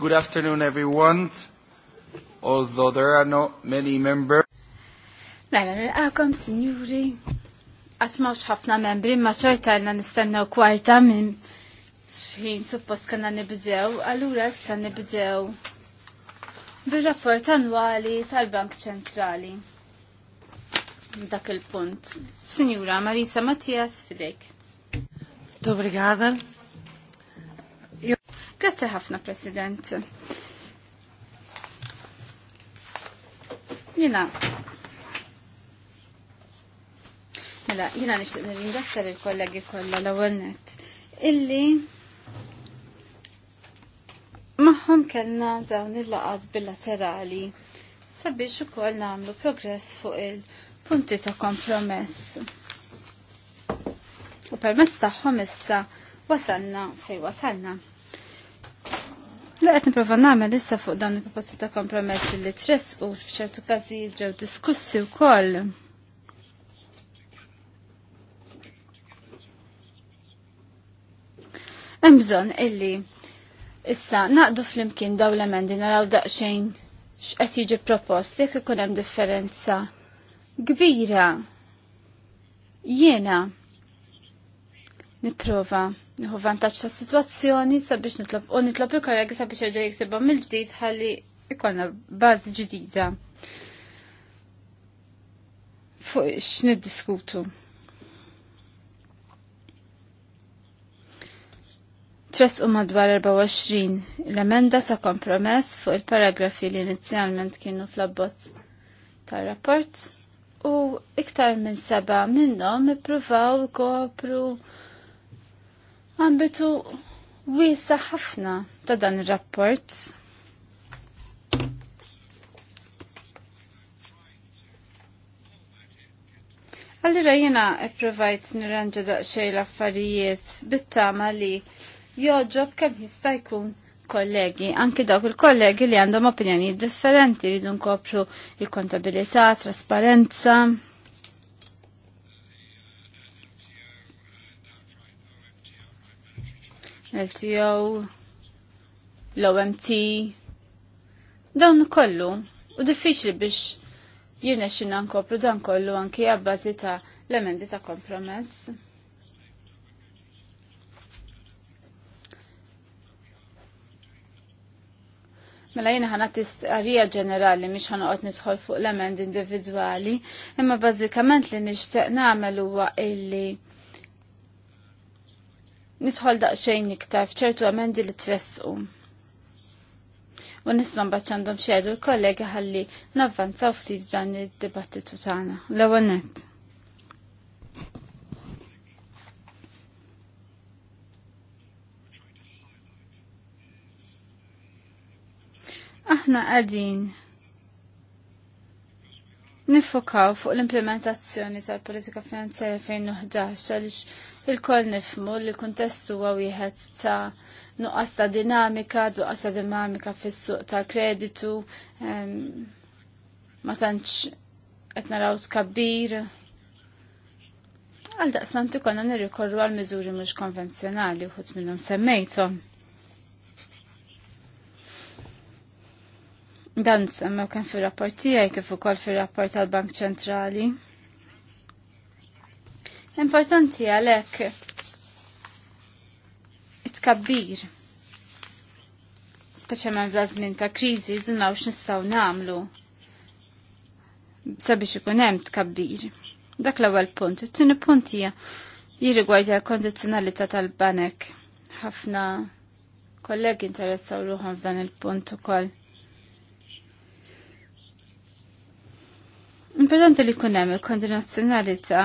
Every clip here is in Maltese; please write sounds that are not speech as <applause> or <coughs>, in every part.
Good afternoon, everyone. Although there are not many members. Mela, nil-għakom, signori. Għatmawx ħafna membri, ma ċorta għalna nistennaw kwarta minn xħin suppost kanna nibdew, għallura sta nibdew bil-rapport annwali tal-Bank Ċentrali. Dak il-punt. Signora Marisa Mattias, fidek. Dobrigada. Grazzi ħafna, President. Jina. Mela, jina nixtieq nirringrazzja lill kollegi kollha l-ewwel nett illi magħhom kellna dawn il-laqgħat bilaterali sabiex ukoll nagħmlu progress fuq il-punti ta' kompromess. U permezz tagħhom issa wasalna fej wasalna. Li qed nipprova nagħmel issa fuq dan il-proposti ta' kompromess li tress u f'ċertu każijiet ġew diskussi wkoll. Hemm bżonn illi issa naqdu flimkien daw l-emendi naraw daqsxejn x'qed jiġi propost jekk ikun hemm differenza kbira. Jiena niprofa nħu vantaġġ ta' situazzjoni sabiex nitlob u nitlob u kollegi sabiex jerġa' jiksibu mill-ġdid ħalli ikollna bażi ġdida fuq x'niddiskutu. Tres u madwar 24 l-emenda ta' kompromess fuq il-paragrafi li inizjalment kienu fl-abbozz tar rapport u iktar minn seba minnhom ippruvaw kopru Għambitu wiesa ħafna ta' dan ir-rapport. Allura jena provajt nirranġa daqxej l-affarijiet bittama li joġob kemm jista' jkun kollegi, anki dawk il-kollegi li għandhom opinjoni differenti, ridun kopru il-kontabilità, trasparenza. lto l-OMT, dawn kollu u diffiċli biex jirna xinna nkopru dan kollu anki għabbażi ta' l-emendi ta' kompromess. Mela jina ħana t-istqarija ġenerali miex ħana għot nidħol fuq l-emend individwali, imma bażikament li nixtieq nagħmel huwa illi nisħol daqxajn iktar fċertu emendi li tressu. U nisma baċċandom xedu l-kollega ħalli navvanzaw ftit b'dan id-dibattitu tagħna. L-ewwel nett. Aħna għadin nifokaw fuq l-implementazzjoni tal-politika finanzjarja 2011 għaliex il-koll nifmu li kuntestu huwa wieħed ta' nuqqas ta' dinamika, duqqas ta' dinamika fis-suq ta' kreditu, ma tantx qed naraw tkabbir. Għal daqstant konna nirrikorru għal miżuri mhux konvenzjonali uħud minnhom semmejthom. Dan semmew kien fir-rapport tiegħi kif ukoll fir-rapport tal-Bank Ċentrali. Importanti għalhekk it-kabbir. Speċjalment fl-żmien ta' kriżi rridu x'nistgħu nagħmlu sabiex ikun hemm tkabbir. Dak l-ewwel punt. It-tieni punt hija jirrigwardja l-kondizzjonalità tal-banek. Ħafna kollegi interessaw ruħom f'dan il-punt ukoll. Importanti li kunem il-kondizjonalità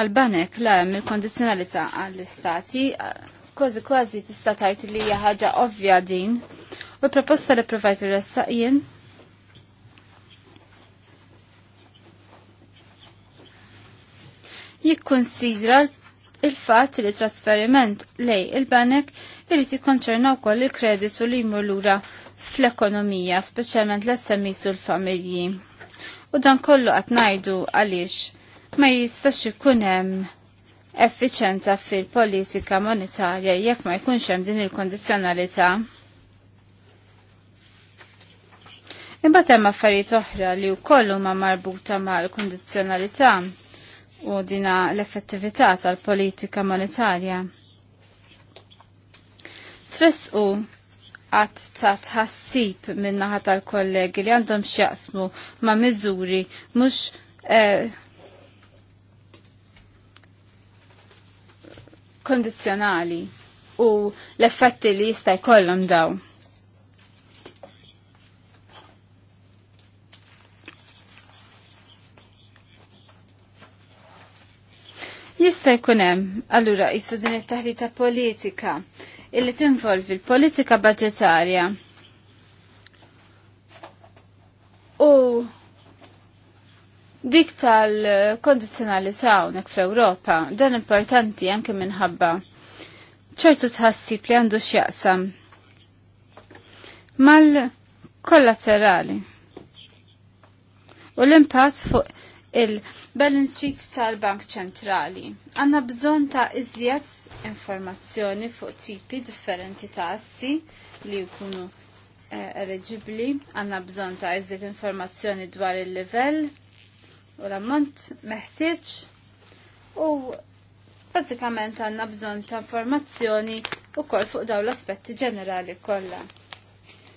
għal-banek la hemm il-kondizjonalità għall-istati, kważi kważi tista' tgħid li hija ħaġa ovvja din. U proposta li provajt ressa jien jikkonsidra il-fatt li trasferiment lej il-banek irid jikkonċerna wkoll il-kreditu li jmur lura fl-ekonomija, speċjalment l-SMI sul familji U dan kollu qed ngħidu għaliex ma jistax ikun hemm effiċenza fil-politika monetarja jekk ma jkunx hemm din il-kondizzjonalità. Imbagħad hemm affarijiet oħra li wkoll huma marbuta mal-kondizzjonalità u dina l-effettività tal-politika monetarja. Tresqu għat ta' tħassib minnaħa tal-kollegi li għandhom xjaqsmu ma' miżuri mux eh, kondizjonali u l-effetti li jista' jkollhom daw. Jista' jkun hemm, allura qisu din it-taħlita politika illi tinvolvi l-politika budgetarja. U dik tal-kondizjonalità hawnhekk fl-Ewropa dan importanti anke minħabba ċertu tħassib li għandu x'jaqsam mal-kollaterali u l-impatt fuq il-balance sheet tal-Bank Ċentrali. Għanna bżon ta' iżjed informazzjoni fuq tipi differenti ta' assi li jkunu eh, eligibli. Għanna bżon ta' jizzit informazzjoni dwar il-level u l-ammont meħtieġ u bazzikament għanna bżon ta' informazzjoni u kol fuq daw l-aspetti ġenerali kollha.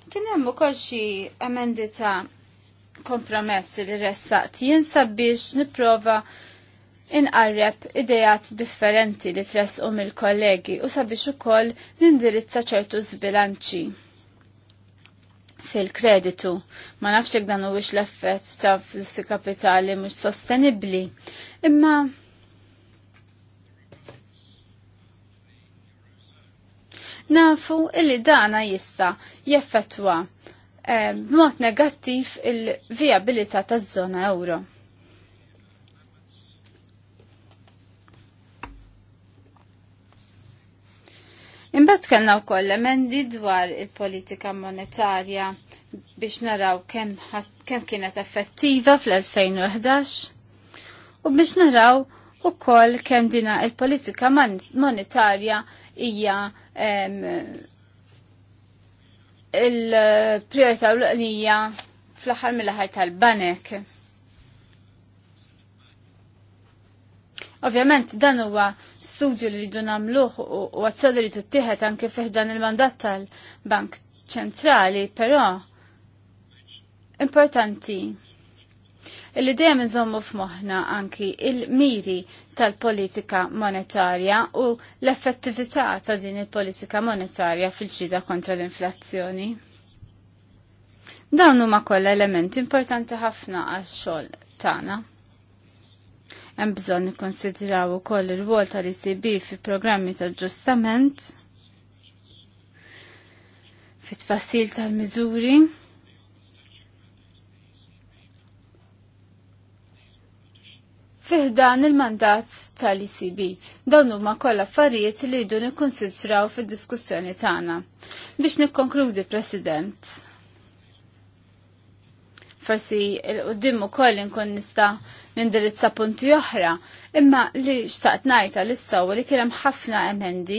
Kien hemm ukoll xi emendi ta' kompromessi li ressaqt jien sabiex nipprova inqarreb idejat differenti li tresqu mill-kollegi u sabiex ukoll nindirizza ċertu zbilanċi fil-kreditu. Ma nafx jekk dan huwiex l-effett ta' flussi kapitali mhux sostenibbli. Imma nafu illi dana jista jeffettwa eh, b'mod negattiv il-viabilità taż-żona euro. Imbagħad kellna wkoll emendi dwar il-politika monetarja biex naraw kemm kem kienet effettiva fl-2011 u biex naraw ukoll kemm dina il-politika monetarja hija il-priorità l fl-aħħar mill-aħħar tal-banek. Ovvjament dan huwa studju li rridu nagħmluh u azzjoni li tittieħed anke fih dan il-mandat tal-Bank Ċentrali, però importanti illi dejjem nżommu f'moħħna anki il-miri tal-politika monetarja u l-effettività ta' din il-politika monetarja fil-ġida kontra l-inflazzjoni. Dawn huma kollha elementi importanti ħafna għax xogħol tagħna. Hemm bżonn nikkonsidraw ukoll ir-rwol tal-ECB fi programmi ta' ġustament fit tfassil tal-miżuri. Fiħdan il-mandat tal-ICB, dawn huma kollha affarijiet li jdu nikkonsidraw fid-diskussjoni tagħna. Biex nikkonkludi, President, forsi il qoddim u koll nkun nista nindirizza punti oħra. Imma li xtaqt najta l-issa u li kienem ħafna emendi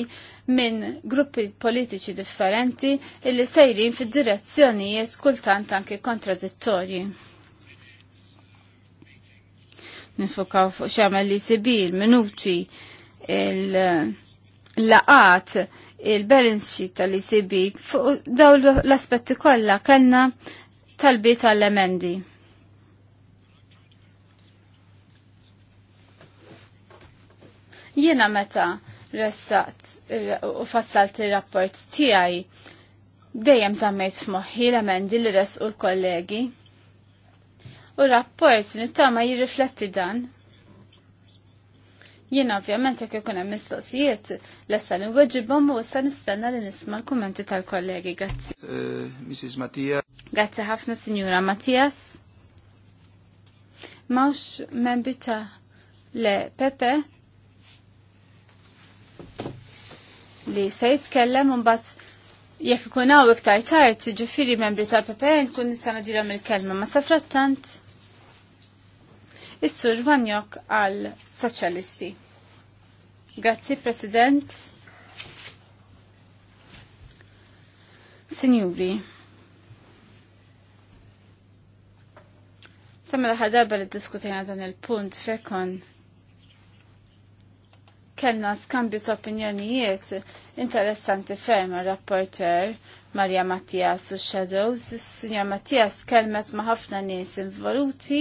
minn gruppi politiċi differenti illi sejrin fid direzzjonijiet kultant anke kontradittorji. Nifukaw fuq xamel li sibil, minuti, il-laqat, il-balance sheet tal-ECB, fuq daw l-aspetti kollha kellna talbi tal-emendi. Jiena meta ressaqt u fassalt il-rapport tiegħi dejjem żammejt f'moħħi l-emendi li u l-kollegi. U rapport nittama jirrifletti dan. Jien ovvjament jekk ikun hemm mistoqsijiet lesal inweġibhom u issa nistenna li nisma' l-kummenti tal-kollegi. Grazzi. Eh, Mrs. Mattia. Grazzi ħafna Sinjura Mattias. Mawx membri ta' le Pepe li se jitkellem un bat jekk ikun hawn iktar tard, ġifieri membri tal-Pepe nkun nista' nagħdilhom il-kelma ma' sa frattant. Is-Sur Wanjok għal Soċjalisti. Grazzi President. Signori. Samma mela laħħa darba li diskutina dan il-punt fekon kellna skambju ta' opinjonijiet interessanti ferm rapporter Marja Mattias u Shadows. Sinja Mattias kelmet ma' ħafna nies involuti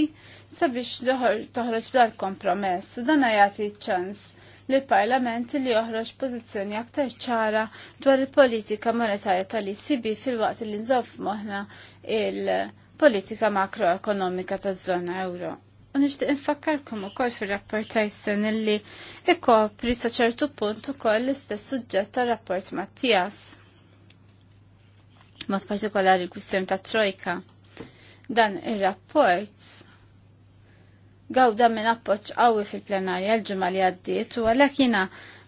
sabiex toħroġ dar kompromess Dan jagħti ċans li l-Parlament li joħroġ pożizzjoni aktar ċara dwar il-politika monetarja tal icb fil-waqt li nżof moħna il-politika makroekonomika taż-żona euro. U nixtieq infakkarkom ukoll fir-rapport Tyson illi ikopri sa ċertu punt ukoll l-istess suġġett tar-rapport Mattias mod partikolari l-kwistjoni ta' trojka. Dan ir-rapport gawda minn appoċ għawi fil-plenarja l-ġimgħa li għaddiet u għalhekk jiena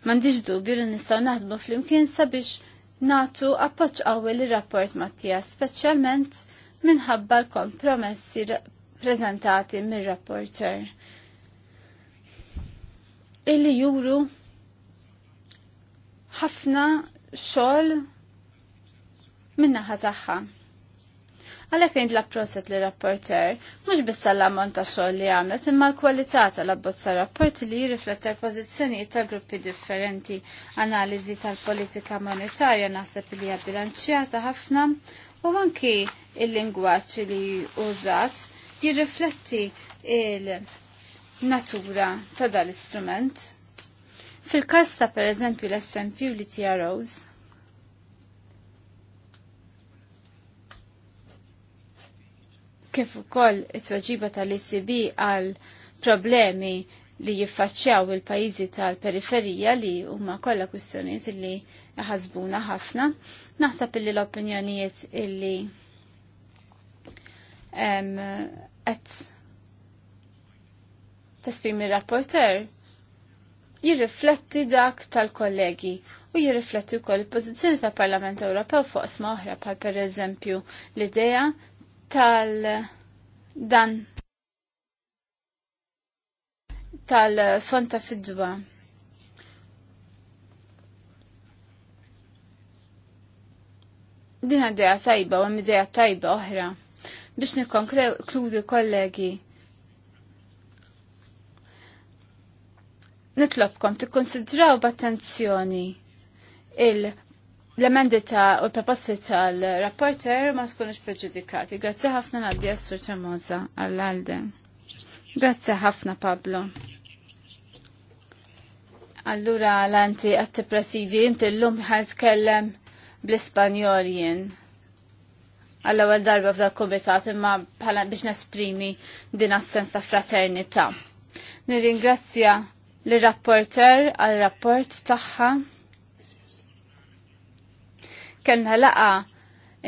m'għandix dubju li nistgħu naħdmu flimkien sabiex nagħtu appoċ għawi lir-rapport Mattija, speċjalment minħabba l-kompromessi prezentati mir-rapporter. Illi juru ħafna xogħol minnaħa tagħha. Għalek fejn l-approset li rapporter, mux bissa l-ammont ta' xogħol li għamlet imma l-kwalità tal-abbozza rapport li jirrifletta l-pożizzjonijiet ta' gruppi differenti, analiżi tal-politika monetarja naħseb li hija bilanċjata ħafna u anki il lingwaċ li użat jirrifletti il-natura ta' dal-istrument. Fil-kasta per eżempju l-SMP u l-TROs, kif ukoll it-tweġiba tal-ECB għal problemi li jiffaċċjaw il-pajjiżi tal-periferija li huma kollha kwistjonijiet li ħasbuna ħafna. Naħseb illi l-opinjonijiet illi qed tesprimi rapporter jirrifletti dak tal-kollegi u jirrifletti wkoll il-pożizzjoni tal-Parlament Ewropew fuq sma oħra bħal pereżempju l-idea tal-dan tal-fonta fidwa. Din għaddeja sajba u għamideja tajba oħra biex nikonkludu kollegi. Nitlobkom tikkonsidraw b'attenzjoni il l-emendi ta' u l-proposti tal-rapporter ma tkunux preġudikati. Grazzi ħafna għaddi għassur ċermoza għall-għalde. Grazzi ħafna Pablo. Allura l-anti għatti presidi, inti l-lum ħan tkellem bl-Ispanjol jien. Għalla ewwel darba f'dak kumitat imma bħala biex nesprimi din assens ta' fraternità. Nirringrazzja l-rapporter għal-rapport tagħha. Kellna laqa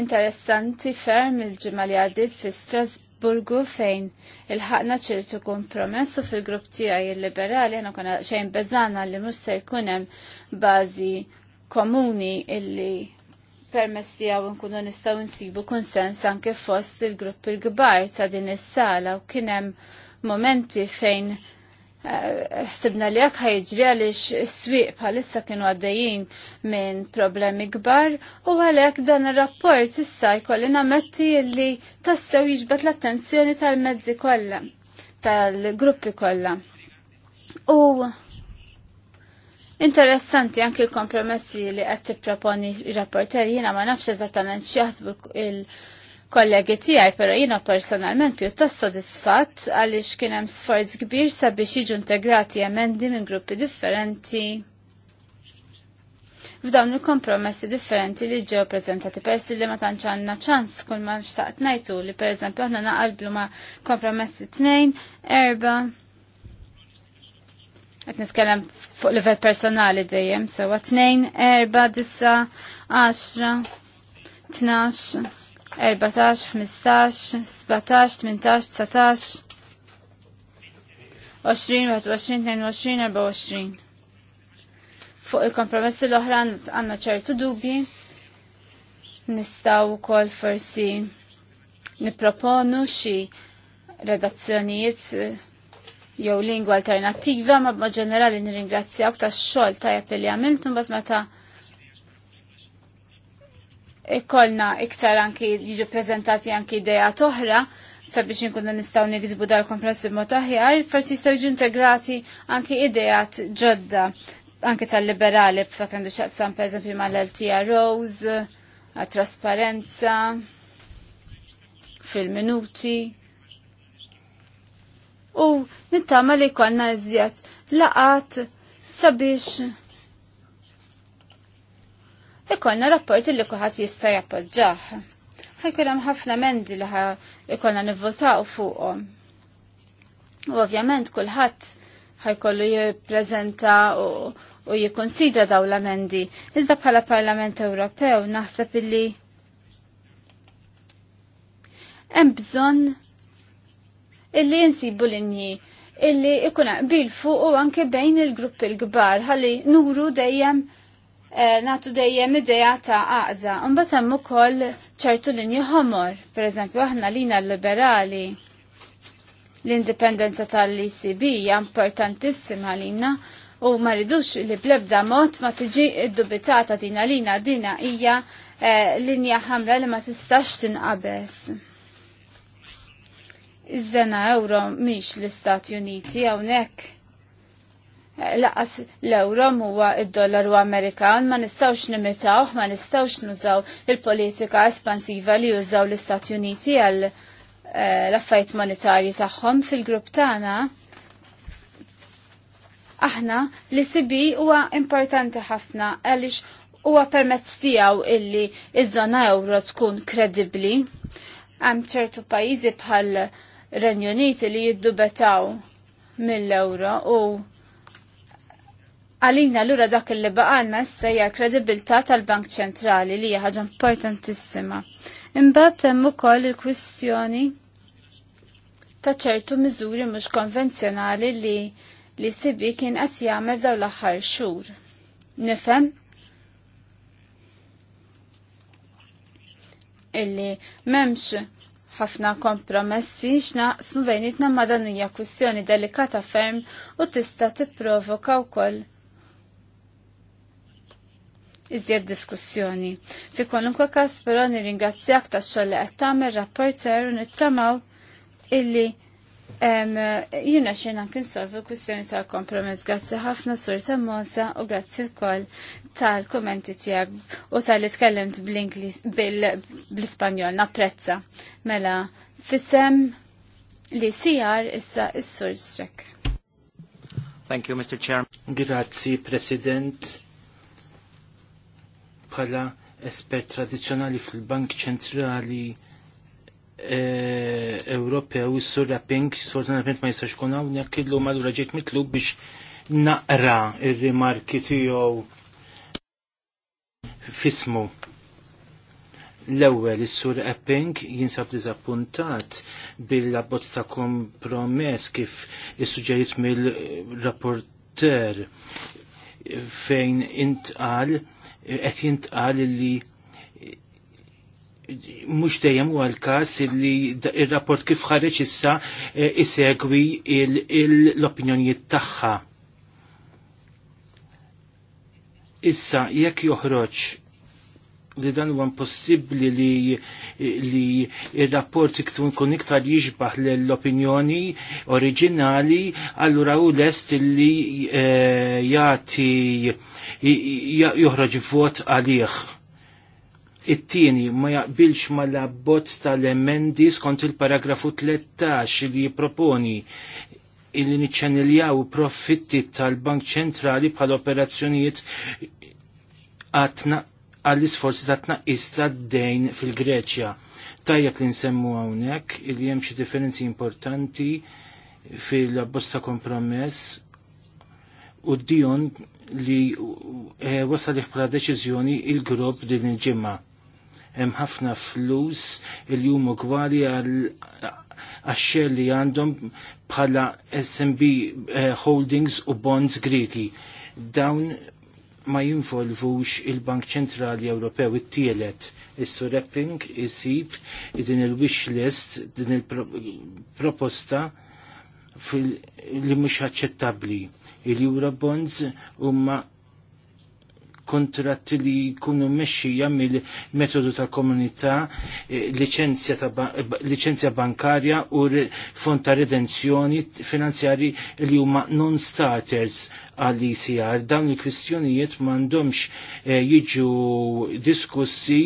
interessanti ferm il-ġimgħa li għaddiet fi Strasburgu fejn il ħakna ċertu kompromess fil-grupp tiegħi il-liberali għana konna xejn beżana li mhux se jkun hemm bażi komuni illi permess li għaw nkunu nistaw nsibu konsens anke fost il-grupp il-gbar ta' din is-sala u kienem momenti fejn ħsibna li jekk ħajġri għaliex is-swieq bħalissa kienu għaddejjin minn problemi kbar u għalhekk dan ir-rapport issa jkolli nametti li tassew jiġbed l-attenzjoni tal-mezzi kollha tal-gruppi kollha. U interessanti anki l-kompromessi li qed tipproponi r-rapporter jiena ma nafx eżattament x'jaħsbu il- kollegi tiegħi, però jiena personalment pjuttost sodisfatt għaliex kien hemm sforz kbir sabiex jiġu integrati emendi minn gruppi differenti f'dawn il-kompromessi differenti li ġew prezentati persi li ma tantx għandna ċans kull ma nxtaqt ngħidu li pereżempju aħna naqalblu ma' kompromessi tnejn, erba' qed niskellem fuq livell personali dejjem, sewa tnejn, erba, disa, 10, tnax. 20, 24. Fuq il-kompromessi l-oħra għanna ċertu dubji, nistaw kol forsi niproponu xi redazzjonijiet eh, jew lingwa alternattiva ma b'ma ġenerali nirringrazzjawk tax xogħol ta' jappelli għamiltum bat meta' ikollna iktar anki jiġu prezentati anki ideja toħra sabiex nkunu nistaw nikdbu dal kompressi mod aħjar, forsi jistgħu jiġu integrati anki idejat ġodda anki tal-liberali b'dak għandu xaqsam pereżempju mal-LTROs, għat-trasparenza, fil-minuti. U nittama li konna iżjed laqat sabiex ikonna rapport li kuħat jista' jappoġġah. Ħajkun hemm ħafna mendi li ħa ikonna nivvotaw fuqhom. U ovvjament kulħadd ħajkollu jippreżenta u, u jikonsidra daw l-amendi. Iżda bħala Parlament Ewropew naħseb illi hemm bżonn illi jinsibu linji illi ikun qbil fuq u anke bejn il-gruppi l-kbar ħalli nuru dejjem Eh, natu dejjem ideja ta' għaqda. Mbagħad hemm ukoll ċertu linji ħomor, pereżempju aħna lina liberali l-indipendenza tal-ECB hija importantissima lina u ma ridux li blebda mod ma tiġi ddubitata dina lina dina hija eh, linja ħamra li ma tistax tinqabes. Iż-żena euro miex l-Istati Uniti hawnhekk laqas l-euro huwa id-dollaru Amerikan, ma nistawx nimitawh, ma nistawx nużaw il-politika espansiva li jużaw l-Istati Uniti għal eh, l-affajt monetarji tagħhom fil-grupp tagħna. Aħna li sibi huwa importanti ħafna għaliex huwa permezz tiegħu illi iż-żona euro tkun kredibbli. Hemm ċertu pajjiżi bħal Renju Uniti li jiddubetaw mill-euro u Għalina l-ura dak li baqalna s-sejja kredibilità tal-Bank Ċentrali li hija ħaġa importantissima. Imbagħad hemm ukoll il-kwistjoni ta' ċertu miżuri mhux konvenzjonali li li sibi kien qed jagħmel dawn l-aħħar xhur. Nifhem illi memx ħafna kompromessi x'naqsmu bejnietna ma dan hija kwistjoni delikata ferm u tista' tipprovoka wkoll iżjed diskussjoni. Fi kwalunkwe każ però nirringrazzjak tax-xogħol li qed tagħmel rapporter u nittamaw illi Jina xena kien solvu kwistjoni tal kompromess grazzi ħafna sur ta' Mosa u grazzi l-koll tal-kommenti tijak u tal-li tkellimt bl-Ispanjol napprezza. Mela, fissem li sijar issa is-sur Thank you, Mr. Chairman. Grazzi, President bħala espert tradizjonali fil-Bank Ċentrali eh, Ewropew is-Surja Pink, sfortunatament ma jistax kun hawnhekk illum allura ġejt mitlub biex naqra il rimarki tiegħu fismu. L-ewwel is-Sur Epping jinsab diżappuntat bil-abbozz ta' kompromess kif issuġġerit mill-rapporter fejn intqal qed jintqal li mux dejjem huwa l-każ li ir-rapport kif ħareġ issa e, isegwi l-opinjonijiet tagħha. Issa jekk joħroġ li dan huwa impossibbli li li ir-rapport ikun iktar jiġbaħ l-opinjoni oriġinali, allura hu lest li e, jagħti joħroġ vot għalih. It-tieni ma jaqbilx ma labbozz tal-emendi skont il-paragrafu 13 li jipproponi illi niċċaniljaw profitti tal-Bank ċentrali bħal operazzjonijiet għall-isforzi ta' tnaqqis tad-dejn fil-Greċja. Tajjeb li nsemmu hawnhekk illi hemm xi differenzi importanti fil bosta kompromess u d-dion li e, wasal bħala deċiżjoni il-grob din il-ġimma. Hemm ħafna flus il jumu gwali għax-xell li għandhom bħala SMB eh, Holdings u Bonds Greki. Dawn ma jinvolvux il-Bank Ċentrali Ewropew it-tielet. is repping Epping isib din il-wish list, din il-proposta li mhux aċċettabbli Il-Eurobonds huma kontratti li jkunu mexxija mill-metodu ta' komunità, eh, licenzja eh, bankarja u fond ta' redenzjoni finanzjari li huma non-starters għall-ICR. Dawn il-kwistjonijiet m'għandhomx eh, jiġu diskussi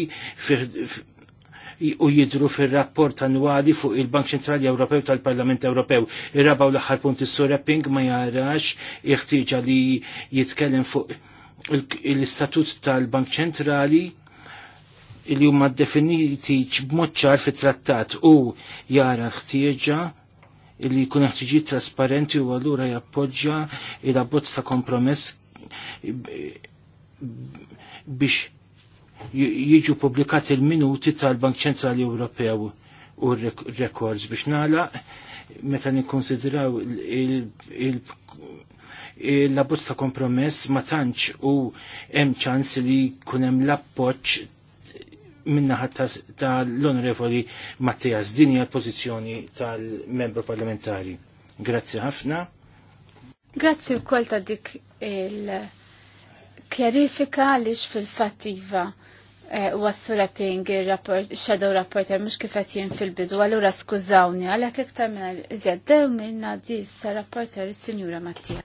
u jidru fil-rapport annwali fuq il-Bank Ċentrali Ewropew tal-Parlament Ewropew. Ir-rabaw l-aħħar punt is surrapping ma jarax jeħtieġa li jitkellem fuq l-istatut tal-Bank Ċentrali li huma definiti b'mod ċar fit-trattat u jara ħtieġa li jkun ħtiġi trasparenti u allura jappoġġja il-abbozz ta' kompromess biex jiġu publikat il-minuti tal-Bank Ċentrali Ewropew u records biex nala meta nikkonsidraw il-labozz ta' kompromess ma tantx u hemm ċans li jkun hemm l-appoġġ minnaħat tal-Onorevoli Mattias din hija l-pożizzjoni tal-membru parlamentari. Grazzi ħafna. Grazzi wkoll ta' dik il-kjarifika għaliex fil-fattiva. fattiva Eh, wassu rapping shadow rapporter mux kifet jien fil-bidu, għallura skużawni, għalek kiktar minna iżjed, dew minna dissa rapporter il-Sinjura Mattias.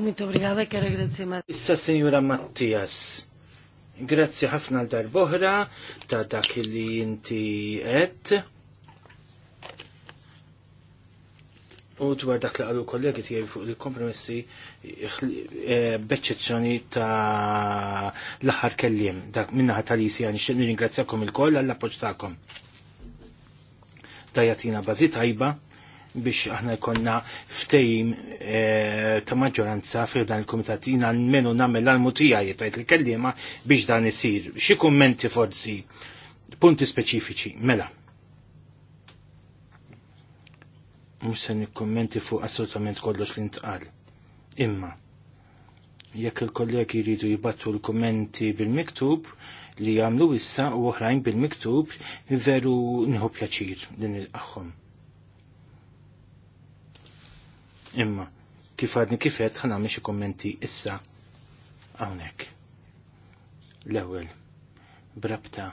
Muito obrigada, kera grazie Mattia. Issa Sinjura Mattias, grazie ħafna l-darbohra ta' dak li jinti għed. U dwar dak li għallu kollegi tiegħi fuq il-kompromessi eh, b'eċċezzjoni ta' l-aħħar kelliem dak minnaħa tal-ISI għan nixtieq ringrazzjakom il-koll għall-appoġġ tagħkom. Dajatina bażi tajba biex aħna jkollna ftejm eh, ta' maġġoranza fir dan il komitat jina nmenu nagħmel l-almu tiegħi il-kelliema biex dan isir. Xi kummenti forsi punti speċifiċi mela. mux se nikkommenti fuq assolutament kollox li ntqal. Imma, jekk il-kollegi jridu jibattu l-kommenti bil-miktub li jagħmlu issa u oħrajn bil-miktub veru nħu pjaċir din il axħom Imma, kif għadni kifet ħana xi kommenti issa hawnhekk. L-ewwel, brabta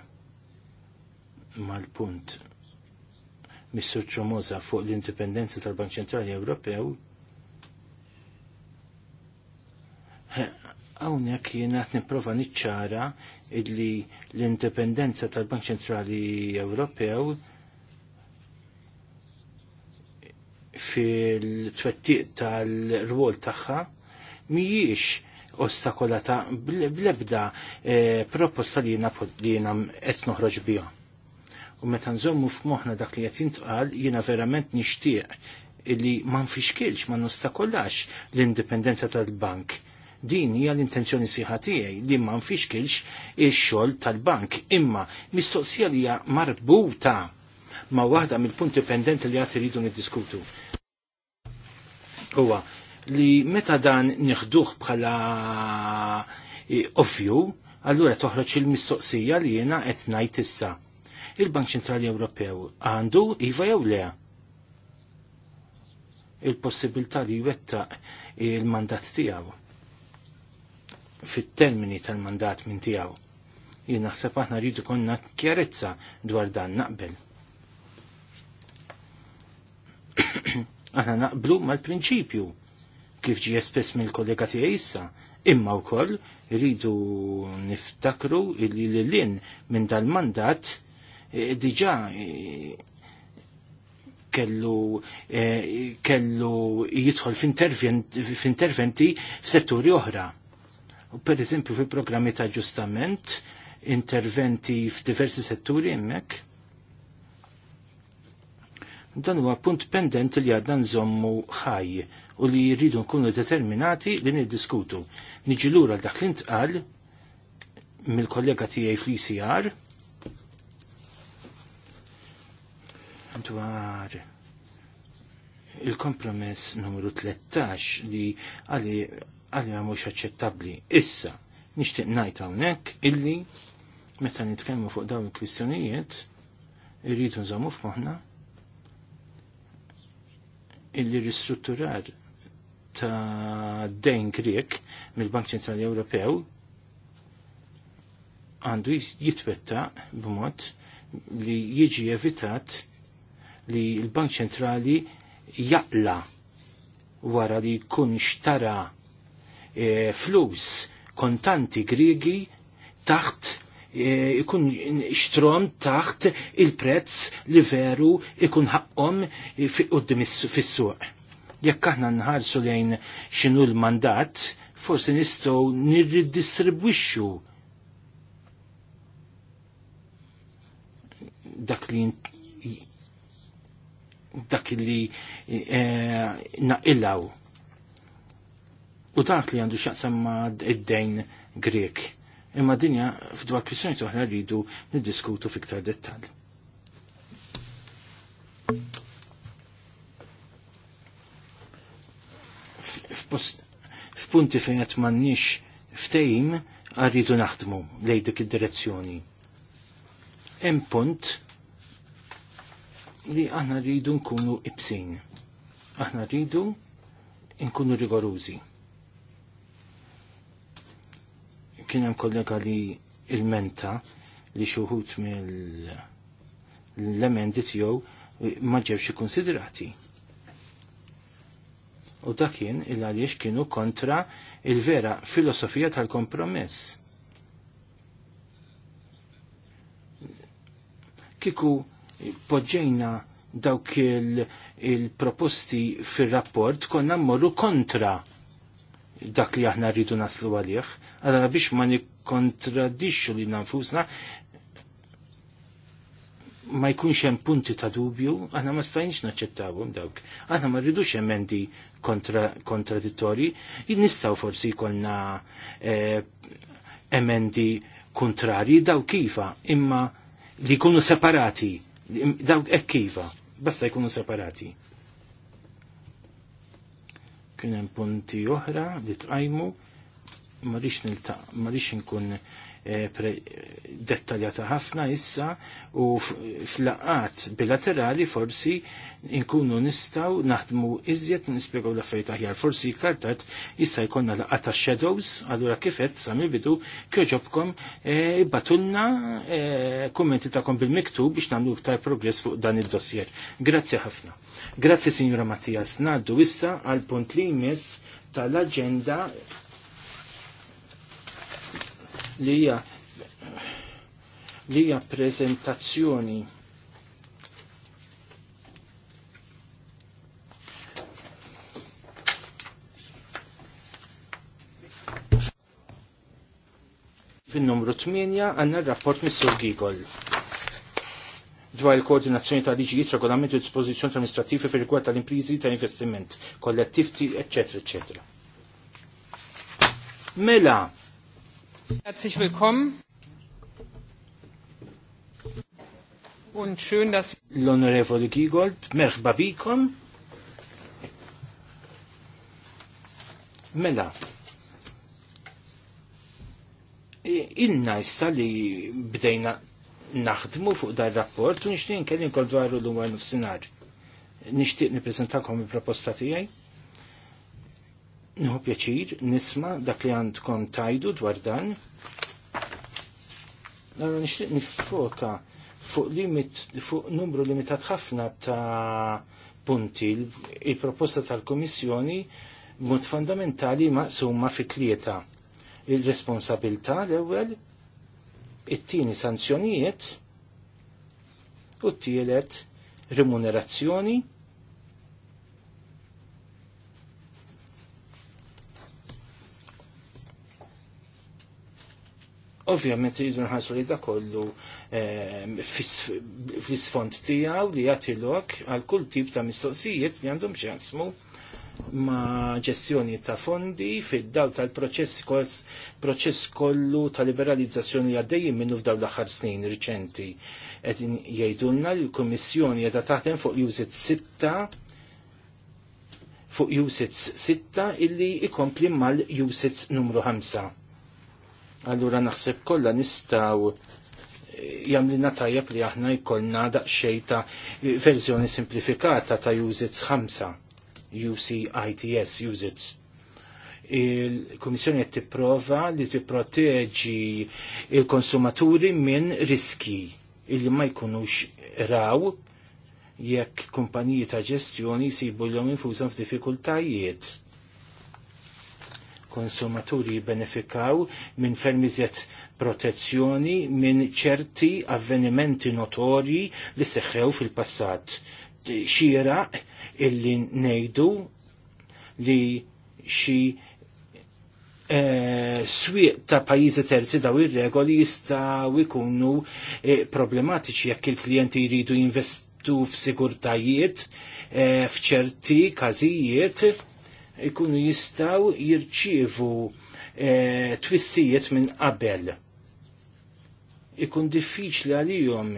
mal-punt Missur Ċomoza fuq l-indipendenza tal-Bank Ċentrali Ewropew, għawnek jien qed niprofa niċċara illi l-indipendenza tal-Bank Ċentrali Ewropew fil-twettiq tal-rwol tagħha mhijiex ostakolata bl-ebda eh, proposta li jena qed noħroġ biha U meta nżommu f'moħħna dak li qed jintqal jiena verament nixtieq illi ma nfixkilx ma nostakollax l-indipendenza tal-bank. Din hija l-intenzjoni sieħa tiegħi li ma nfixkilx ix-xogħol tal-bank, imma mistoqsija li hija marbuta ma' waħda mill-punti pendenti li għad iridu niddiskutu. Huwa li meta dan nieħduh bħala eh, ovvju, allura toħroġ il-mistoqsija li jiena qed ngħid issa il-Bank Ċentrali Ewropew għandu iva jew le il-possibilità li jwetta il-mandat tiegħu fit-termini tal-mandat minn tiegħu. Jien naħseb aħna rridu konna kjarezza dwar dan naqbel. <coughs> aħna naqblu mal-prinċipju kif ġie spess mill-kollega tiegħi issa, imma wkoll rridu niftakru li lilin minn dal-mandat Eh, diġà eh, kellu eh, kellu jidħol f'interventi f'setturi oħra. Per eżempju fil-programmi ta' ġustament, interventi f'diversi setturi hemmhekk. Dan huwa punt pendent li għadna nżommu ħaj u li jridu nkunu determinati li niddiskutu. Niġi lura dak li ntqal mill-kollega tiegħi fl-ICR dwar il-kompromess numru 13 li għali għalja mhux aċċettabbli. Issa, nixtieq ngħid hawnhekk illi meta nitkellmu fuq dawn il-kwistjonijiet irridu nżommu f'moħna illi ristrutturar ta' dejn Grek mill-Bank Ċentrali Ewropew għandu jitwetta b'mod li jiġi evitat li l-Bank Ċentrali jaqla wara li jkun xtara e, flus kontanti grigi taħt e, ikun xtrom taħt il-prezz li veru ikun ħaqqom fis-suq. Jekk aħna nħarsu lejn xinu l-mandat, forsi nistgħu nirridistribwixxu dak li dak li e, naqillaw. U dak li għandu xaqsam ma' id-dejn Grek. Imma dinja f'dwar kwistjoni oħra rridu niddiskutu fiktar dettal. F'punti fejn qed m'għandniex ftehim rridu naħdmu lejn dik id-direzzjoni. Hemm punt li aħna rridu nkunu ibsin. Aħna rridu nkunu rigorużi. Kien hemm kollega li il-menta li xuħut mill-emendi tiegħu ma ġewx ikkonsiderati. U dakin kien il għaliex kienu kontra il-vera filosofija tal-kompromess. Kiku poġġejna dawk il-proposti il fil-rapport konna mmorru kontra dak li aħna rridu naslu għalih. Allora biex ma nikkontradixxu li nanfusna ma jkunx hemm punti ta' dubju, aħna ma stajniex naċċettawhom dawk. Aħna ma rridux emendi kontra, kontradittorji, nistgħu forsi jkollna eh, emendi kontrarji daw kifa, imma li jkunu separati dawk ekkiva, basta jkunu separati. Kienem hemm punti oħra li tqajmu marix niltaq, marix nkun Eh, dettaljata ħafna issa u fl-laqat bilaterali forsi inkunu nistaw naħdmu iżjed nispiegaw l-affarijiet aħjar. Forsi iktar tard issa jkollna laqat ta' shadows, allura kifet sa mill-bidu kjoġobkom e, eh, batulna eh, kummenti tagħkom bil-miktub biex nagħmlu iktar progress fuq dan id-dossier. Grazzi ħafna. Grazzi Signora Mattias. Naddu issa għal punt li jmiss tal-agenda li hija li hija preżentazzjoni fin-numru 8 għandna r-rapport mis-Sur Gigol dwar il-koordinazzjoni ta' liġijiet, regolament u dispożizzjoni amministrativi fir rigward tal-imprizi tal-investiment, kollettivti, eccetera, eccetera. Mela, Herzlich willkommen. Und schön, dass L'onorevole Giegold, Gigold, bikom. Mela. Inna issa li bdejna naħdmu fuq dar rapport u nixtieq nkellim kol dwaru l-għan nofsinhar. Nixtieq nippreżentakom il-proposta tiegħi Nħu pjaċir nisma dak li għandkom tajdu dwar dan. Għanna nixtieq nifoka fuq, limit, fuq numru limitat ħafna ta' punti il-proposta tal-Komissjoni mod fundamentali maqsuma fi tlieta. Il-responsabilità l-ewwel, it-tieni sanzjonijiet u t-tielet remunerazzjoni Ovvjament rridu nħasru li da kollu ehm, fl-isfond tiegħu li jagħti lok għal kull tip ta' mistoqsijiet li għandhom ċansmu ma' ġestjoni ta' fondi fid-daw tal-proċess kollu ta' liberalizzazzjoni li għaddejjin minnu f'daw l-aħħar snin riċenti. Qed jgħidulna li l-Kummissjoni qiegħda taħdem fuq jużit sitta fuq usits sitta illi ikompli mal usits numru 5 Allura naħseb kollha nistaw jamlina tajjeb li aħna jkollna daqxej ta' verżjoni simplifikata ta' USITS 5, UCITS USITS. Il-Komissjoni qed tipprova li tipproteġi il-konsumaturi minn riski illi ma jkunux raw jekk kumpaniji ta' ġestjoni jsibu l-jom infużhom f'diffikultajiet konsumaturi jibbenefikaw minn fermiżet protezzjoni minn ċerti avvenimenti notorji li seħħew fil-passat. Xira illi nejdu li xi E, swieq ta' pajizi terzi daw ir-regoli jistgħu jkunu e, eh, problematiċi jekk il-klijenti jridu jinvestu f'sigurtajiet e, f'ċerti każijiet ikunu jistaw jirċievu e, twissijiet minn qabel. Ikun diffiċli għalihom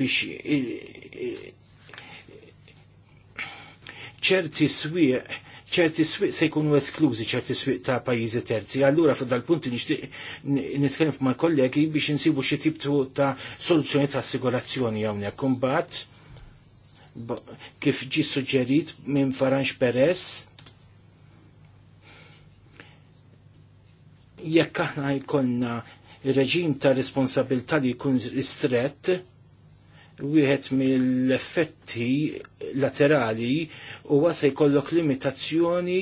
biex eh, eh, ċerti swieq ċerti swieq se jkunu esklużi ċerti swieq ta' pajjiżi terzi. Allura fuq dal-punti nitkellem mal kollegi biex insibu xi tip ta' soluzzjoni ta' assigurazzjoni hawnhekk. Imbagħad kif ġi suġġerit minn Faranx Peress jekk aħna jkollna reġim ta' responsabilità li jkun istrett, wieħed mill-effetti laterali huwa se jkollok limitazzjoni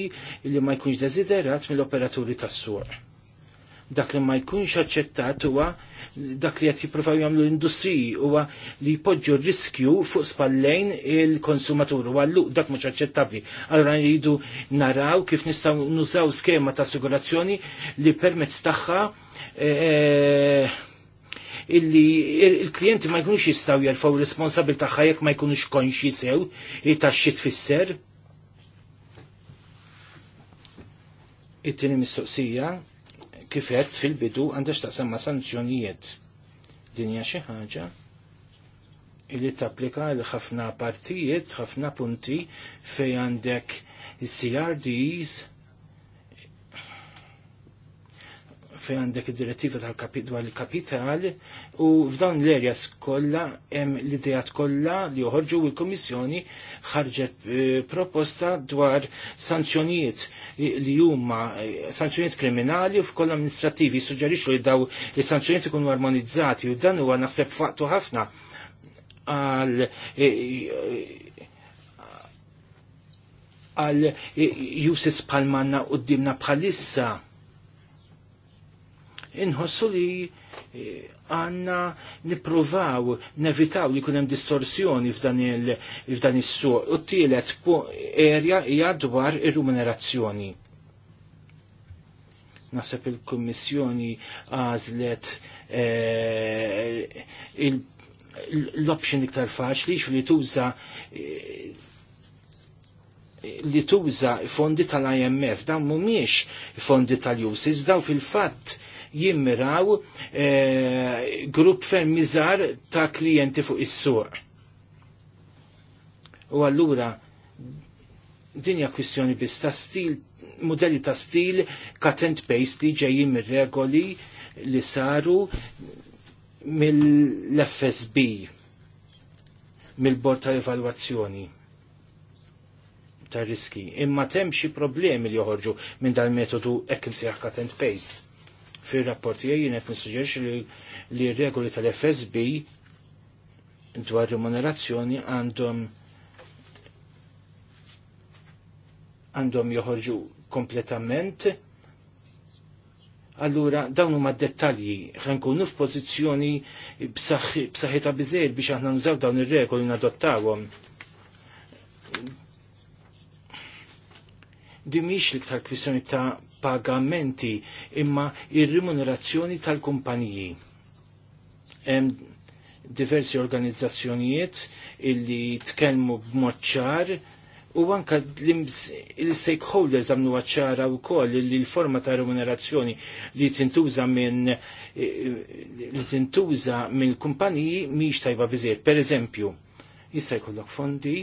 li ma jkunx desiderat mill-operaturi tas-suq dak li ma jkunx aċċettat huwa dak li qed jippruvaw jagħmlu l-industriji huwa li jpoġġu riskju fuq spallejn il-konsumatur u għallu dak mhux aċċettabbli. Allura jridu naraw kif nistgħu nużaw skema ta' assigurazzjoni li permezz tagħha e, e, illi il-klijenti ma jkunux jistaw jarfaw responsabil taħħa jekk ma jkunux konxi sew li taxxi tfisser. It-tieni mistoqsija kifet fil-bidu għandax taqsam ma' sanzjonijiet. hija xi ħaġa li tapplika l ħafna partijiet, ħafna punti fej għandek CRDs fej għandek id-direttiva dwar il-kapital u f'dan l-erjas kollha hemm l-idejat kollha li joħorġu u l-Kummissjoni ħarġet eh, proposta dwar sanzjonijiet li huma eh, sanzjonijiet kriminali u f'koll amministrativi suġġerixxu li daw is-sanzjonijiet ikunu armonizzati u dan huwa naħseb faqtu ħafna għal eh, għal jusis palmanna u d-dimna bħalissa inħossu li eh, għanna niprovaw, nevitaw li kunem distorsjoni f'dan il-suq. U t-tielet erja hija dwar ir-rumunerazzjoni. Nasab il-Kommissjoni għazlet eh, l-option iktar faċli li tuża eh, li tuża fondi tal-IMF, dawn mhumiex fondi tal-USIS, daw fil-fatt jimmiraw eh, grupp ferm miżar ta' klijenti fuq is-suq. U allura dinja kwistjoni biss ta' stil, modelli ta' stil katent based li ġejjin mir-regoli li saru mill-FSB, mill-Bord tal-Evalwazzjoni ta' riski. Imma temxi xi problemi li joħorġu minn dal-metodu ekkim seħ katent based. paste. Fil-rapport tiegħi jien qed li r-regoli tal-FSB dwar remunerazzjoni għandhom għandhom joħorġu kompletament. Allura, dawn huma dettalji, ħankunu f'pożizzjoni b'saħħitha biżejjed biex aħna nużaw dawn ir-regoli nadottawhom. Dimix l-iktar kwistjoni ta' pagamenti imma il rimunerazzjoni tal-kumpaniji. Hemm diversi organizzazzjonijiet illi tkellmu b'mod ċar u anka l-stakeholders għamlu għacċara u koll li l-forma ta' remunerazzjoni li tintuża minn eh, li tintuża minn kumpaniji miex tajba biżiet. Per eżempju, jista' jkollok fondi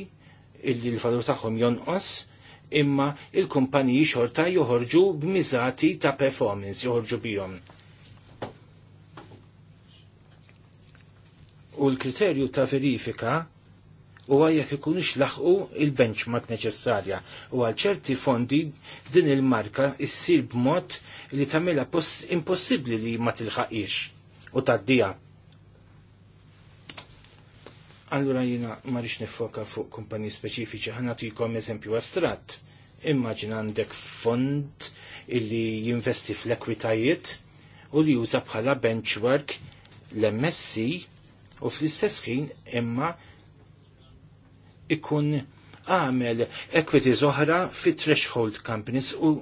illi l-valur tagħhom jonqos imma il-kumpaniji xorta joħorġu b'miżati ta' performance joħorġu bihom. U l-kriterju ta' verifika u għajek ikunux laħqu il-benchmark neċessarja u għal ċerti fondi din il-marka issir b'mod li tamela impossibli li ma tilħaqix u taddija. Allura jina marriċ nifoka fuq kumpani speċifiċi, ħana tikom eżempju astrat. Immaġin għandek fond illi jinvesti fl-ekwitajiet u li juża bħala benchwork l-MSC u fl-istess ħin imma ikun għamel equity zoħra fi threshold companies u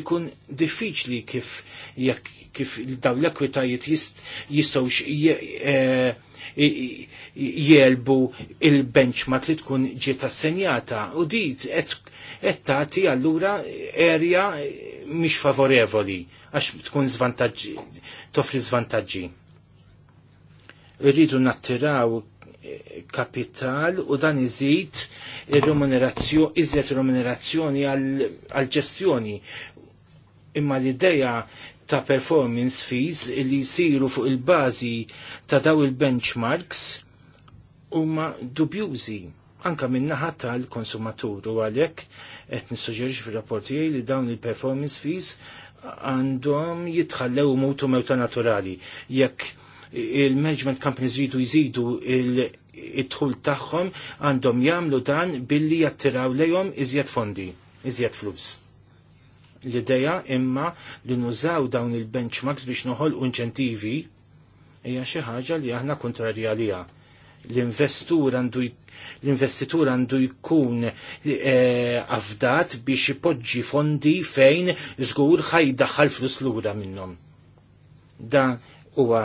ikun diffiċli kif jekk kif daw l-ekwitajiet jistgħux jist, jist, jist, jelbu il-benchmark li tkun ġiet assenjata u dit qed tagħti allura erja mhix favorevoli għax tkun żvantaġġi toffri zvantaġġi. Irridu nattiraw kapital u dan iżid ir-remunerazzjoni iżjed remunerazzjoni għall-ġestjoni imma l-ideja ta' performance fees li jisiru fuq il-bazi ta' daw il-benchmarks huma dubjużi anka minnaħat tal-konsumatur u għalhekk qed nissuġġerix fir-rapporti li dawn il-performance fees għandhom jitħallew mutu mewta naturali. Jekk il-management companies jridu jżidu il-tħul tagħhom għandhom jagħmlu dan billi jattiraw lejhom iżjed fondi, iżjed flus. L-ideja imma li nużaw dawn il-benchmarks biex noħol inċentivi hija xi ħaġa li aħna kontrarja liha. L-investur għandu l-investitur għandu jkun għafdat e, biex ipoġġi fondi fejn żgur ħajdaħħal flus lura minnhom. Da huwa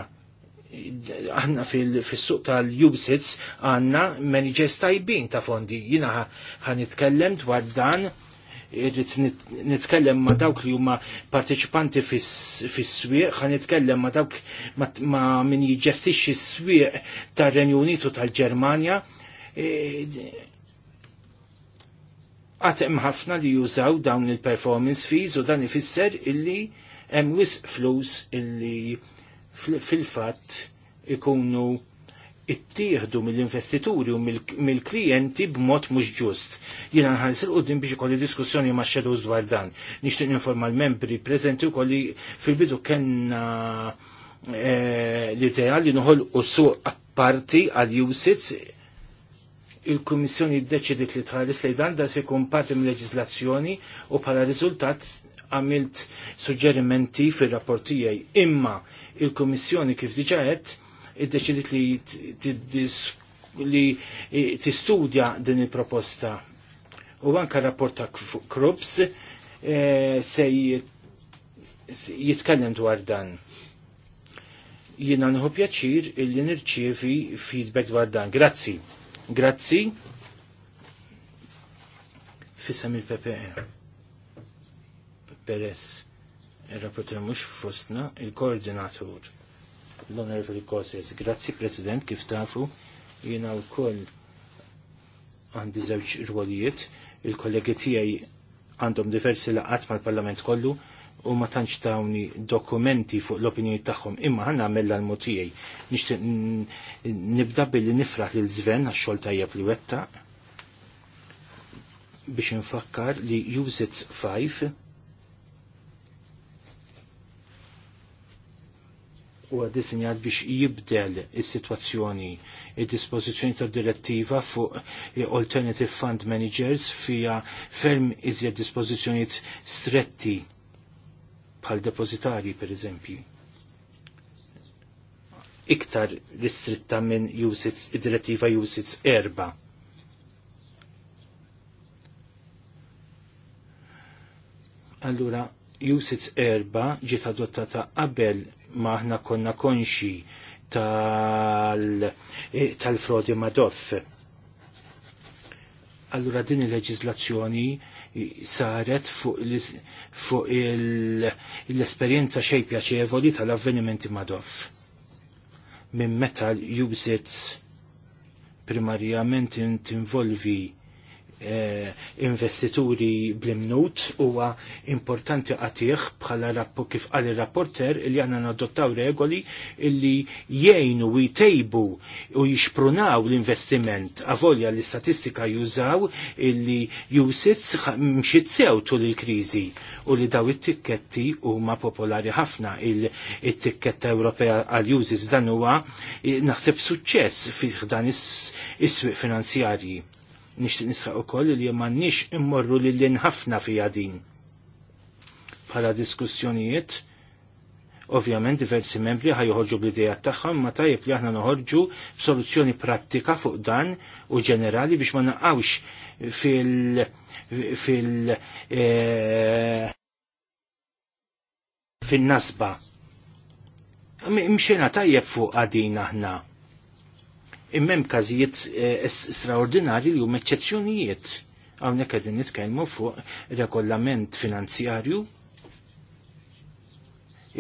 aħna fil-suq tal-Ubsits għanna managers tajbin ta' fondi. Jina itkellem dwar dan irrid nitkellem ma' dawk li huma partiċipanti fis-swieq, ħa nitkellem ma' dawk ma' min jiġestixxi s-swieq tar-Renju Unitu tal-Ġermanja. E, Għatem ħafna li jużaw dawn il-performance fees u dan ifisser illi hemm wisq flus illi fil-fatt ikunu ittieħdu mill-investituri u mill-klijenti b'mod mhux ġust. Jiena nħares il-qudiem biex ikolli diskussjoni ma' xedus dwar dan. Nixtieq informa l-membri preżenti wkoll fil-bidu kellna eh, l-idea li noħol u suq apparti għal usits il-Kummissjoni ddeċidiet li tħares li dan da se jkun parti mill-leġiżlazzjoni u bħala riżultat għamilt suġġerimenti fil-rapportijaj. Imma il-Komissjoni kif diġa id-deċidit li t eh, tistudja din il-proposta. U anka rapport ta' Krups eh, se jitkellem dwar dan. Jiena nħu pjaċir li nirċievi feedback dwar dan. Grazzi. Grazzi. Fissam il-PPE. Peres il rapporta mux fostna il-koordinatur l-Onorevoli Koses. Grazzi, President, kif tafu, jina u koll għandi zewċ rwolijiet, il-kollegi tijaj għandhom diversi laqat mal-Parlament kollu, u ma tantx tawni dokumenti fuq l-opinjoni tagħhom imma ħan nagħmel l mutijej Nixtieq nibda billi nifraħ lil Zven għax-xogħol tajjeb li wettaq biex infakkar li Usage 5 għad disinjat biex jibdel is-sitwazzjoni id-dispożizzjoni tad direttiva fuq alternative fund managers fija ferm iżjed dispożizzjonijiet stretti bħal depożitarji per eżempju iktar ristritta minn id-direttiva usits erba. Allura, usits erba ġiet adottata qabel maħna konna konxi e, tal-frodi madoff. Allura din il-leġizlazzjoni saret fuq l-esperienza xej pjaċevoli tal-avvenimenti madoff. Minn meta l-jubżet primarjament tinvolvi Eh, investituri bl huwa importanti għatih bħala rappo kif għal rapporter li għanna nadottaw regoli illi jgħinu u jtejbu u jixprunaw l-investiment għavolja l-istatistika jużaw illi jusitz mxit sew tul il-krizi u li daw it-tikketti huma popolari ħafna il-tikketta Ewropea għal jużis dan huwa eh, naħseb suċċess fi dan is-swieq finanzjarji nixtieq nisħaq ukoll li nix immorru lil lin ħafna fiha din. Bħala diskussjonijiet, ovvjament diversi membri ħajħorġu bl-idejat taħħam, ma tajjeb li aħna noħorġu b'soluzzjoni prattika fuq dan u ġenerali biex ma naqgħux fil fil fil eh, fin-nasba. Mxena tajjeb fuq għadin aħna immem kazijiet eh, straordinari li huma eċċezzjonijiet. Hawnhekk qegħdin nitkellmu fuq regolament finanzjarju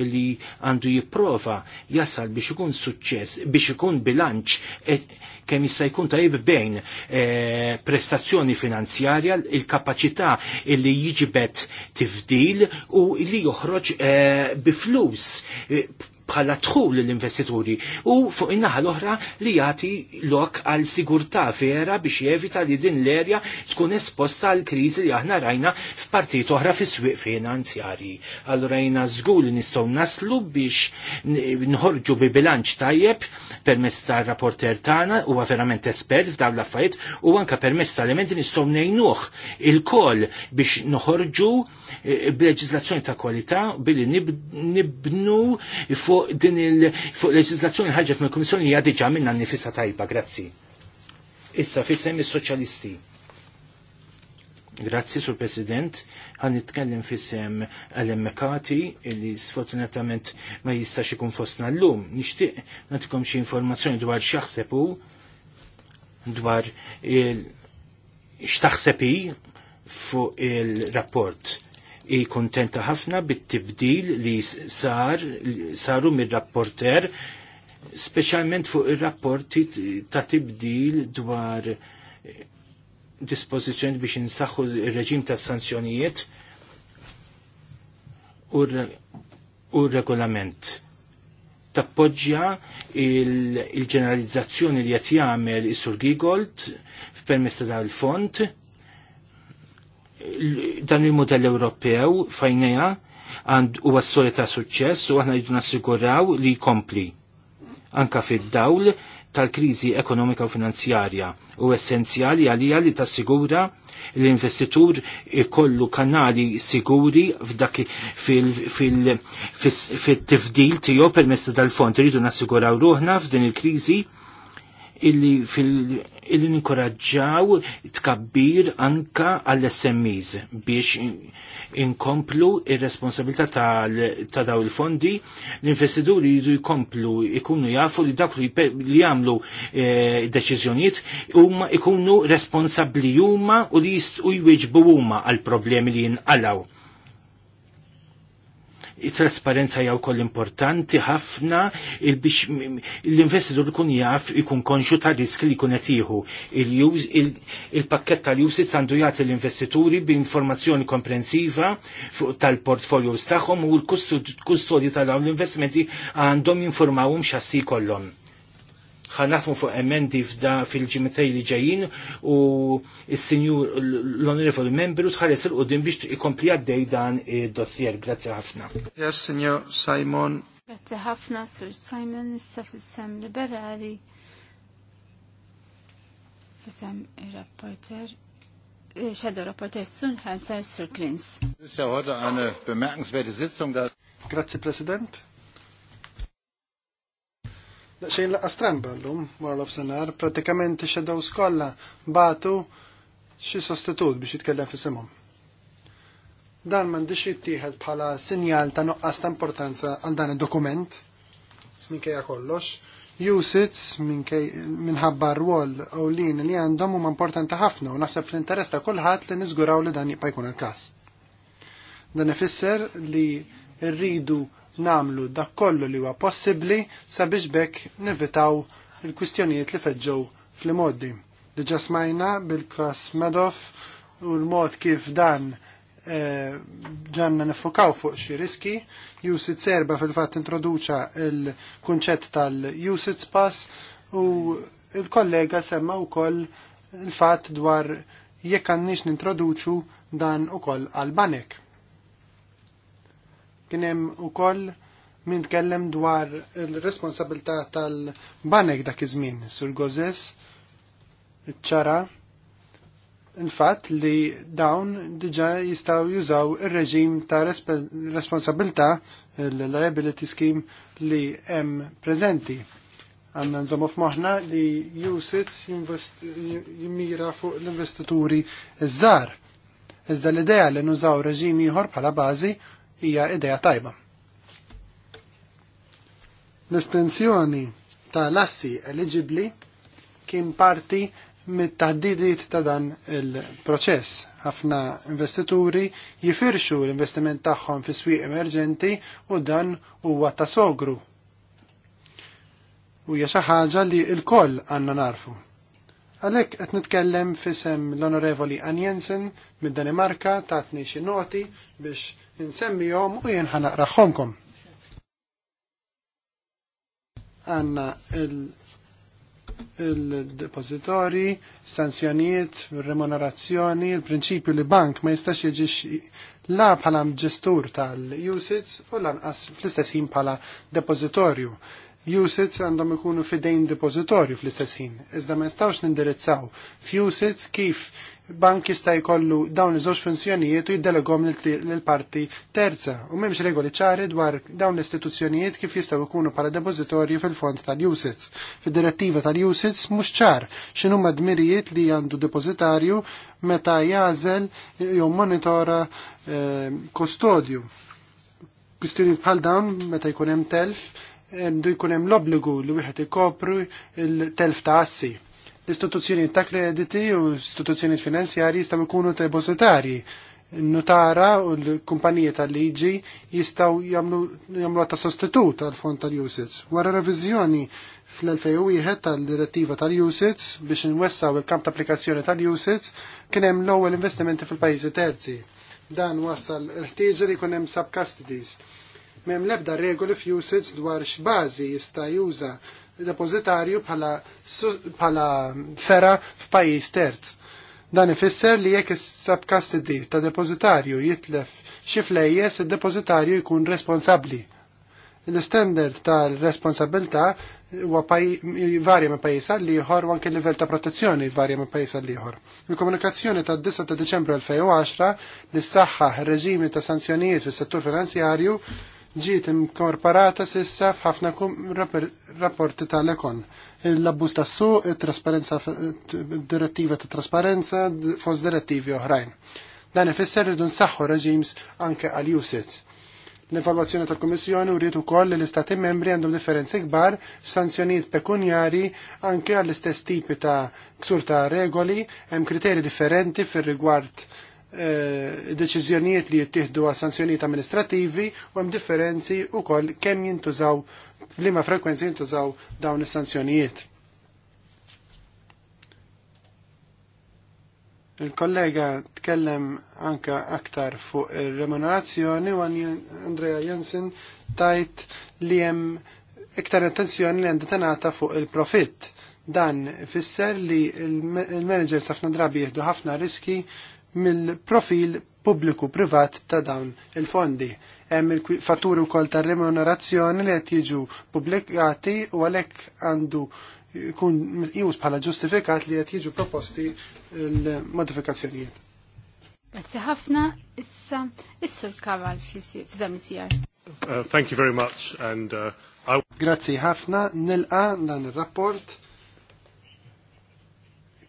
illi għandu jipprova jasal biex ikun suċċess, biex ikun bilanċ eh, kemm jista' jkun tajib bejn eh, prestazzjoni finanzjarja, il-kapaċità illi jiġbet tifdil u li joħroġ bi flus bħala tħul l-investituri u fuq in-naħa l-oħra li jagħti lok għal sigurtà vera biex jevita li din l-erja tkun esposta għal kriżi li aħna rajna f'partit oħra fis-swieq finanzjarji. Allura jiena żgur nistgħu naslu biex nħorġu bi bilanċ tajjeb permezz tar-rapporter tagħna huwa verament espert f'dawn l-affarijiet u anke permezz tal-elementi nistgħu ngħinuh il kol biex noħorġu b'leġislazzjoni ta' kwalità billi nibnu fuq din il-fuq leġislazzjoni ħarġet mill komissjoni hija diġà minna nifissa tajba, grazzi. Issa fissem is-soċjalisti. Grazzi sur President, għan nitkellem fissem għal-emmekati li sfortunatament ma jistax ikun fostna l-lum. Nishtiq natikom xie informazzjoni dwar xaħsepu, dwar il-xtaħsepi fuq il-rapport i kontenta ħafna bit-tibdil li sar, saru mir-rapporter, specialment fuq il-rapporti ta' tibdil dwar eh, dispozizjoni biex insaħħu il-reġim ta' sanzjonijiet u r-regolament. Tappoġġja il-ġeneralizzazzjoni li qed jagħmel is-Sur Gigold f'permess dal-fond dan il-modell Ewropew fajneja għand u għastori ta' suċċess u għahna jiddu nassiguraw li jkompli anka fid-dawl tal-krizi ekonomika u finanzjarja u essenzjali għalija li tassigura l-investitur kollu kanali siguri f'dak fil-tifdil tiegħu permezz tal-fond iridu nassiguraw ruħna f'din il-kriżi illi fil illi ninkoraġġaw tkabbir anka għall-SMEs biex inkomplu ir-responsabilità ta' daw il-fondi l-investituri jridu jkomplu ikunu jafu li dak li jagħmlu eh, deċiżjonijiet huma ikunu responsabbli huma u li jistgħu jwieġbu huma għall problemi li jinqalaw trasparenza jaw koll importanti ħafna biex l-investitur kun jaf ikun konxu ta' risk li kun jtiħu. Il-pakket il pakketta il tal usits għandu jagħti l-investituri b'informazzjoni komprensiva tal-portfolios tagħhom u l-kustodji tal-dawn l-investimenti għandhom jinformawhom xassi kollhom ħanatmu fuq emendi f'da fil-ġimetej li ġajin u il senjur l-onorevoli membru tħares il qoddim biex ikompli għaddej dan il dossier Grazie ħafna. Yes, senjor Simon. Grazie ħafna, Sur Simon, issa fil-sem liberali. Fil-sem il-rapporter. Eh, shadow Rapporteur Sun Hansen Sir Klins. Das ist ja heute eine bemerkenswerte Sitzung. Grazie, Präsident. Xejn laqqa stramba l-lum, wara l-ofsenar, pratikament xedaw skolla batu xi sostitut biex jitkellem fi Dan m'għandix jittieħed bħala sinjal ta' nuqqas ta' importanza għal dan id-dokument minkejja kollox. Usits minħabba rwol u lin li għandhom huma importanti ħafna u naħseb fl interess ta' kulħadd li niżguraw li dan jibqa' jkun il-każ. Dan ifisser li rridu namlu dak kollu li huwa possibbli sabiex bekk nevitaw il-kwistjonijiet li feġġew fl-modi. Diġa smajna bil-kas Madoff u l-mod kif dan eh, ġanna nifukaw fuq xi riski. Usage serba fil-fatt introduċa il-kunċett tal-usage pass u il-kollega semma wkoll il-fatt dwar jekk għandniex nintroduċu dan ukoll għal banek. Kien hemm ukoll min tkellem dwar il-responsabilità tal-banek dak iż-żmien, sur Gozes, ċara, il-fatt li dawn diġa jistaw jużaw ir-reġim ta' responsabilità l-liability scheme li hemm preżenti għanna nżomu f'moħna li usits jimmira fuq l-investituri iż-żar. Iżda l-idea li nużaw reġim ieħor bħala bażi hija idea tajba. L-estensjoni tal-assi eligibli kien parti mit-taħdidiet ta' dan il-proċess. Ħafna investituri jifirxu l-investiment tagħhom fi swieq emerġenti u dan huwa ta' sogru. U hija xi ħaġa li l-koll għandna narfu. Għalhekk qed nitkellem fisem l-Onorevoli Anjensen mid-Danimarka tatni xi noti biex insemmihom u jien ħanaqraħħomkom. Għanna il-depozitori, sanzjonijiet, remunerazzjoni, il-prinċipju li bank ma jistax jiġi la bħala ġestur tal-usage u lanqas fl-istess ħin bħala depozitorju usits għandhom ikunu fidejn depozitorju fl-istess ħin. Iżda ma nistgħux nindirizzaw f'usits kif bank jista' jkollu dawn iż-żewġ funzjonijiet u jiddelegom lill-parti terza u m'hemmx regoli ċari dwar dawn l-istituzzjonijiet kif jistgħu jkunu bħala depożitorju fil-fond tal-usits. Fid-direttiva tal-usits mhux ċar x'inhu dmirijiet li għandu depożitarju meta jażel jew monitora eh, kustodju. Kwistjoni bħal dawn meta jkun hemm telf għandu jkun hemm l-obbligu li wieħed ikopru l-telf ta' assi. L-istituzzjoni ta' krediti u istituzzjoni finanzjarji jistgħu jkunu depozitarji notara u l-kumpanija tal-liġi jistaw jamlu ta' sostitut għal-fond tal-usage. Wara revizjoni fl-2001 tal-direttiva tal-usage biex nwessaw il-kamp ta' applikazzjoni tal-usage kien hemm l-ewwel investimenti fil-pajjiżi terzi. Dan wassal ħtieġa li jkun hemm sub custodies Mem lebda regoli f'usage dwar x'bażi jista' juża depozitarju bħala fera f'pajjiż terz. Dan ifisser li jekk is-sab custody ta' depozitarju jitlef xi flejjes id-depozitarju jkun responsabbli. L-standard tal-responsabilità huwa varja minn pajjiż għal ieħor u anke livell ta' protezzjoni varja minn pajjiż għal ieħor. Il-komunikazzjoni tad 10 ta' Deċembru 2010 li ssaħħaħ reġimi ta' sanzjonijiet fis-settur finanzjarju ġiet inkorporata sissa f'ħafna rapporti tal-ekon. L-abbuż tas-suq, it-trasparenza direttiva ta' trasparenza fost direttivi oħrajn. Dan ifisser ridu nsaħħu reġims anke għal usit. L-evalwazzjoni tal-Kummissjoni uriet ukoll li l-Istati membri għandhom differenzi kbar f'sanzjonijiet pekunjari anke għall-istess tipi ta' ksur ta' regoli, hemm kriteri differenti fir-rigward Eh, deċiżjonijiet li jittieħdu għal sanzjonijiet amministrativi u hemm differenzi wkoll kemm jintużaw liema frekwenzi jintużaw dawn is-sanzjonijiet. Il-kollega tkellem anka aktar fuq ir-remunerazzjoni u Andrea Jensen tajt li hemm iktar attenzjoni li għandi tingħata fuq il-profitt. Dan fisser li il-managers ħafna drabi jieħdu ħafna riski mill-profil pubbliku privat ta' dawn il-fondi. Hemm il-fatturi wkoll ta' remunerazzjoni li qed jiġu pubblikati u għalhekk għandu jkun jus bħala ġustifikat li qed jiġu proposti l-modifikazzjonijiet. Grazzi ħafna, issa is-sur kaval f'żamisjar. Uh, thank you very much and uh, I... Grazzi ħafna, nilqa dan ir-rapport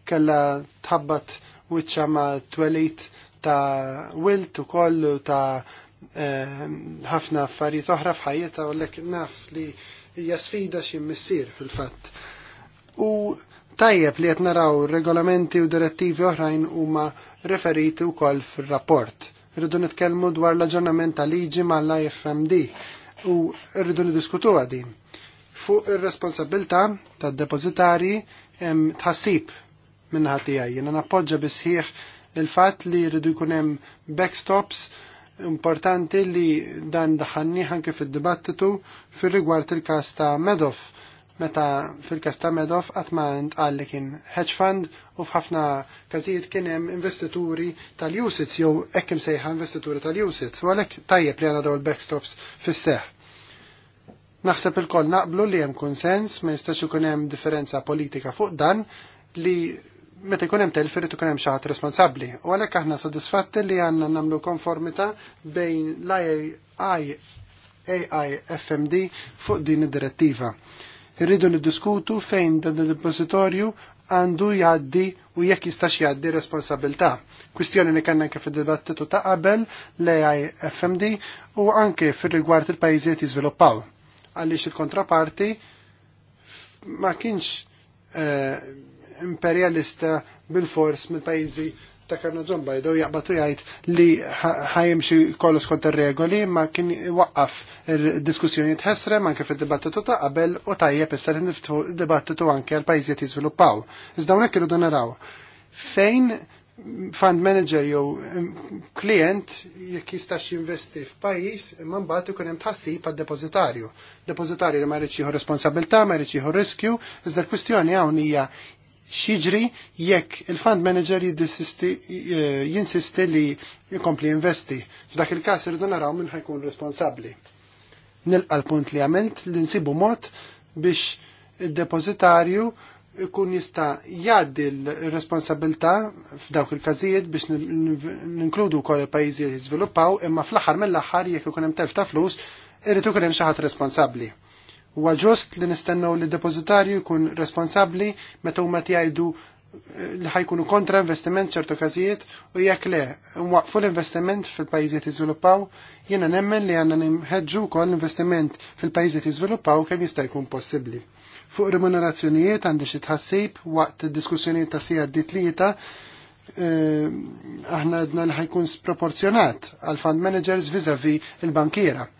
kella tħabbat wiċċa ma' twelit ta' wilt u kollu ta' eh, ħafna eh, affarijiet oħra f'ħajjeta u lek naf li hija sfida xi missier fil-fatt. U tajjeb li qed naraw regolamenti u direttivi oħrajn huma referiti wkoll fir-rapport. Irridu nitkellmu dwar l-aġġornament ta' liġi mal-IFMD u rridu niddiskutuha din. Fuq ir-responsabilità tad-depożitarji hemm tħassib minnaħat tiegħi. Jena nappoġġa bisħiħ il-fatt li rridu jkun hemm backstops importanti li dan daħanni anke fid-dibattitu fir-rigward il-każ ta' Medoff. Meta fil-każ ta' Medoff qatt ma li kien hedge fund u f'ħafna każijiet kien hemm investituri tal-usits jew hekk imsejħa investituri tal-usits u għalhekk tajjeb li għandha daw il-backstops fis-seħħ. Naħseb il-koll naqblu li hemm konsens ma jistax ikun hemm differenza politika fuq dan li meta jkun hemm telf irid ikun hemm xi ħadd responsabbli. U għalhekk aħna sodisfatti li għandna nagħmlu konformità bejn l-AIFMD fuq din id-direttiva. Irridu niddiskutu fejn dan il-depositorju għandu jgħaddi u jekk jistax jgħaddi responsabilità. Kwistjoni li kellna anke fid-dibattitu ta' qabel l-AIFMD u anke fir-rigward il-pajjiżiet jiżviluppaw. Għaliex il-kontraparti ma kienx eh, imperialista bil-fors mill-pajjiżi ta' karna ġomba jdew jaqbatu jgħid li ħajimxi kollu skont ir-regoli ma kien waqqaf diskussjoni tħessre anke fid-dibattitu ta' qabel u tajjeb issa li il dibattitu anke għal pajjiżiet jiżviluppaw. Iżda hawnhekk irridu naraw fejn fund manager jew klient jekk jistax jinvesti f'pajjiż imma mbagħad ikun hemm tħassib għad-depożitarju. Depożitarju li ma jridx jieħu responsabilità, ma jridx jieħu riskju, iżda l-kwistjoni hawn hija X'jiġri jekk il-fund manager eh, jinsisti li jkompli investi. F'dak il-każ irridu naraw minn ħajkun responsabbli. Nilqa l-punt li għamilt li nsibu mod biex id-depozitarju kun jista' jgħaddi l-responsabilità f'dawk il-każijiet biex ninkludu wkoll il-pajjiżi li jiżviluppaw, imma fl-aħħar mill-aħħar jekk ikun hemm telf ta' flus, irrid ikun hemm xi ħadd responsabbli. Huwa ġust li nistennew li depozitarju jkun responsabbli meta huma jgħidu eh, li ħajkunu kontra investiment ċertu każijiet u jekk le nwaqfu l-investiment fil-pajjiżiet iżviluppaw, jiena nemmen li għandna nimħeġġu wkoll l-investiment fil-pajjiżiet iżviluppaw kemm jista' jkun possibbli. Fuq remunerazzjonijiet għandi xi tħassib waqt id-diskussjonijiet ta' CRD tlieta eh, aħna għedna li ħajkun sproporzjonat għal fund managers vis-a-vis il-bankiera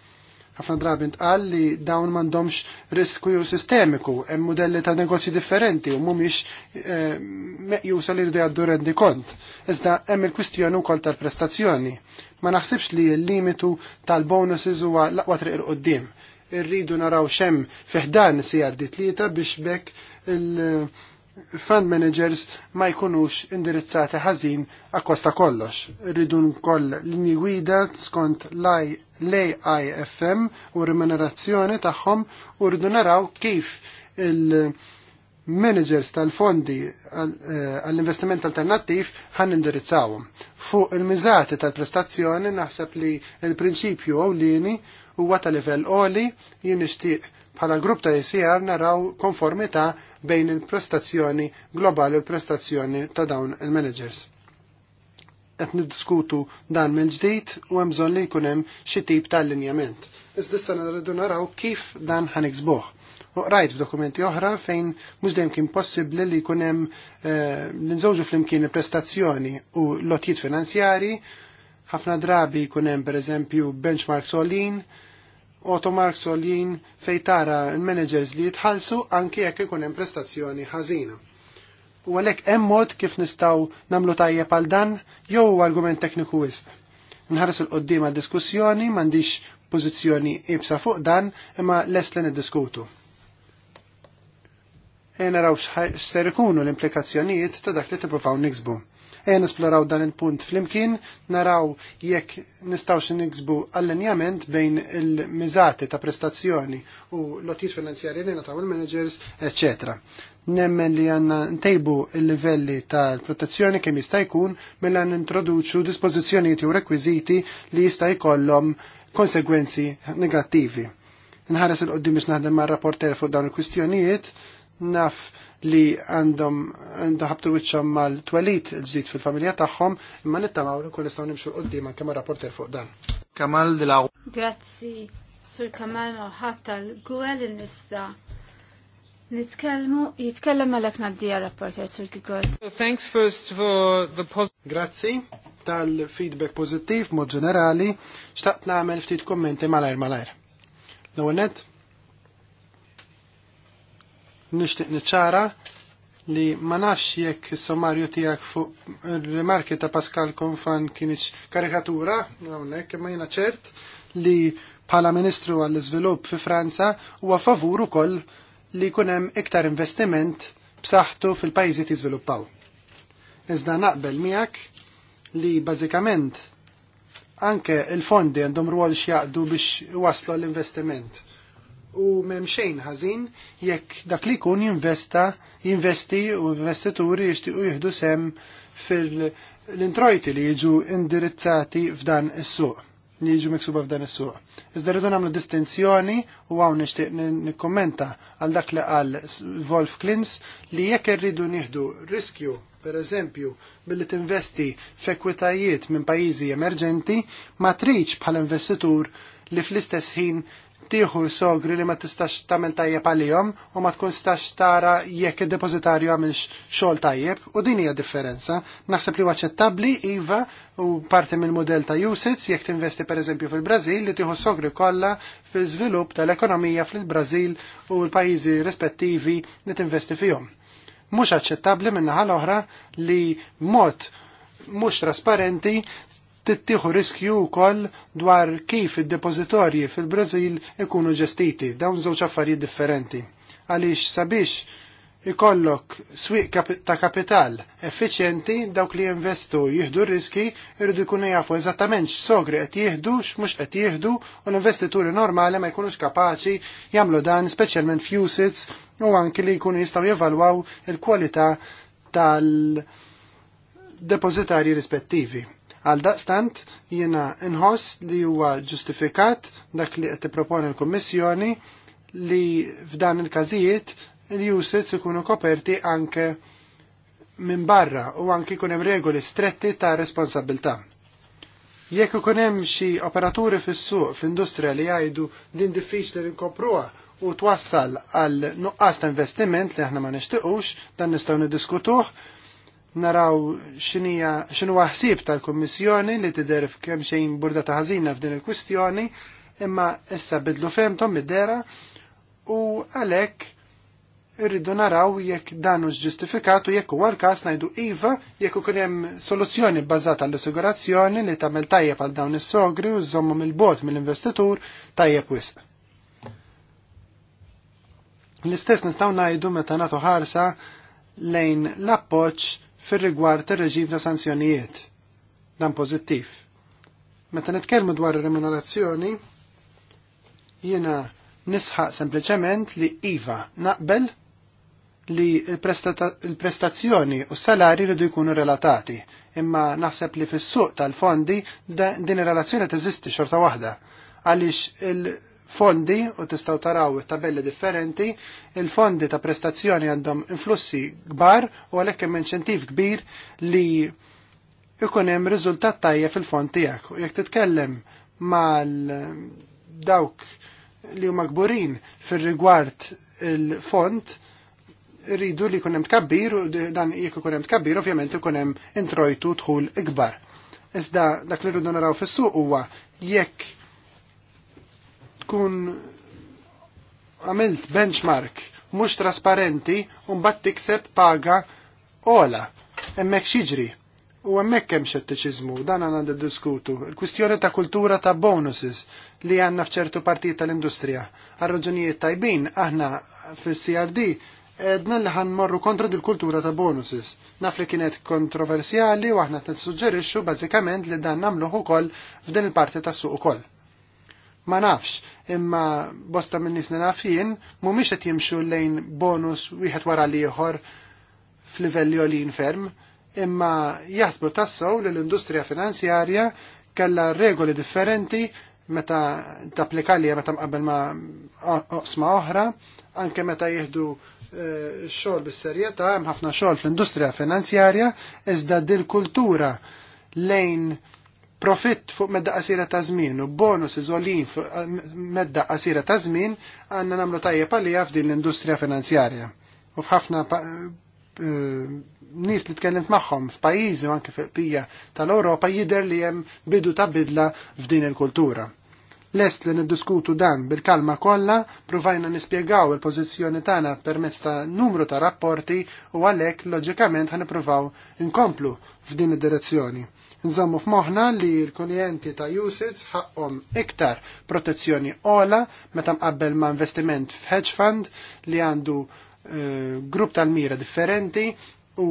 ħafna drabi ntqal li dawn m'għandhomx riskju sistemiku, hemm modelli ta' negozji differenti u mhumiex eh, meqjusa li rridu jgħaddu rendi kont. Iżda hemm il-kwistjoni wkoll tal-prestazzjoni. Ma naħsibx li l-limitu tal-bonuses huwa l-aqwa triq il-qoddim. Irridu naraw xem fiħdan CRD tlieta biex bekk il- fund managers ma jkunux indirizzati ħażin akkosta kollox. Irridu nkoll linji gwida skont l l-AIFM u remunerazzjoni tagħhom u rridu naraw kif il-managers tal-fondi eh, għall-investiment alternattiv ħan indirizzawhom. Fuq il-miżati tal-prestazzjoni naħseb li l-prinċipju ewlieni huwa ta' livell qoli jien nixtieq bħala grupp ta' ICR naraw konformità bejn il-prestazzjoni globali u l-prestazzjoni ta' dawn il-managers qed niddiskutu dan mill-ġdid u hemm bżonn li jkun hemm xi tip ta' allinjament. Iżda issa naraw kif dan ħaniksbuh. U rajt f'dokumenti oħra fejn mhux dejjem kien possibbli li jkun hemm eh, li nżewġu flimkien il-prestazzjoni u lotjiet finanzjari, ħafna drabi jkun hemm pereżempju benchmarks olin, automarks olin fejn tara l-managers li jitħallsu anke jekk ikun hemm prestazzjoni ħażina u għalhekk hemm mod kif nistgħu nagħmlu tajjeb għal dan jew argument tekniku wisq. Nħares il-qoddim diskussjoni m'għandix pożizzjoni ibsa fuq dan imma les li niddiskutu. E naraw x'ser ikunu l-implikazzjonijiet ta' dak li t-profaw niksbu. E nisploraw dan il-punt flimkien, naraw jekk nistaw niksbu allenjament bejn il-mizati ta' prestazzjoni u lotit finanzjari li nataw il-managers, eccetera nemmen li għanna ntejbu il-livelli tal-protezzjoni kemm jista' jkun mill mela għan introduċu dispożizzjonijiet u rekwiżiti li jista' jkollhom konsegwenzi negattivi. Nħares il-qoddim biex naħdem ma' rapporter fuq dawn il-kwistjonijiet, naf li għandhom għandha ħabtu wiċċhom mal-twelit ġdid fil-familja tagħhom, imma nittamaw li kun nistgħu nimxu qudiem anke rapporter fuq dan. Kamal Dilaw. Grazzi, Sur Kamal Mawħat tal-Gwel nista Nitkellmu, jitkellem għalek naddija rapporter Sur Gwel. Thanks first for the positive. Grazzi tal-feedback pozittiv mod ġenerali, xtaqt nagħmel ftit kommenti malajr malajr. L-ewwel nixtieq niċċara li ma nafx jekk is-sommarju tiegħek fuq il-rimarki ta' Pascal Konfan kienx karikatura hawnhekk imma jiena ċert li bħala Ministru għall-Iżvilupp fi Franza huwa favur ukoll li jkun hemm iktar investiment b'saħħtu fil-pajjiżi tiżviluppaw. Iżda naqbel miegħek li bażikament anke il-fondi għandhom rwol x'jaqdu biex waslu l-investiment u memxejn ħażin jekk dak li kun jinvesta, jinvesti u investituri jixtiequ jieħdu sem fil-introjti li jiġu indirizzati f'dan is-suq li jiġu miksuba f'dan is-suq. Iżda rridu nagħmlu distinzjoni u hawn nixtieq nikkommenta għal dak li qal Wolf Klins li jekk irridu nieħdu riskju per eżempju, billi tinvesti f'ekwitajiet minn pajjiżi emerġenti, ma triċ bħal investitur li fl-istess ħin tieħu sogri li ma tistax tagħmel tajjeb għalihom u ma tkun stax tara jekk id depozitarju għamil xogħol tajjeb u din hija differenza. Naħseb li huwa aċċettabbli iva u parti mill-mudell ta' usage jekk tinvesti pereżempju fil-Brażil li tieħu sogri kollha fil-żvilupp tal-ekonomija fil-Brażil u l-pajjiżi rispettivi li tinvesti fihom. Mhux aċċettabbli min-naħa l-oħra li mod mhux trasparenti tittieħu riskju wkoll dwar kif id depozitorji fil-Brażil ikunu ġestiti dawn żewġ affarijiet differenti. Għaliex sabiex ikollok swieq kap ta' kapital effiċjenti dawk li jinvestu jieħdu riski irridu jkunu jafu eżattament x'sogri qed jieħdu x'mhux qed jieħdu u l-investituri normali ma jkunux kapaċi jagħmlu dan speċjalment f'usits u anki li jkunu jistgħu jevalwaw il-kwalità tal-depozitarji rispettivi Għal daqstant jiena nħoss li huwa ġustifikat dak li qed tipproponi l-Kummissjoni li f'dan il-każijiet il-usage ikunu koperti anke minn barra u anke jkun hemm regoli stretti ta' responsabilità. Jekk ikun hemm xi operaturi fis-suq fl-industrija li jgħidu din diffiċli nkopruha u twassal għal nuqqas ta' investiment li aħna ma nixtiqux, dan nistgħu niddiskutuh, naraw xinu ħsieb tal-Kommissjoni li tidher kemm xejn burda ta' ħażina f'din il-kwistjoni, imma issa bidlu femtom id-dera u għalhekk irridu naraw jekk dan hux ġustifikat u jekk huwa najdu każ ngħidu iva jekk u hemm soluzzjoni bbażata għall assigurazzjoni li tagħmel tajjeb għal dawn is-sogri u zommu mill-bot mill-investitur tajjeb wisq. L-istess nistgħu ngħidu meta nagħtu ħarsa lejn l-appoġġ fir-rigward ir-reġim ta' sanzjonijiet. Dan pożittiv. Meta nitkellmu dwar ir-remunerazzjoni, jiena nisħaq sempliċement li iva naqbel li il-prestazzjoni u s-salari ridu jkunu relatati, imma naħseb li fis-suq tal-fondi din ir-relazzjoni teżisti xorta waħda għaliex il- fondi u tistaw taraw tabelli differenti, il-fondi ta' prestazzjoni għandhom influssi kbar u għalhekk hemm inċentiv kbir li ikun hemm riżultat tajjeb fil-fond tiegħek. U jekk titkellem mal dawk li huma kburin fir-rigward il-fond, rridu li kunem tkabbir, u dan jekk ikun hemm tkabbir, ovvjament ikun hemm introjtu tħul ikbar. Iżda dak li rridu naraw fis-suq huwa jekk tkun għamilt benchmark mhux trasparenti u mbagħad tikseb paga ola. Hemmhekk xiġri. U hemmhekk hemm xettiċiżmu, dan għandna diskutu. Il-kwistjoni ta' kultura ta' bonuses li għandna f'ċertu parti tal-industrija. Għal raġunijiet tajbin aħna fil-CRD edna li ħan morru kontra dil-kultura ta' bonuses. Naf li kienet kontroversjali u aħna t-suġġerixxu bażikament li dan namluħu kol f'din il-parti tas suq ukoll ma nafx, imma bosta minn nisna nafjien, mumiex qed jimxu lejn bonus wieħed wara li ieħor f'livelli olin ferm, imma jaħsbu tassow li l-industrija finanzjarja kalla regoli differenti meta tapplikalija meta mqabbel ma' osma oħra, anke meta jieħdu eh, xogħol bis-serjetà hemm ħafna xogħol fl-industrija finanzjarja, iżda din kultura lejn profitt fuq medda qasira ta' żmien u bonus iżolin fuq eh, medda qasira ta' żmien għandna nagħmlu tajjeb għalija f'din l-industrija finanzjarja. U f'ħafna eh, nies li tkellimt magħhom f'pajjiżi u anke fil-qbija tal-Ewropa jidher li hemm bidu ta' bidla f'din il-kultura. Lest li niddiskutu dan bil-kalma kollha, provajna nispjegaw il-pożizzjoni tagħna permezz ta' numru ta' rapporti u għalhekk loġikament ħanipruvaw inkomplu f'din id-direzzjoni Nżammu f'moħna li l-klijenti ta' usage ħaqhom iktar protezzjoni ola meta mqabbel ma' investiment f'hedge fund li għandu uh, grupp tal-mira differenti u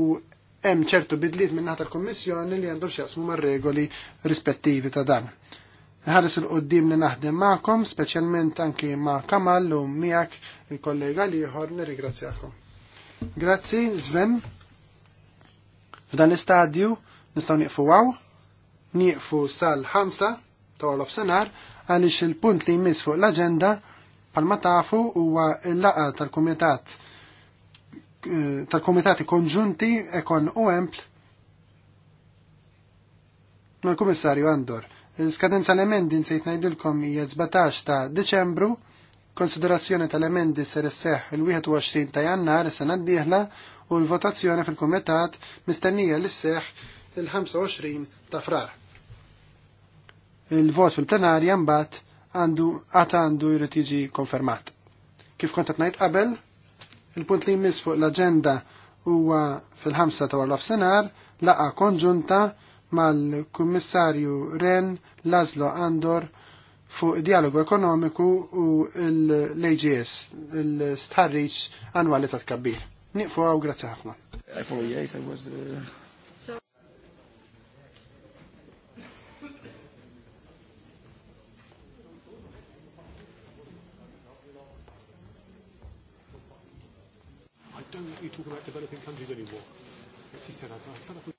hemm ċertu bidliet minn naħa tal-Kummissjoni li għandhom x'jaqsmu mar-regoli rispettivi ta' dan. Nħares il-qoddim li naħdem magħkom, speċjalment anki ma' Kamal u miegħek il-kollega li ieħor nirringrazzjakom. Grazzi, Sven. F'dan l-istadju nistgħu niqfu għaw nieqfu sal-5 ta' orlof senar għaliex il-punt li jmiss fuq l-agenda palma tafu huwa l-laqa tal-Kumitat eh, tal-Kumitati Konġunti Ekon u Empl mal-Kummissarju Andor. Skadenza l-emendi nsejt ngħidilkom hija 17 ta' Deċembru, konsiderazzjoni tal-emendi ser isseħħ il-21 ta' Jannar is-sena d-dieħla u l-votazzjoni fil-Kumitat mistennija l-isseħ il-25 ta' Frar il-vot fil-plenarja mbagħad għandu għata għandu jrid jiġi konfermat. Kif kont qed ngħid qabel, il-punt li jmiss fuq l-aġenda huwa fil ħamsa ta' warlof senar laqa konġunta mal-Kummissarju Ren Lazlo Andor fuq dialogu ekonomiku u l-AGS, l-starriċ annwali ta' tkabbir. Nifu għaw, grazzi ħafna. don't you talk about developing countries anymore. And she said, I thought, I thought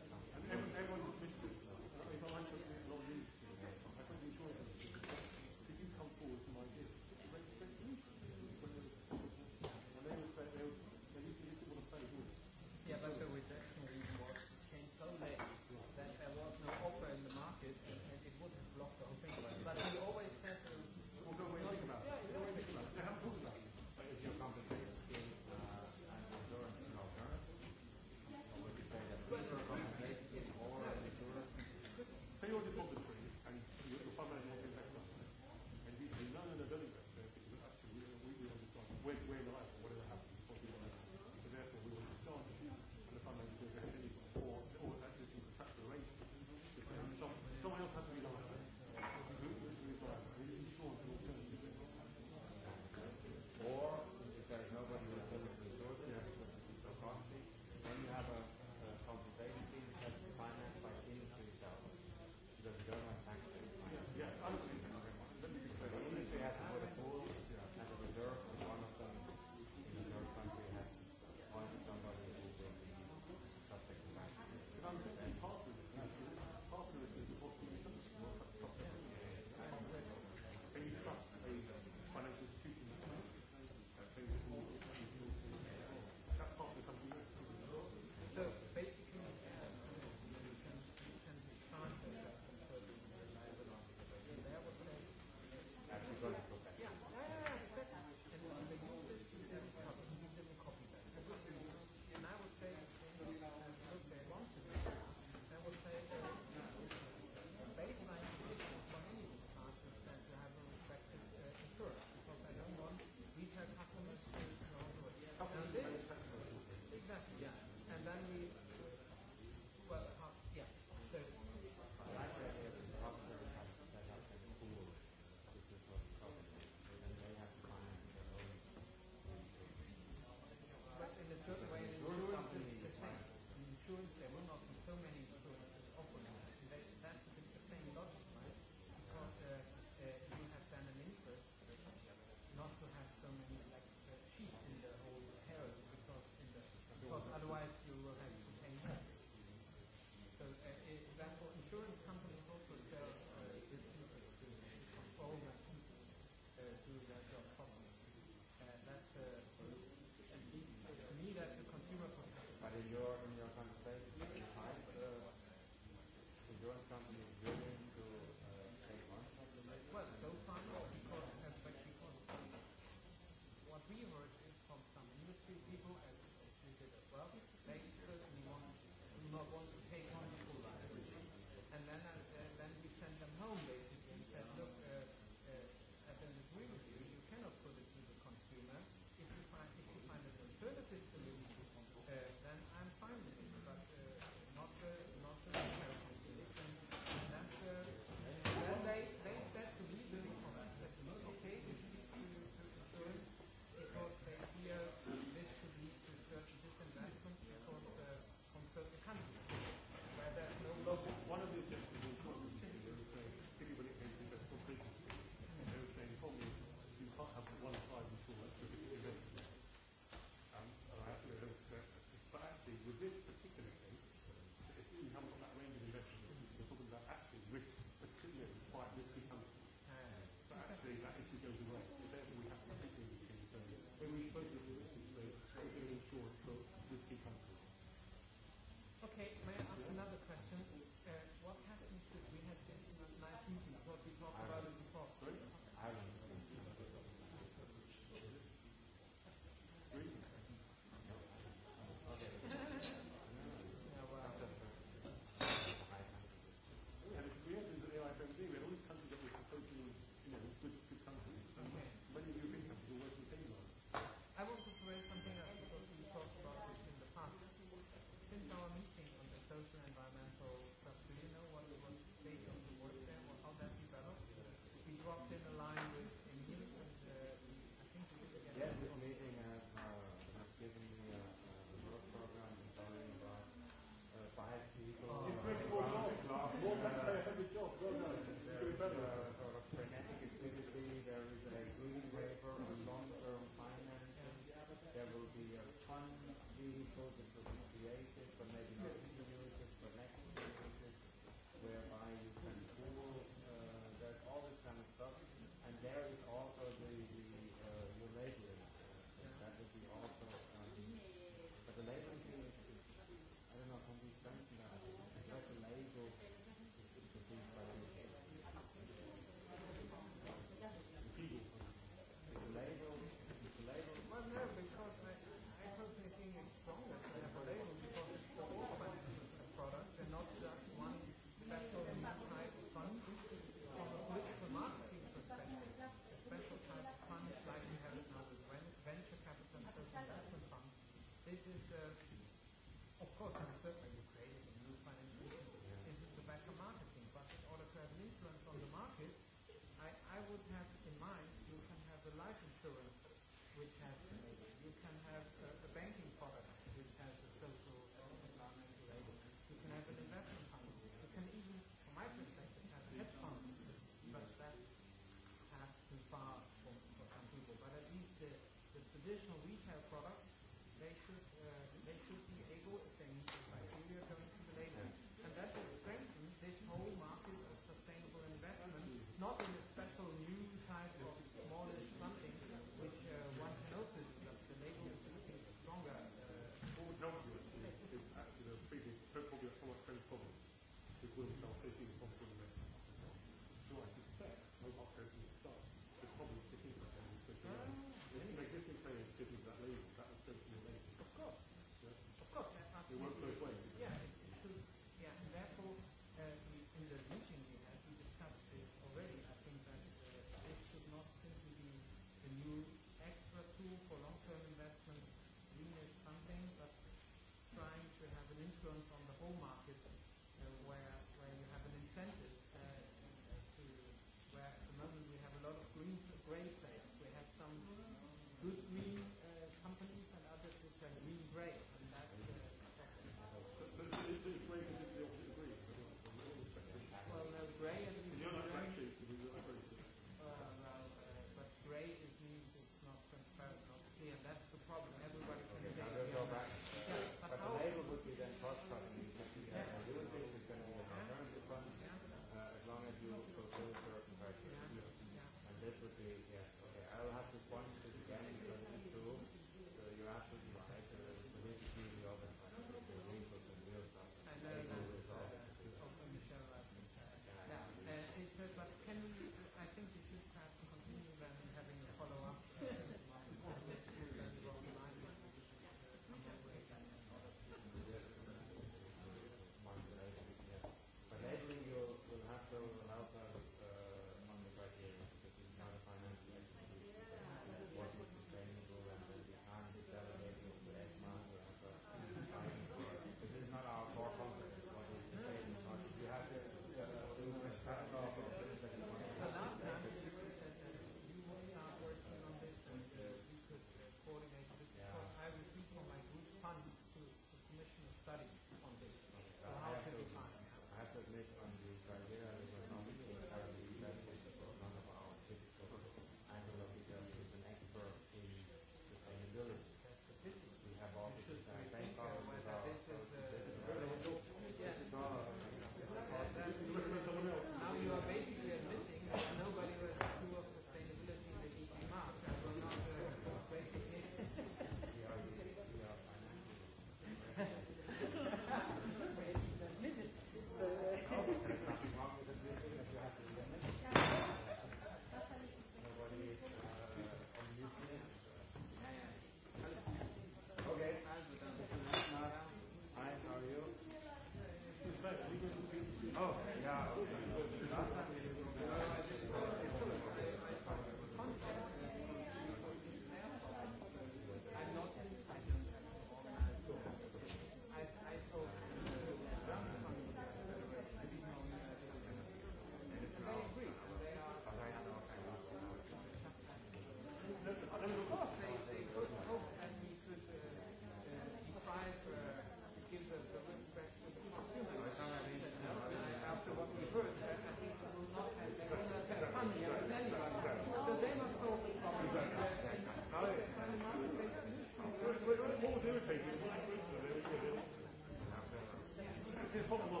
Fuq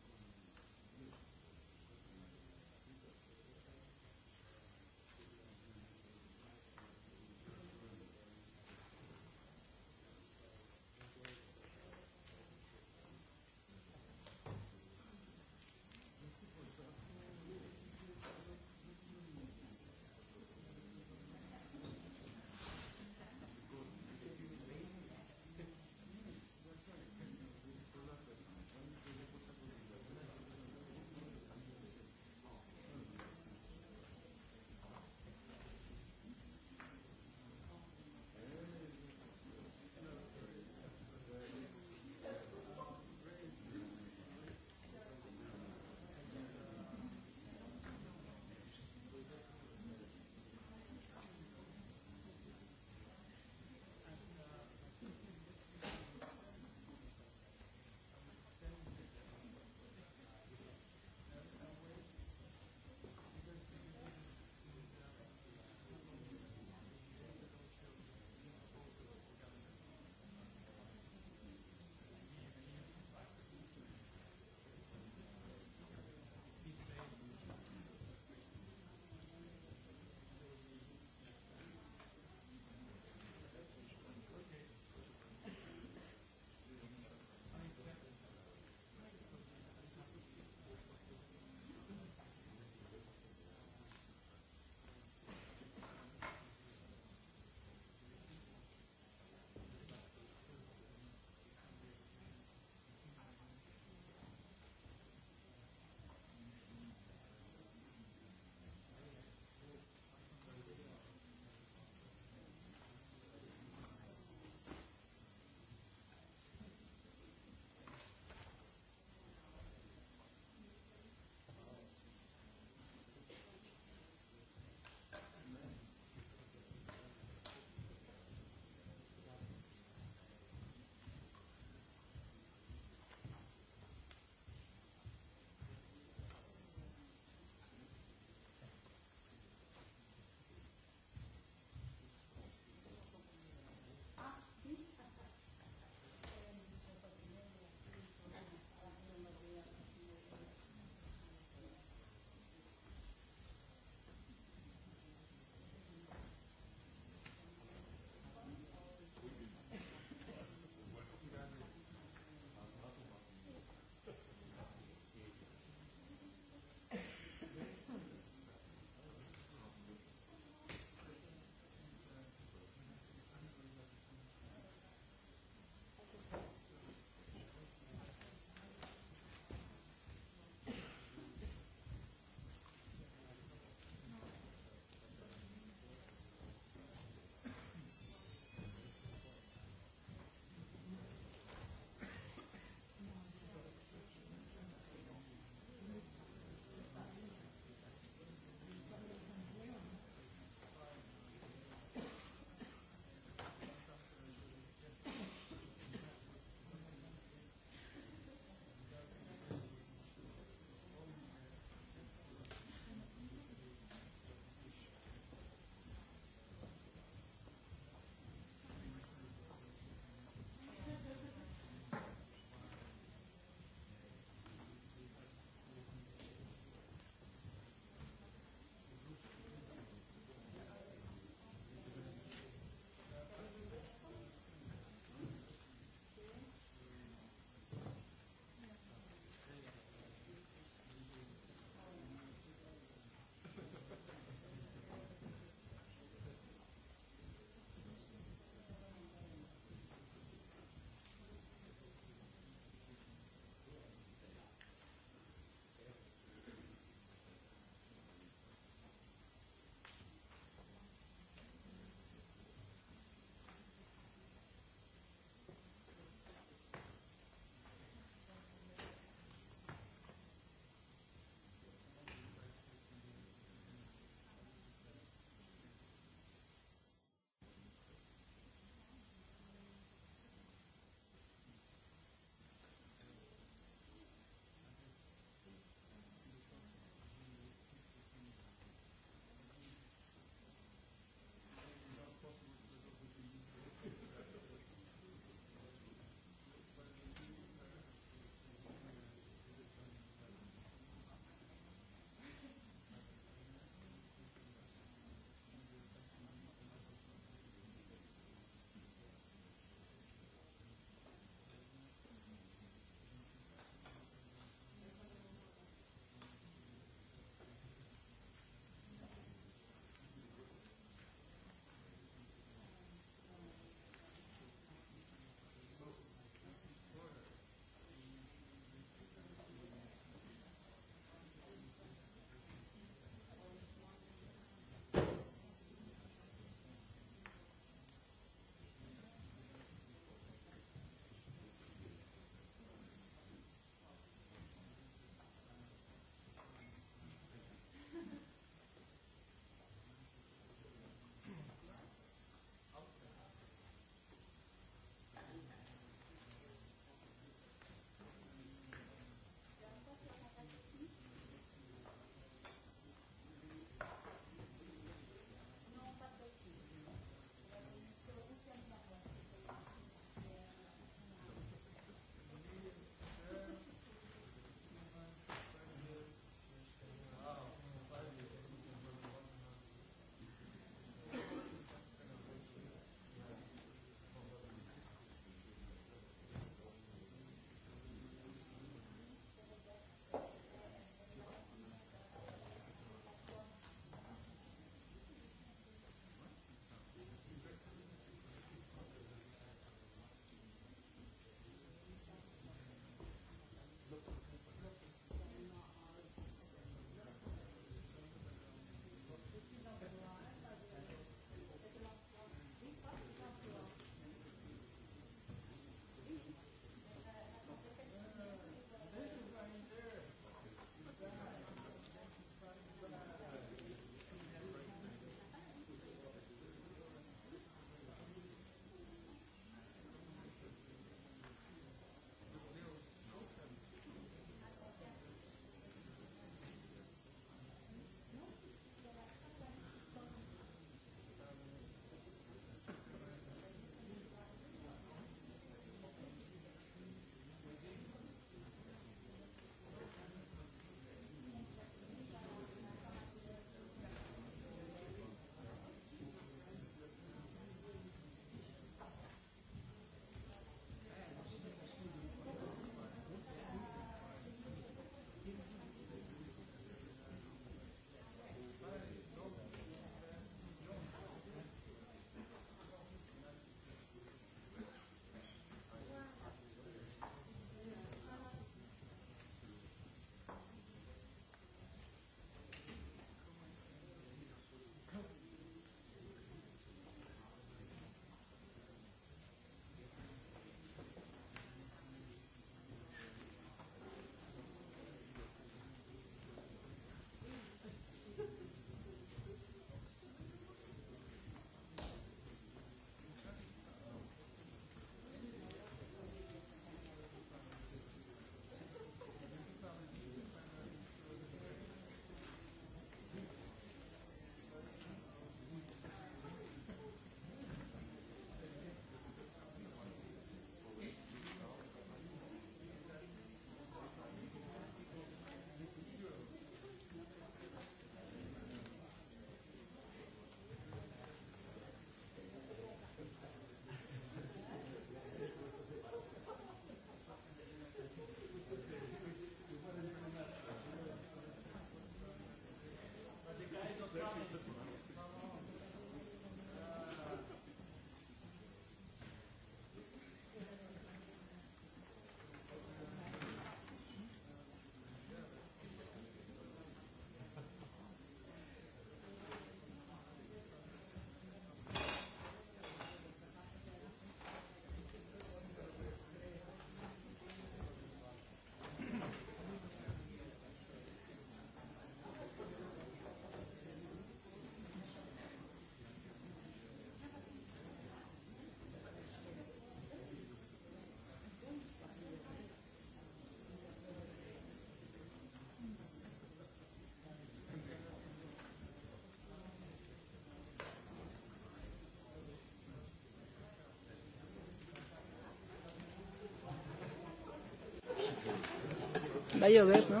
Vaya a ver, ¿no?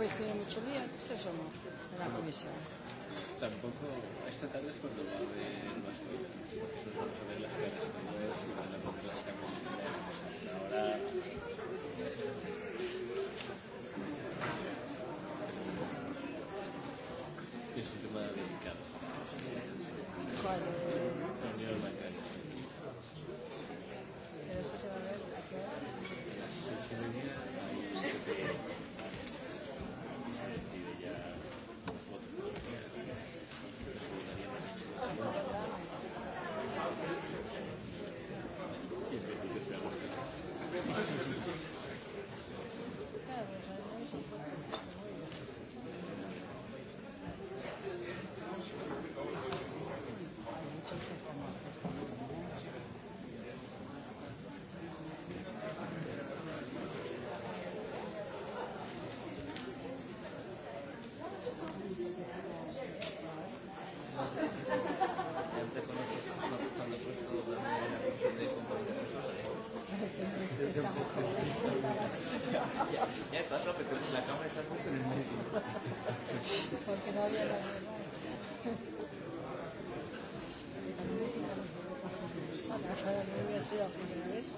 Valentina Micciolini, queste sono nella commissione. Tampoco, esta tarde es cuando va a haber más proyectos, Es un tema delicado. Gracias. <laughs>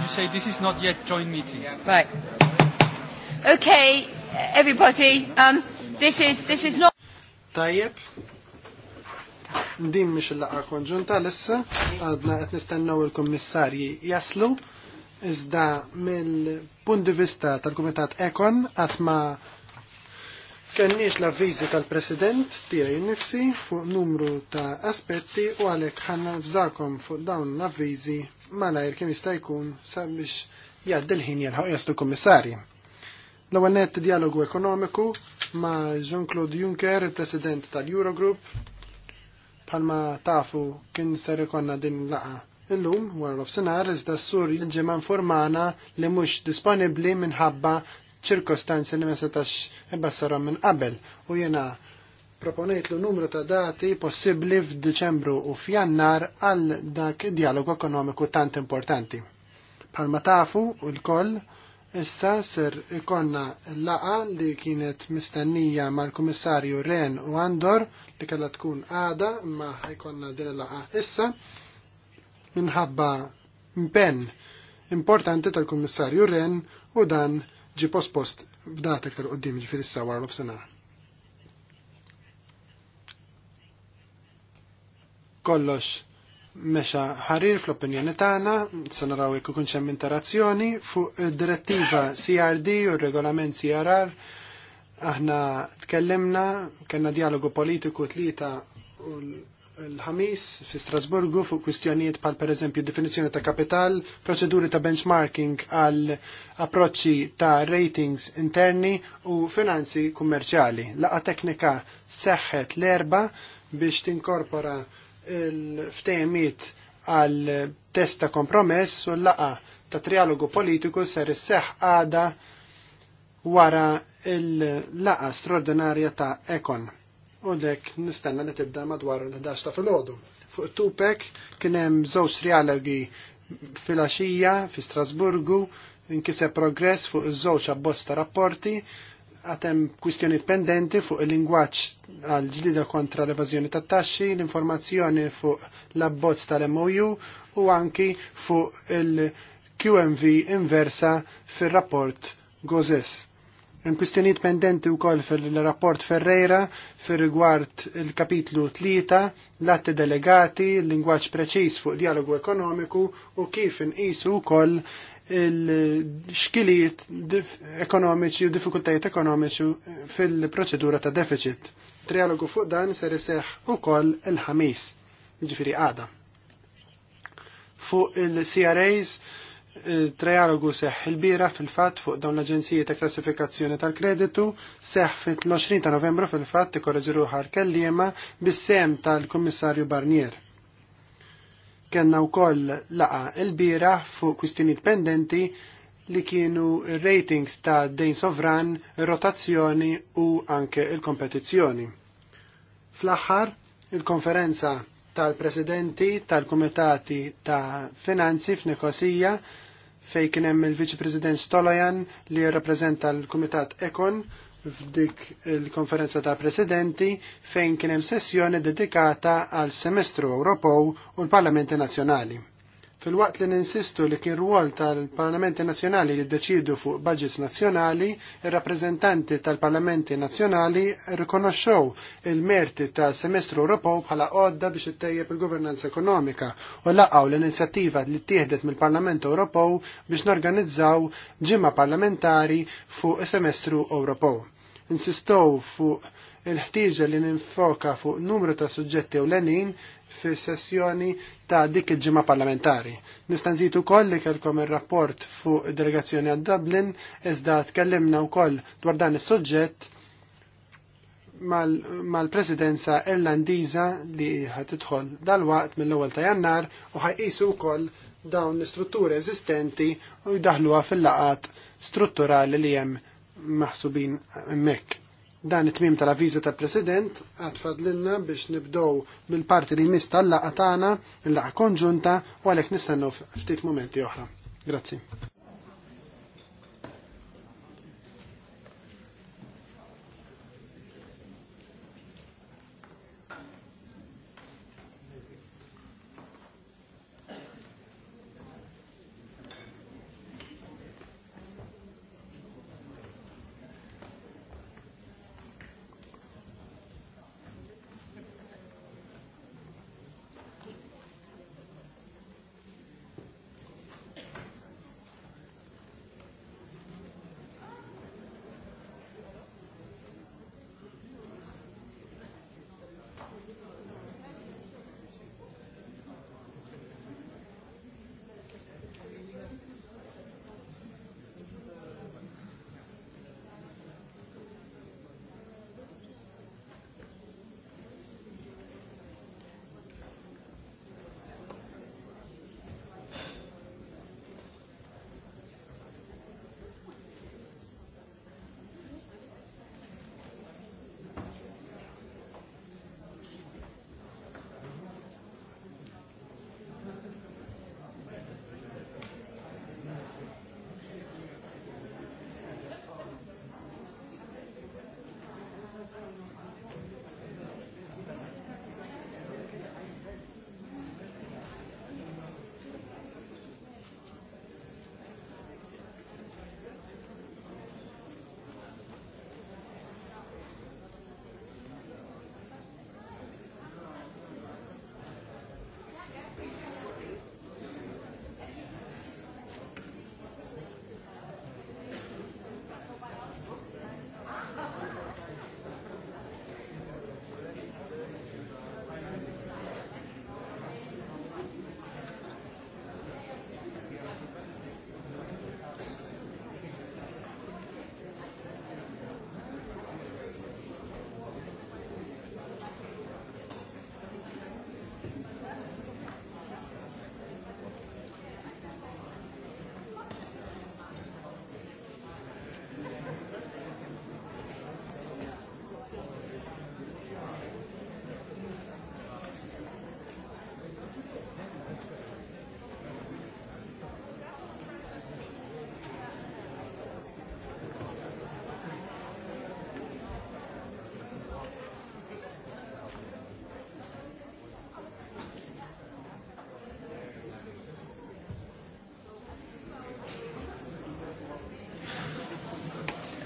You say this is not yet joint meeting. Right. Okay, everybody, um, this is this is not. Tajjeb. ndim mish il-laqgħa konġunta lissa, għadna qed nistennew il-kummissarji jaslu, izda mill-punt di vista tal-Kumitat Ekon qatt Kenniex la vizi tal-President tiegħi nifsi fuq numru ta' aspetti u għalek ħanna fżakom fuq dawn la vizi malajr kemm jista' jkun sabiex jgħaddi l-ħin jelħaq jaslu kummissarji. L-ewwel nett dialogu ekonomiku ma' Jean-Claude Juncker, il-President tal-Eurogroup, bħalma tafu kien ser ikonna din laqa illum wara l-ofsenar iżda s-sur ġeman formana li mhux disponibbli minħabba ċirkostanzi li ma setax ibassarhom minn qabel u jiena l numru ta' dati possibbli f'Diċembru u f'Jannar għal dak dialogu ekonomiku tant importanti. Palma tafu u l-koll, issa ser ikonna l laqa li kienet mistennija mal-Kummissarju Ren u Andor li kalla tkun għada ma ikonna din laqa issa minħabba mpen importanti tal-Kummissarju Ren u dan ġi post f'data iktar qoddim ġifir issa wara l-obsenar. kollox mexa ħarir fl-opinjoni tagħna, se naraw jekk ikun hemm interazzjoni fuq id-direttiva CRD u r-regolament CRR. Aħna tkellimna, kellna dialogu politiku tlieta u l-ħamis fi Strasburgu fuq kwistjonijiet pal per eżempju definizzjoni ta' kapital, proċeduri ta' benchmarking għal approċċi ta' ratings interni u finanzi kummerċjali. Laqa teknika seħħet l-erba biex tinkorpora il-ftejmiet għal testa kompromess u l-laqa ta' trialogu politiku ser isseħ għada wara il-laqa straordinarja ta' Ekon. U dek nistenna li tibda madwar l-11 ta' fil-ħodu. Fuq Tupek kienem żewġ trialogi fil-axija fi Strasburgu inkiseb progress fuq iż-żewġ abbosta rapporti għatem kwistjoni pendenti fuq il-lingwaċ għal ġdida kontra l-evazjoni tat taxxi, l-informazzjoni fuq l-abbozz tal-MOU u anki fuq il-QMV inversa fil-rapport Gozes. Hemm kwistjonijiet pendenti wkoll fil-rapport Ferreira fir-rigward il-kapitlu 3, l-atti delegati, l-lingwaġġ preċiż fuq dialogu ekonomiku u kif inqisu wkoll il-xkilijiet ekonomiċi u diffikultajiet ekonomiċi fil-proċedura ta' deficit. Trialogu fuq dan ser iseħ ukoll il-ħamis, ġifiri għada. Fuq il-CRAs, eh, trialogu seħ il-bira fil-fat fuq dawn l aġenzija ta' Klassifikazzjoni tal-Kreditu seħ fit-20 ta' novembru fil-fat tikkorreġi ruħar kellima bis-sem tal-Kummissarju Barnier Kenna wkoll laqa il-bira fuq kwistjoni pendenti li kienu ratings ta' dejn sovran, rotazzjoni u anke il-kompetizzjoni. Fl-aħħar, il-konferenza tal-presidenti tal-komitati ta' finanzi f'Nikosija fejn kien hemm il-Viċi President Stolojan li jirrappreżenta l-Kumitat Ekon f'dik il-konferenza ta' presidenti fejn kien hemm sessjoni dedikata għal semestru Ewropew u l-Parlamenti Nazzjonali. Fil-waqt li ninsistu li kien ruol tal-Parlamenti Nazzjonali li deċidu fuq budgets nazzjonali, ir-rappreżentanti tal-Parlamenti Nazzjonali rikonoxxew il-merti tal-Semestru Ewropew bħala għodda biex ittejjeb il-governanza ekonomika u laqgħu l-inizjattiva li ttieħdet mill-Parlament Ewropew biex norganizzaw ġimgħa parlamentari fuq is-Semestru Ewropew insistow fuq il-ħtieġa li ninfoka fuq numru ta' suġġetti u lenin fi sessjoni ta' dik il-ġimma parlamentari. Nista' nżid ukoll li kellkom ir-rapport fuq delegazzjoni għad Dublin iżda tkellimna wkoll dwar dan is-suġġett mal-presidenza mal irlandiża li ħad tidħol dal-waqt mill-ewwel ta' Jannar u ħajqisu wkoll dawn l-istrutturi eżistenti u jdaħluha fil-laqat strutturali li hemm maħsubin hemmhekk. Dan it-tmim tal-avviżi tal-President għad fadlinna biex nibdow bil-parti li jmiss tal laqatana tagħna, laqa konġunta u għalhekk nistennew ftit momenti oħra. Grazzi.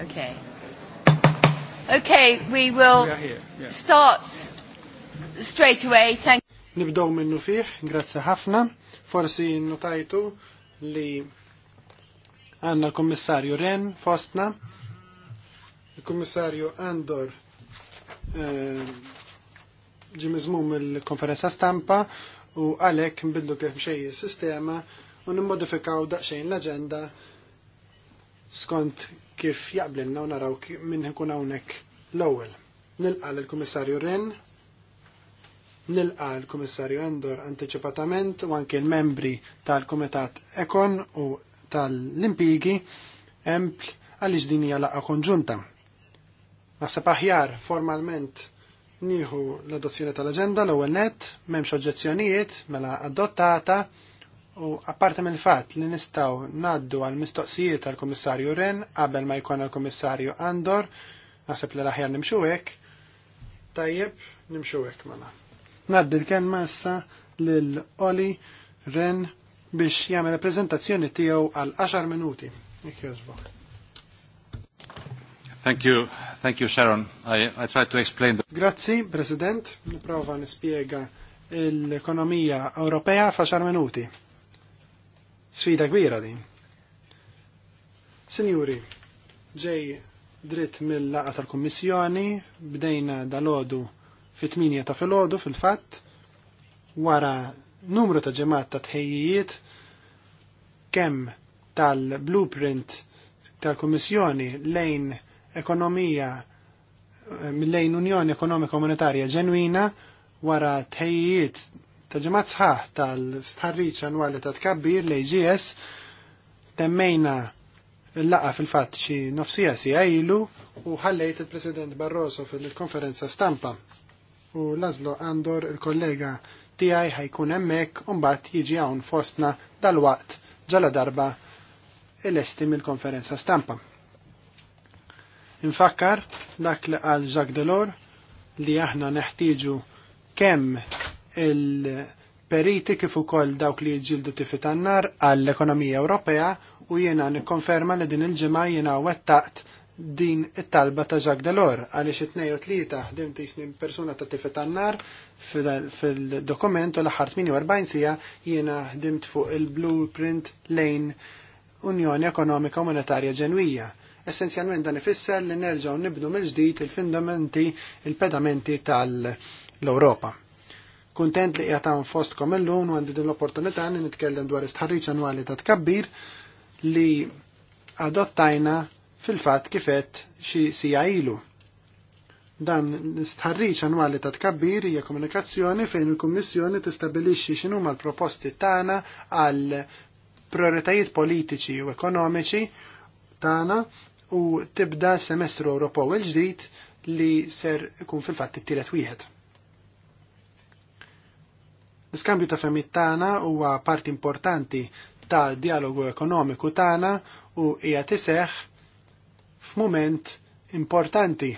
Okay. Okay, we will we yeah. start straight away. Thank Nibdow minnu fih, grazzi ħafna. Forsi notajtu li għanna l-Kommissarju Ren fostna. l kommissarju Andor eh, ġimizmum l konferenza stampa u għalek nbidlu kif xej sistema u nimmodifikaw daqxejn l-agenda skont kif jaqblilna u naraw minn ikun hawnhekk l-ewwel. Nilqa l-Kummissarju Ren, nilqa l-Kummissarju Endor antiċipatament u anke l-membri tal-Kumitat Ekon u tal-Impigi empl għaliex din hija laqgħa konġunta. Naħseb aħjar formalment nieħu l-adozzjoni tal-aġenda l-ewwel nett, m'hemmx oġġezzjonijiet mela adottata U apparti mill fatt li nistaw naddu għal mistoqsijiet għal komissarju Ren qabel ma jkun għal komissarju Andor, naħseb li l-aħjar nimxu hekk, tajjeb nimxu hekk mela. Naddi l-kelma issa lil Oli Ren biex jagħmel prezentazzjoni tiegħu għal 10 minuti. Thank you, thank you Sharon. I, I try to explain. The... Grazzi, President. Niprofa nispiega l-ekonomija Ewropea fa' xar minuti. Sfida kbira din. Sinjuri, ġej dritt mill-laqa tal-Kommissjoni, bdejna dal-ħodu fit-8 ta' fil-ħodu fil-fatt, wara numru ta' ġemat ta' tħejjijiet, kemm tal-blueprint tal-Kommissjoni lejn ekonomija eh, lejn Unjoni Ekonomika Monetarja ġenwina wara tħejjijiet ta' ġemat sħaħ tal-stħarriċ annwali ta' tkabbir l gs temmejna l-laqa fil-fat xi nofsija si għajlu u ħallejt il-President Barroso fil-konferenza stampa. U Lazlo Andor, il-kollega tiegħi ħajkun hemmhekk u mbagħad jiġi hawn fostna dal-waqt ġala darba il-esti mill-konferenza stampa. Infakkar dak li qal Jacques Delors li aħna neħtieġu kemm il-periti kif ukoll dawk li jġildu tifi tan-nar għall-ekonomija Ewropea u jiena nikkonferma li din il-ġimgħa jiena wettaqt din it-talba ta' Jacques Delors għaliex it-tnej u tlieta ħdimt snin persuna ta' tifi tan-nar fil-dokument u l-aħħar 48 sija jiena ħdimt fuq il-blueprint lejn Unjoni Ekonomika u Monetarja Ġenwija essenzjalment dan ifisser li nerġgħu nibnu mill-ġdid il-fundamenti, il-pedamenti tal-Ewropa. Kuntent li qiegħed hawn fostkom illum u għandi din l-opportunità għan nitkellem dwar istħarriċ annwali ta' tkabbir li adottajna fil-fatt kifet xi sija ilu. Dan l-istħarriġ annwali ta' tkabbir hija komunikazzjoni fejn il-Kummissjoni tistabilixxi x'inhuma l-proposti tagħna għal prioritajiet politiċi u ekonomiċi tagħna u tibda semestru Ewropew il-ġdid li ser ikun fil-fatt it-tielet wieħed. L-iskambju ta' femmit tagħna huwa parti importanti ta' dialogu ekonomiku tagħna u hija tiseħ f'mument importanti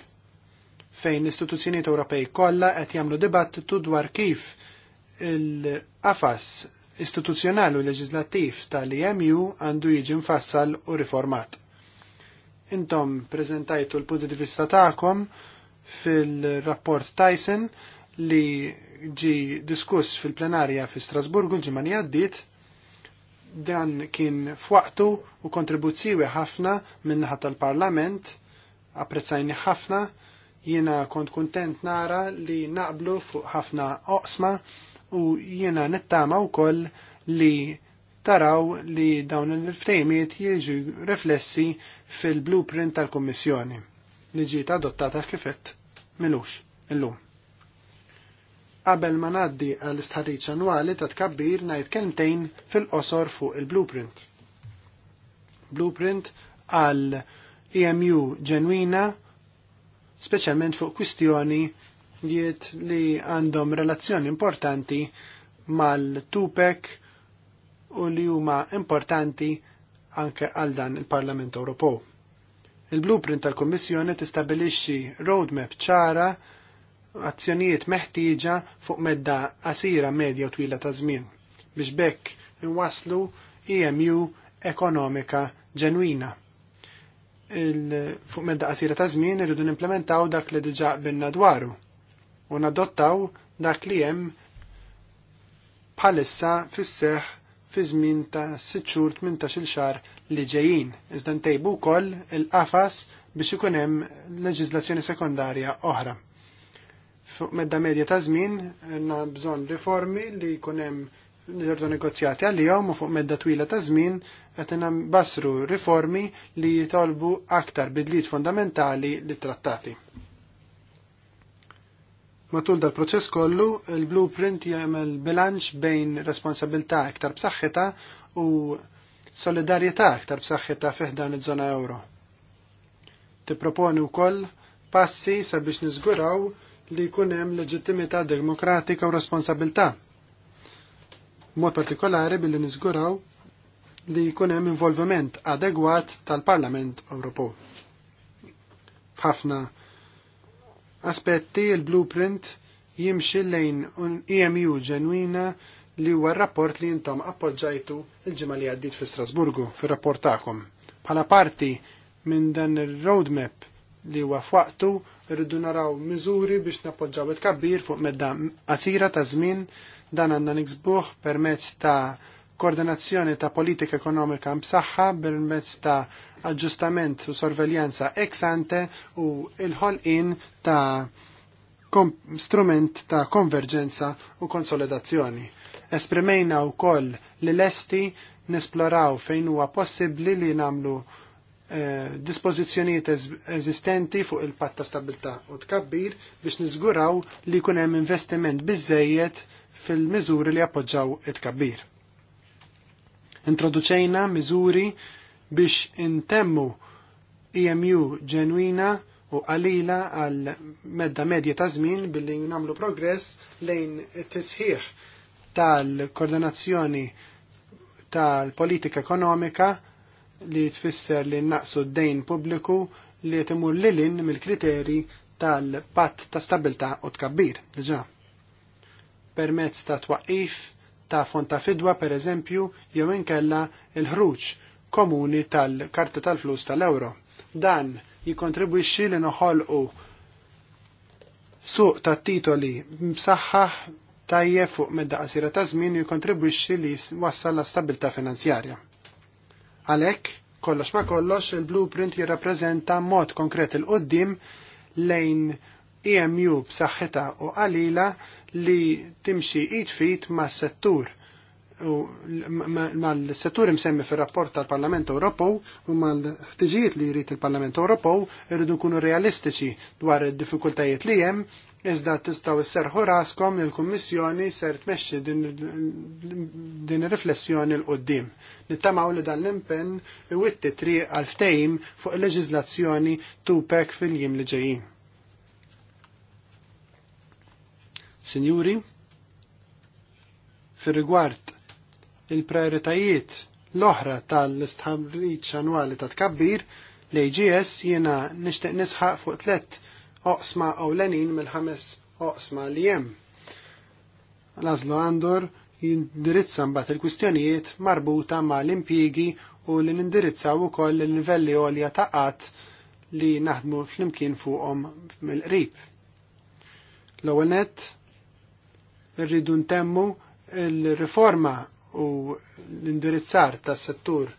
fejn l-istituzzjonijiet Ewropej kollha qed jagħmlu dibattitu dwar kif il-qafas istituzzjonali u leġislattiv tal-EMU għandu jiġi mfassal u riformat. Intom preżentajtu l-punti di vista tagħkom fil-rapport Tyson li ġi diskuss fil-plenarja fi Strasburgu l-ġimgħa li għaddiet dan kien fwaqtu u kontribuzzjiwi ħafna minnaħa tal-Parlament, apprezzajni ħafna, jiena kont kontent nara li naqblu fuq ħafna oqsma u jiena nittama wkoll li taraw li dawn il-ftejmiet jiġu riflessi fil-blueprint tal-Kummissjoni li ġiet adottata kifett milux illum. Qabel ma ngħaddi għall istħarriġ annwali ta' tkabbir ngħid kelmtejn fil-qosor fuq il-blueprint. Blueprint għal EMU ġenwina speċjalment fuq kwistjoni jiet li għandhom relazzjoni importanti mal-Tupek u li huma importanti anke għal dan il-Parlament Ewropew. Il-blueprint tal-Kommissjoni tistabilixxi roadmap ċara azzjonijiet meħtieġa fuq medda qasira medja u twila ta' żmien biex bekk inwaslu EMU ekonomika ġenwina. fuq medda qasira ta' żmien irridu nimplementaw dak li diġà qbilna dwaru u nadottaw dak li hemm bħalissa fis-seħ fi żmien ta' 6 xhur 18-il xahar li ġejjin. Iżda ntejbu wkoll il-qafas biex ikun hemm leġiżlazzjoni sekondarja oħra fuq medda medja ta' zmin na bżonn riformi li jkun hemm nirdu negozjati għalihom u fuq medda twila ta' żmien qed basru riformi li jitolbu aktar bidliet fondamentali li trattati. Matul dal-proċess kollu, il-blueprint jagħmel bilanċ bejn responsabilità aktar b'saħħita u solidarjetà aktar b'saħħita fih il iż-żona euro. Tipproponi wkoll passi sabiex niżguraw li jkun hemm leġittimità demokratika u responsabilità. Mod partikolari billi niżguraw li jkun hemm involviment adegwat tal-Parlament Ewropew. F'ħafna aspetti il-blueprint jimxi lejn un EMU ġenwina li huwa rapport li jintom appoġġajtu il-ġimgħa li għaddit fi Strasburgu fir-rapport tagħkom. Bħala parti minn dan ir-roadmap li huwa f'waqtu rridu naraw miżuri biex nappoġġaw it-kabbir fuq medda qasira ta' żmien dan għandna niksbuh permezz ta' koordinazzjoni ta' politika ekonomika msaħħa permezz ta' aġġustament u sorveljanza ex ante u il-ħolqin ta' strument ta' konverġenza u konsolidazzjoni. Esprimejna u koll li lesti nesploraw fejn huwa possibbli li namlu Eh, dispożizzjonijiet eżistenti fuq il-patt ta' stabilità u tkabbir biex niżguraw li jkun hemm investiment biżejjed fil-miżuri li appoġġaw it-tkabbir. Introduċejna miżuri biex intemmu EMU ġenwina u qalila għal medda medja ta' żmien billi nagħmlu progress lejn it-tisħiħ tal-koordinazzjoni tal-politika ekonomika li tfisser li naqsu d-dejn pubbliku li timur lilin mill-kriteri tal-patt ta' stabilta u tkabbir, diġa. Permezz ta' twaqif ta' fonta fidwa per eżempju jew inkella il-ħruġ komuni tal-karta tal-flus tal-euro. Dan jikontribwixxi li noħolqu suq ta' titoli msaħħaħ tajjeb fuq medda qasira ta' żmien jikontribwixxi li wassal la stabilta finanzjarja. Għalhekk, kollox ma kollox, il-blueprint jirrappreżenta mod konkret il-qoddim lejn EMU b'saħħita u qalila li timxi id-fit ma' settur mal-settur msemmi fil-rapport tal-Parlament Ewropew u mal-ħtiġijiet li jrid il-Parlament Ewropew irridu nkunu realistiċi dwar id-diffikultajiet li hemm iżda tistgħu isserħu raskom il-Kummissjoni ser tmexxi din ir-riflessjoni l qoddim Nittamaw li dan l-impenn iwitti triq għal ftehim fuq il-leġiżlazzjoni tupek fil-jiem li ġejjin. Sinjuri, fir-rigward il-prioritajiet l-oħra tal-istħabriċ annwali ta' tkabbir, l-AGS jiena nixtieq nisħaq fuq tlett oqsma ewlenin mill-ħames oqsma li jem. Lazlo Andor jindirizza mbagħad il-kwistjonijiet marbuta ma' l-impjigi u li nindirizzaw ukoll il-livelli għolja ta' qatt li naħdmu fl-imkien fuqhom mill-qrib. L-ewwel nett irridu ntemmu il-riforma u l-indirizzar tas settur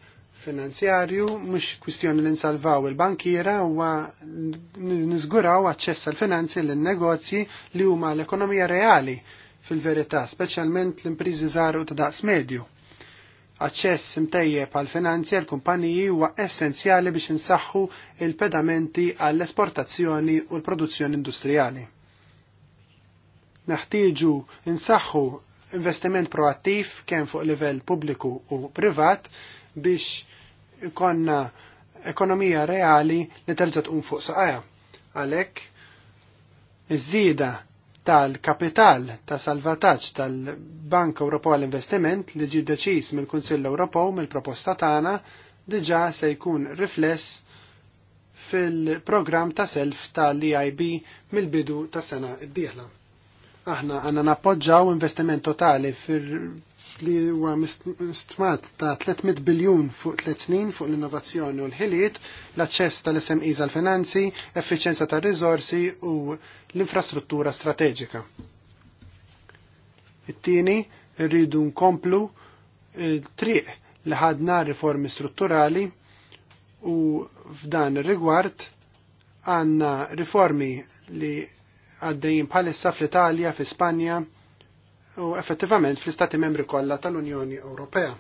finanzjarju mhux kwistjoni li nsalvaw il bankira huwa niżguraw aċċess għal finanzi lin negozji li huma l-ekonomija reali fil-verità, speċjalment l-impriżi żaru ta' daqs medju. Aċċess imtejjeb għal finanzi għal kumpaniji huwa essenzjali biex insaħħu il-pedamenti għall-esportazzjoni u l-produzzjoni industrijali. Naħtieġu insaħħu investiment proattiv kemm fuq livell pubbliku u privat biex ikonna ekonomija reali li terġa' tqum fuq saqaja. Għalhekk iż-żieda tal-kapital ta' salvataġġ tal-Bank Ewropew għall-Investiment li ġie deċiż mill-Kunsill Ewropew mill-proposta tagħna diġà se jkun rifless fil-programm ta' self tal-EIB mill-bidu ta' sena d-dieħla. Aħna għanna nappoġġaw investiment totali fil li huwa stmat ta' 300 biljun fuq 3 snin fuq l-innovazzjoni u l-ħiliet, l-aċċess tal-SMEs għal-finanzi, effiċenza ta' rizorsi u l-infrastruttura strateġika. It-tieni rridu nkomplu triq li ħadna riformi strutturali u f'dan ir-rigward għandna riformi li għaddejjin bħalissa fl-Italja, fl-Ispanja, fl italja fl ispanja u effettivament fl-istati membri kollha tal-Unjoni Ewropea.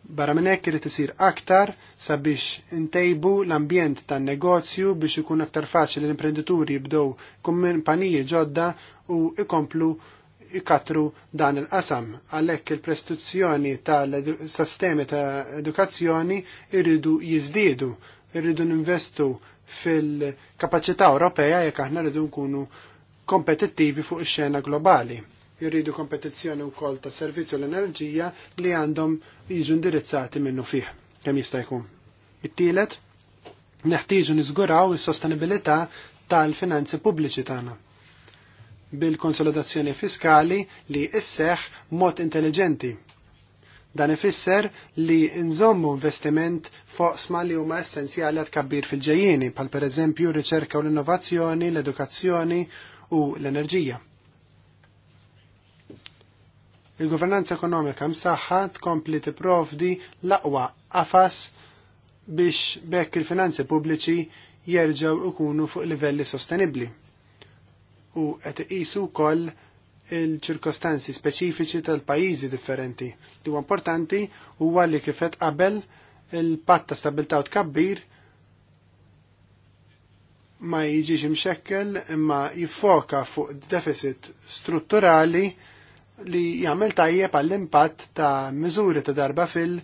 Barra minn hekk irid isir aktar sabiex intejbu l-ambjent tan-negozju biex ikun aktar faċli l-imprenditori jibdew kumpaniji ġodda u ikomplu ikatru dan il-qasam. Għalhekk il-prestizzjoni tal-sistemi ta' edukazzjoni irridu jiżdiedu, irridu ninvestu fil-kapaċità Ewropea jekk aħna rridu nkunu kompetittivi fuq ix-xena globali. Jridu kompetizzjoni wkoll ta' servizzu l-enerġija li għandhom jiġu indirizzati minnu fih kemm jista' jkun. It-tielet, neħtieġu niżguraw is-sostenibilità tal-finanzi pubbliċi tagħna bil-konsolidazzjoni fiskali li isseħ mod intelligenti. Dan ifisser li nżommu investiment fuq li huma essenzjali għad kabbir fil-ġejjieni, pal per eżempju riċerka u l-innovazzjoni, l-edukazzjoni u l-enerġija. Il-governanza ekonomika msaħħa tkompli tipprovdi l-aqwa qafas biex bekk il-finanzi pubbliċi jerġgħu ikunu fuq livelli sostenibbli. U qed iqisu wkoll il-ċirkostanzi speċifiċi tal-pajjiżi differenti. Li huwa importanti huwa li kif qed qabel il-patt ta' stabilità u tkabbir ma jiġix imxekkel imma jiffoka fuq deficit strutturali li jagħmel tajjeb għall-impatt ta' miżuri ta' darba fil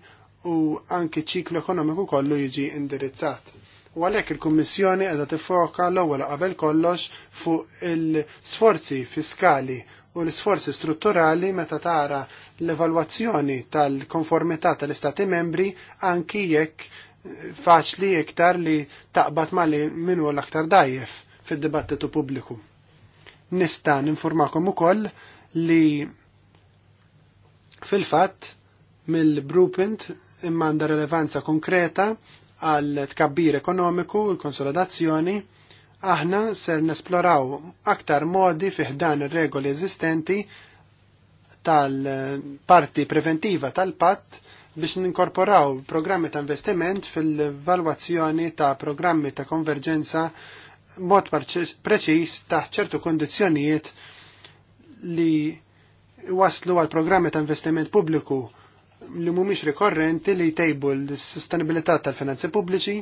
u anki ċiklu ekonomiku kollu jiġi indirizzat. U għalhekk il-Kummissjoni qiegħda tiffoka l-ewwel qabel kollox fuq il-sforzi fiskali u l-sforzi strutturali meta tara l-evalwazzjoni tal-konformità tal-Istati membri anki jekk faċli iktar li taqbad ma li minn u l-aktar dajjef fil-dibattitu pubbliku. Nista ninformakom ukoll li fil-fatt mill-blueprint imma għandha relevanza konkreta għal tkabbir ekonomiku, l-konsolidazzjoni, aħna ser nesploraw aktar modi fiħdan ir-regoli eżistenti tal-parti preventiva tal-patt biex ninkorporaw programmi ta' investiment fil-valwazzjoni ta' programmi ta' konverġenza mod preċis ta' ċertu kondizjonijiet li waslu għal programmi ta' investiment pubbliku li mumiex rikorrenti li jtejbu l-sostenibilità tal-finanzi pubbliċi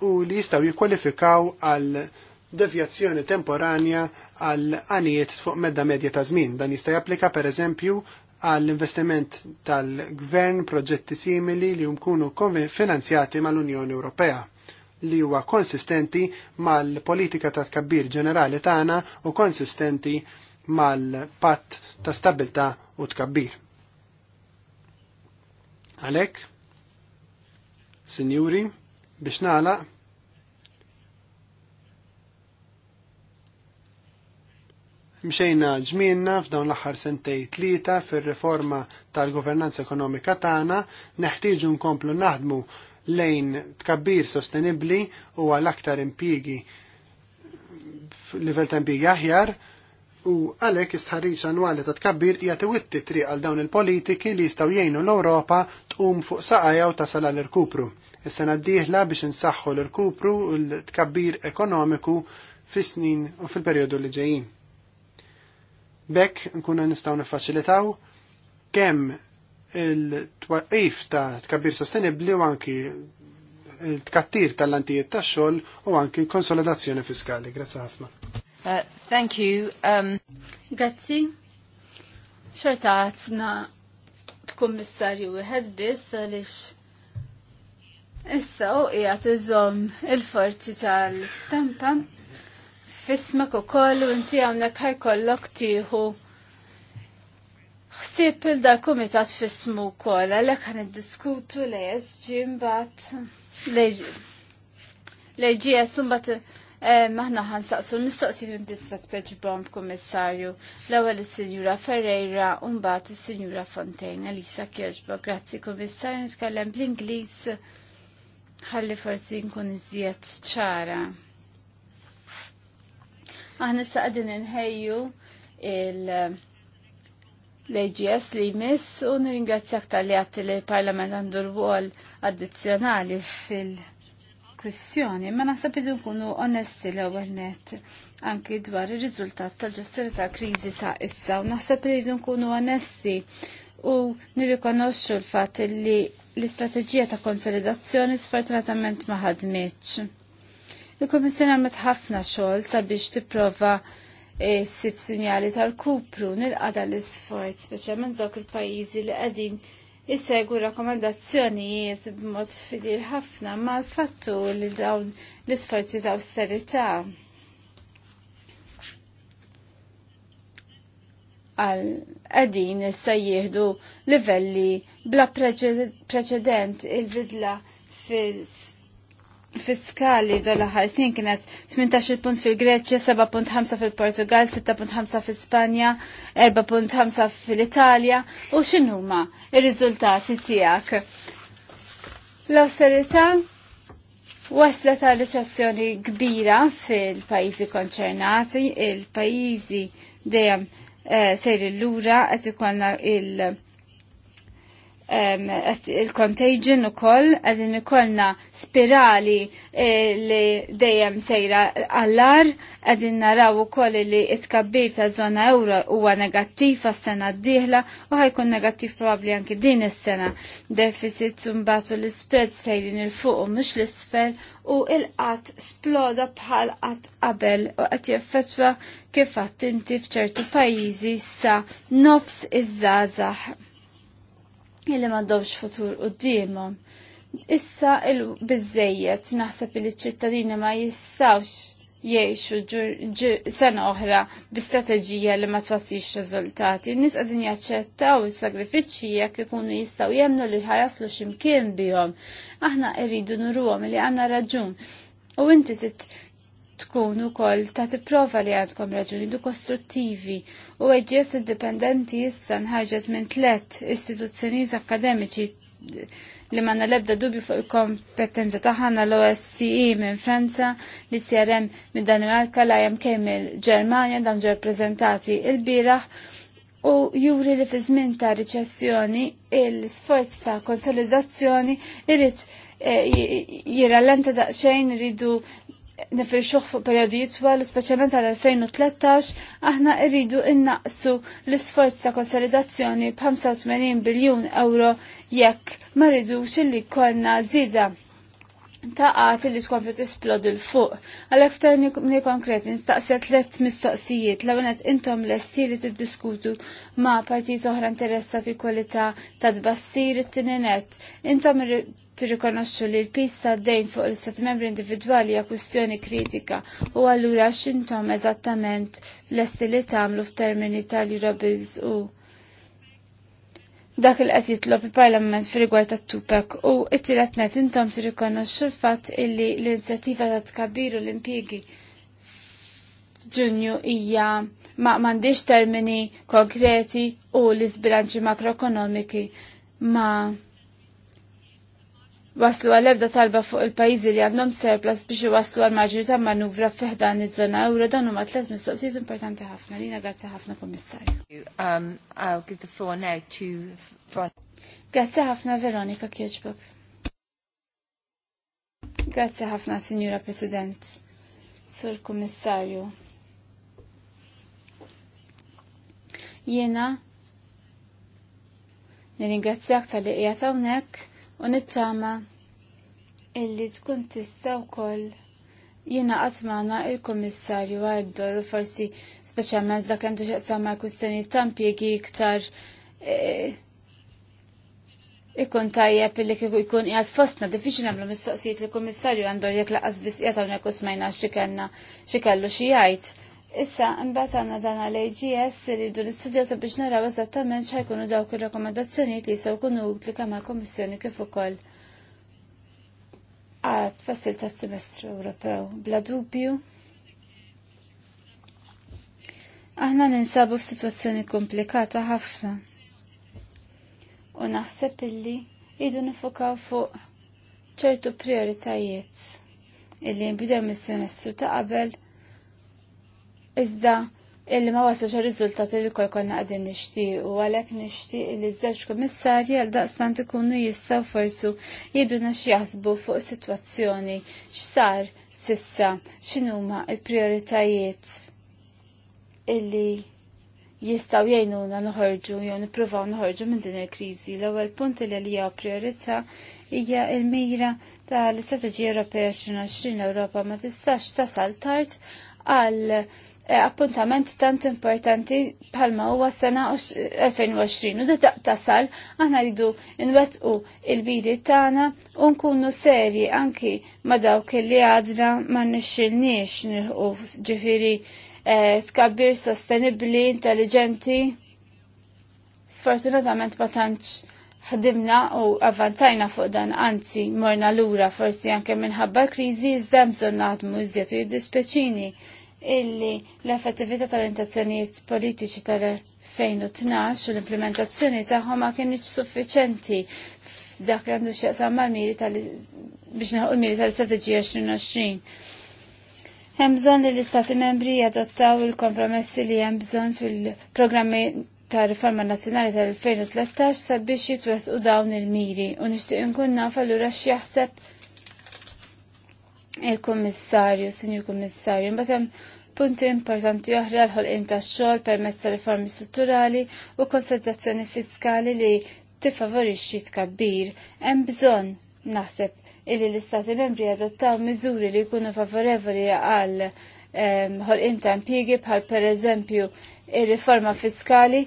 u li jistaw jikwalifikaw għal devjazzjoni temporanja għal għanijiet fuq medda medja ta' żmien. Dan jista' japplika per eżempju għall-investiment tal-gvern proġetti simili li jumkunu finanzjati mal-Unjoni Ewropea li huwa konsistenti mal-politika ta' tkabbir ġenerali tagħna u konsistenti mal-patt ta' stabilta' u tkabbir. Għalhekk, Sinjuri, biex nagħlaq Mxejna ġmienna f'dawn l-aħħar sentej tlieta fir-riforma tal-governanza ekonomika tagħna, neħtieġu nkomplu naħdmu lejn tkabbir sostenibbli u għal aktar impjiegi livell ta' impjigi aħjar u għalhekk istħarriċ annwali ta' tkabbir hija witti triq għal dawn il-politiki li jistgħu jgħinu l-Ewropa tqum fuq saqajja u sala l irkupru. Is-sena d-dieħla biex insaħħu l-irkupru u l-tkabbir ekonomiku fis-snin u fil-perjodu li ġejjin. Bekk nkunu nistgħu niffaċilitaw kemm il-twaqif ta' tkabbir sostenibbli u anki il-tkattir tal-antijiet tax xogħol u anki konsolidazzjoni fiskali. Grazzi ħafna. Uh, thank you. Um... Grazzi. Xorta għatna kummissarju wieħed biss għaliex issa u qiegħed il-forzi tal-stampa fismak u koll u inti għamnek ħaj kollok tiħu. Xsib il-da kumitat fismu koll, għalek għan id-diskutu e e eh, li jesġi bat. Leġi jessu bat maħna għan saqsu l-mistoqsijiet minn tista tpeġbom l-ewwel is-Sinjura Ferreira u mbagħad is senjura Fontaine Elisa Kjerġba. Grazzi kummissarju nitkellem bl-Ingliż ħalli forsi nkun iżjed ċara. Aħna issa qegħdin inħejju l-AGS li jmiss u nirringrazzjak tal-li għatti li parlament għandu rwol addizzjonali fil-kwissjoni, ma naħseb idu nkunu onesti l ewwel net anki dwar ir-riżultat tal-ġestjoni tal-kriżi sa' issa u naħseb li idu nkunu onesti u nirrikonoxxu l-fatt li l-istrateġija ta' konsolidazzjoni sfortunatament ma ħadmitx Il-Komissjoni għamet ħafna xogħol sabiex tipprova eh, sib sinjali tal-kupru qada l-isforz speċjalment dawk il-pajjiżi li qegħdin jisegu rakkomandazzjonijiet b'mod fidil ħafna mal-fattu li dawn l-isforzi ta' austerità. għal għadin issa jieħdu livelli bla preċedent il-bidla fil fiskali dola ħar snin kienet 18 punt fil-Greċja, 7.5 fil-Portugal, 6.5 fil-Spanja, 4.5 fil-Italja u x'inhuma ir-riżultati tiegħek. L-austerità waslet għal riċessjoni kbira fil-pajjiżi konċernati, il-pajjiżi dejjem eh, sejri l-lura qed ikollna il-, -pajizi il-contagion u koll, għazin ikollna spirali eh, li dejjem sejra għallar, għazin naraw u koll li it ta' zona euro huwa negattiv għas sena d-dihla u ħajkun negattiv probabli anki din is-sena. Deficit zumbatu l-spread sejrin il-fuq u mux l-sfer u il-qat sploda bħal qat qabel u għat jaffetwa kif inti fċertu pajizi sa nofs iż żazah illi m'għandhomx futur qudiemhom. Issa il-bizzejiet naħseb li ċittadini ma jistawx jiexu sena oħra b strateġija li ma twassix riżultati. Nis għadin jaċċettaw il-sagrifiċċji jekk ikunu jistaw jemnu li ħajaslu ximkien bihom. Aħna irridu nurruhom li għanna raġun. U inti tit tkun ukoll ta' tipprova li għandkom raġuni du kostruttivi u eġġies indipendenti issa nħarġet minn tlet istituzzjonijiet akademiċi li manna lebda dubju fuq il-kompetenza taħħana l-OSCE minn Franza, li CRM minn Danimarka, la jem kemmil Ġermanja, dam ġer prezentati il-biraħ, u juri li fi żmien ta' riċessjoni il-sforz ta' konsolidazzjoni irrid eh, jirallenta daqsxejn rridu nifirxuħ fuq periodu jitwal, speċjalment għal 2013, aħna irridu innaqsu l-isforz ta' konsolidazzjoni b'85 biljun euro jekk ma rridux illi konna zida ta' għat li tkompli tisplod l fuq Għalhekk ftarni ni konkret, nistaqset let mistoqsijiet, la għanet intom l-esti li t-diskutu ma' partijiet oħra interessati kwalità ta' tbassir it-tininet. Intom tirrikonoxxu li l-pista d-dejn fuq l istat membri individwali hija kwistjoni kritika u allura x'intom eżattament lesti li tagħmlu f'termini tal-Eurobills u dak il qed jitlob il-Parlament fi tat-tupek u it-tielet net intom tirrikonoxxu l-fatt illi l-inizjattiva ta' tkabbiru l-impjiegi ġunju hija ma m'għandix termini konkreti u l-isbilanċi makroekonomiki ma' waslu għal-ebda talba fuq il-pajizi li għandhom surplus biex waslu għal-maġri ta' manuvra fiħdan iż-żona euro dan huma tliet mistoqsijiet importanti ħafna lina grazzi ħafna kummissarju. Um, I'll give the floor now to Grazzi ħafna Veronika Kirchbuk. Grazzi ħafna Signora President, Sur Kummissarju. Jena nirringrazzjak tal-li qiegħed hawnhekk u nittama illi tkun tista wkoll jiena għatmana il-Komissarju Ardor u forsi speċjalment dak għandu xaqsa ma' kustjoni tampjegi iktar e, ikun tajjeb illi kieku jkun qiegħed fostna diffiċli nagħmlu mistoqsijiet il kummissarju għandor jekk laqas biss qiegħed hawnhekk u smajna xi kellu xi jgħid. Issa, mbagħad għandna dan għal-AGS iridu nistudja sabiex naraw eżattament ċajkunu dawk il rakkomandazzjonijiet li jsew kunu utli kemm għall kif ukoll għad fassil tas-semestru Ewropew bla dubju. Aħna ninsabu f'sitwazzjoni komplikata ħafna. U naħseb illi jidu nifokaw fuq ċertu prioritajiet illi nbidew mis-semestru ta' qabel Iżda illi ma wasa ġa rizultat li kol konna għadin nishti u għalhekk nixtieq li ż-żewġ kummissarji għal daqstant ikunu jistgħu forsu jiduna x'jaħsbu fuq sitwazzjoni x'sar sissa x'inhuma l-prijoritajiet illi jistgħu jgħinuna noħorġu jew nippruvaw noħorġu minn din il-kriżi. L-ewwel punt li hija priorità hija l-mira tal-Istrateġija Ewropea 2020 l-Ewropa ma tistax tasal tard għal Eh, appuntament tant importanti bħalma huwa sena 2020 eh, u da tasal aħna ridu nwettqu il-bidi tagħna u nkunu serji anki ma dawk li għadna ma nixxilniex nilħu ġifieri eh, tkabbir sostenibbli, intelligenti. Sfortunatament ma tantx ħdimna u avvantajna fuq dan anzi morna lura forsi anke minħabba kriżi iżda bżonn naħdmu iżjed u jiddispeċini illi l-effettività tal-orientazzjonijiet politiċi tal-2012 u l-implementazzjoni tagħhom ma kienx suffiċenti dak li għandu x'jaqsam l miri biex naħu l-miri tal-istrateġija 2020. Hemm bżonn li l-Istati membri jadottaw il-kompromessi li hemm bżonn fil-programmi ta' riforma nazzjonali tal-2013 sabiex jitwesqu dawn il-miri u nixtieq inkun naf allura x'jaħseb il-Kummissarju, Sinjur Kummissarju, mbagħad hemm Punti importanti oħra l-ħolqien tax-xogħol permezz ta' riformi strutturali u konsolidazzjoni fiskali li tiffavorixxi tkabbir. Hemm bżonn naħseb illi l-Istati membri adottaw miżuri li jkunu favorevoli għal ehm, ħolqien ta' impjiegi bħal pereżempju ir-riforma fiskali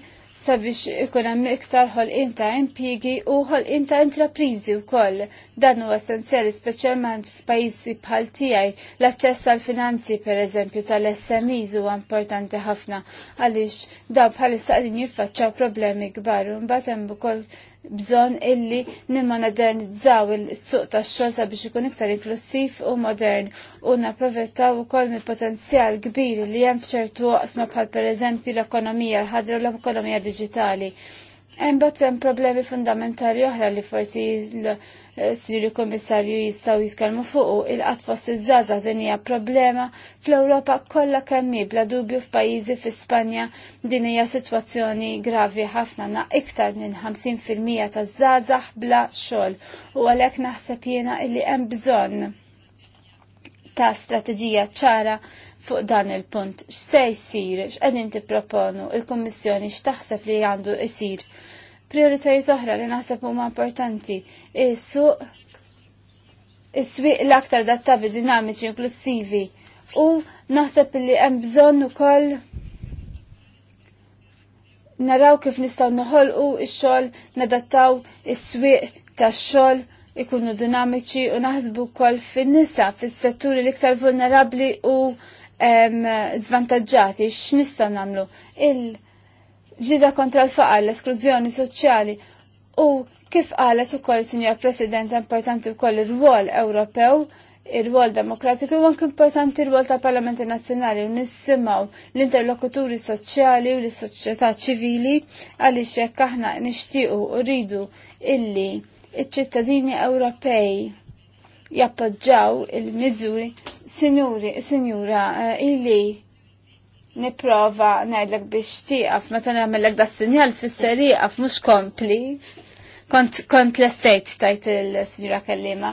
sabiex ikun hemm iktar ħolqien ta' impjiegi u ħolqien ta' entrapriżi wkoll. Dan huwa essenzjali speċjalment f'pajjiżi bħal tiegħi. L-aċċess għal finanzi pereżempju tal-SMEs huwa importanti ħafna għaliex dawn bħalissa qegħdin jiffaċċaw problemi kbar u mbagħad hemm ukoll bżon illi nimma modernizzaw il-suq ta' xolza biex ikun iktar inklusiv u modern u naprovettaw ukoll mill-potenzjal kbir li hemm f'ċertu għasma bħal pereżempju l-ekonomija l ħadru u l-ekonomija diġitali. Hemm hemm problemi fundamentali oħra li forsi Eh, sinjuri komissarju jistaw jiskalmu fuqu il-qat fost iż-żaza din hija problema fl-Ewropa kollha kemm bla dubju f'pajjiżi f'Ispanja din hija sitwazzjoni gravi ħafna na iktar minn 50% taż-żgħażagħ bla xogħol u għalhekk naħseb jiena illi hemm bżonn ta' strateġija ċara fuq dan il-punt. X'se jsir, x'qegħdin tipproponu, il-Kummissjoni x'taħseb li għandu jsir prioritajiet oħra li naħseb huma importanti. Is-suq is-swieq l-aktar dattabi dinamiċi inklusivi u naħseb li hemm bżonn ukoll naraw kif nistgħu noħolqu x-xogħol nadattaw is-swieq tax-xogħol ikunu dinamiċi u naħsbu wkoll fin-nisa fis-setturi l-iktar vulnerabbli u zvantaġġati x'nistgħu nagħmlu. Il- ġida kontra l-faqar, l-esklużjoni soċjali u kif qalet ukoll Sinjor President importanti wkoll ir-rwol Ewropew ir-rwol demokratiku u anke importanti il rwol tal parlamenti nazzjonali u nissimaw l-interlokuturi soċjali u l-soċjetà ċivili għaliex jekk aħna nixtiequ u rridu illi il ċittadini Ewropej jappoġġaw il-miżuri sinjuri sinjura eh, illi niprofa ngħidlek biex tieqaf meta nagħmellek da sinjal fis ieqaf mhux kompli. Kont kont l-estate tajt il-Sinjura Kellima.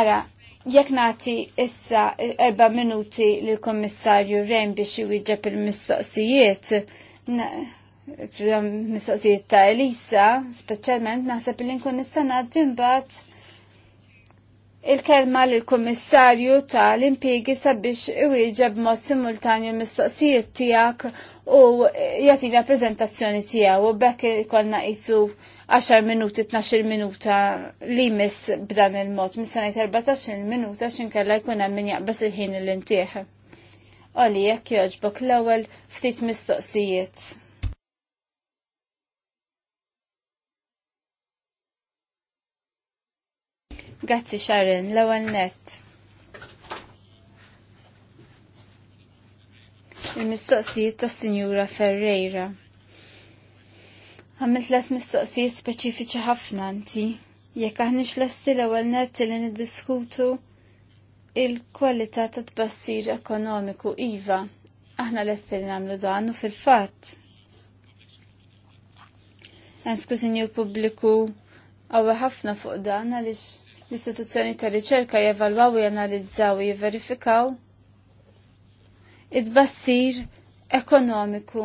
Ara, jekk nagħti issa erba' minuti lill kummissarju Rejn biex iwieġeb il-mistoqsijiet, mistoqsijiet ta' Elisa, speċjalment naħseb li nkun nista' ngħaddi mbagħad il-kelma l-Kummissarju tal-Impjegi sabiex iwieġeb mod simultanju mistoqsijiet tiegħek u jagħtina preżentazzjoni tiegħu u bekk ikollna qisu 10 minuti, 12 minuta li miss b'dan il-mod. Missa ngħid 14 minuta x'inkella jkun hemm min jaqbas il-ħin l-intieħ. Oli jekk jogħġbok l-ewwel ftit mistoqsijiet. Grazzi Sharon, l-ewwel net. Il-mistoqsijiet tas-Sinjura Ferreira. Għamil tlet mistoqsijiet speċifiċi ħafna anti. Jekk aħniex lesti l-ewwel net li niddiskutu il-kwalità ta' tbassir ekonomiku iva. Aħna lesti li nagħmlu dan u fil-fatt. Hemm skużinju pubbliku qawwa ħafna fuq dan għaliex L-istituzzjoni ta' riċerka jevalwaw, janalizzaw, jiverifikaw id-bassir ekonomiku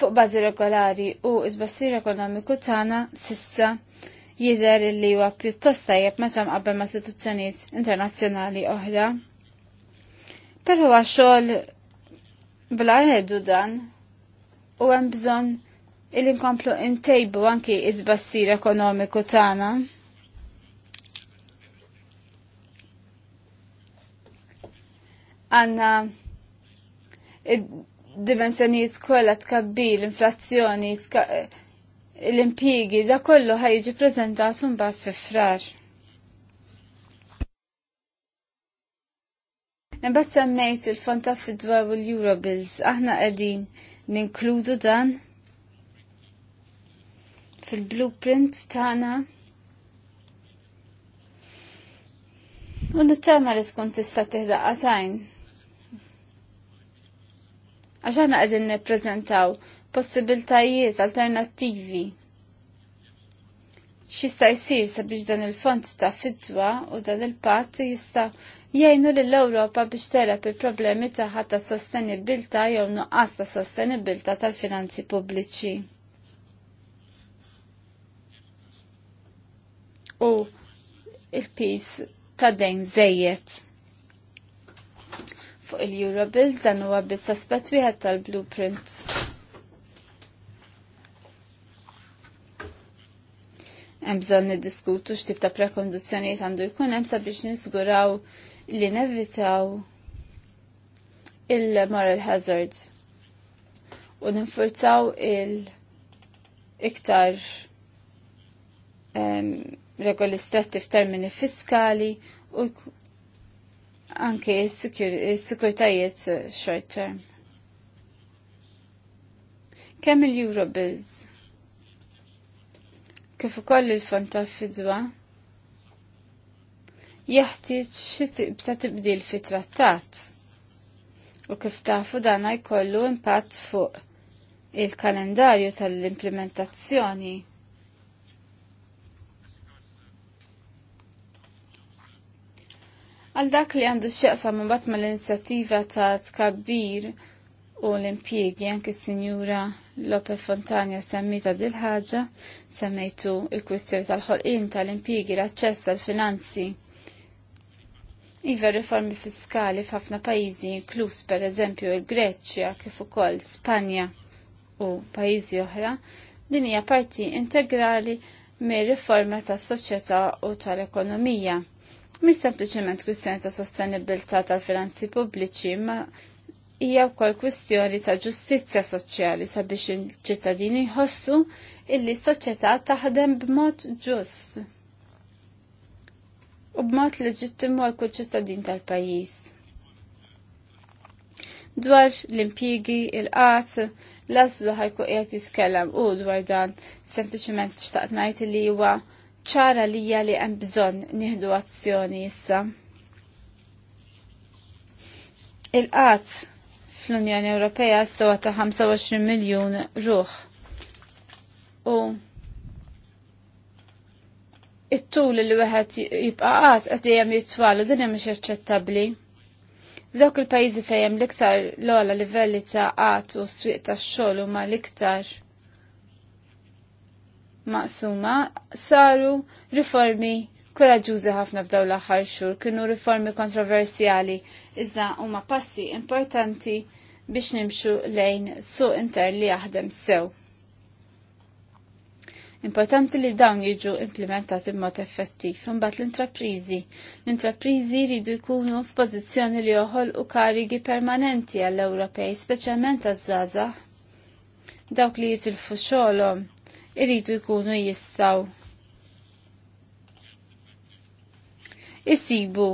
fuq bażi regolari u id-bassir ekonomiku tagħna sissa jidher li huwa pjuttost tajjeb meta mqabbel ma' istituzzjonijiet internazzjonali oħra. Però huwa xogħol bla dan u hemm bżonn il-inkomplu intejbu anki id-bassir ekonomiku tagħna. Għanna id-dimensjonijiet kollha tkabbir, l-inflazzjoni, l-impjigi, da kollu ħajġi prezentat bas fi frar. Imbagħad semmejt il-fond ta' fidwa u l-Eurobills, aħna qegħdin ninkludu dan fil-blueprint tagħna. U nittama li tkun tista' tieħda qatajn. Għax aħna qegħdin nippreżentaw possibiltajiet alternattivi xista jisir sabiex dan il-fond ta' fidwa u dan il-pat jista jgħinu l-Europa biex telab il-problemi taħħa ta' sostenibilta jew nuqqas ta' sostenibilta tal-finanzi pubbliċi. u il-pis ta' dejn zejjed. Fuq il-Eurobills dan huwa biss aspett wieħed tal-blueprint. Hemm bżonn niddiskutu x'tib ta' prekondizzjonijiet għandu jkun hemm sabiex niżguraw li nevitaw il-moral hazard u ninfurzaw il-iktar um, regoli stretti f'termini fiskali u anke s-sikurtajiet short term. Kemm il-Eurobills? Kif ukoll il-fond tal-fidwa? jeħtieġ xi tibda tibdil fi trattat. U kif tafu dan jkollu impatt fuq il-kalendarju tal-implementazzjoni. Għal dak li għandu xieqsa minn bat mal-inizjattiva ta' tkabbir u l-impiegi anke sinjura Lope Fontania semmita dil-ħagġa, semmejtu il-kwistjoni tal-ħolqin tal-impiegi l-aċċess għal-finanzi. Iva riformi fiskali f'ħafna pajjiżi inkluż per eżempju il-Greċja kif ukoll Spanja u pajjiżi oħra, din hija parti integrali mir-riforma tas-soċjetà u tal-ekonomija mis sempliċement kwistjoni ta' sostenibilità tal-finanzi pubbliċi, ma hija wkoll kwistjoni ta' ġustizzja soċjali sabiex il-ċittadini jħossu illi s-soċjetà taħdem b'mod ġust u b'mod leġittimu għal kull ċittadin tal-pajjiż. Dwar l-impjigi, il-qat, l-azlu ħajku qiegħed jiskellem u dwar dan sempliċement xtaqt ngħid li huwa ċara lija li hemm bżonn nieħdu azzjoni issa. Il-qatt fl-Unjoni Ewropea sewa ta' 25 miljun ruħ. U it-tul li wieħed jibqa' qatt qed dejjem jitwalu din hemm mhix aċċettabbli. F'dawk il-pajjiżi fejn l-iktar l-ogħla livelli ta' qatt u s-swieq tax-xogħol huma l-iktar maqsuma saru riformi koraġużi ħafna f'daw l-aħħar xhur, kienu riformi kontroversjali, iżda huma passi importanti biex nimxu lejn suq inter li jaħdem sew. Importanti li dawn jiġu implementati b'mod effettiv imbagħad l-intraprizi. L-intraprizi jridu jkunu f'pożizzjoni li joħolqu karigi permanenti għall-Ewropej, speċjalment għaż-żgħażagħ dawk li jitilfu xogħolhom irridu jkunu jistaw isibu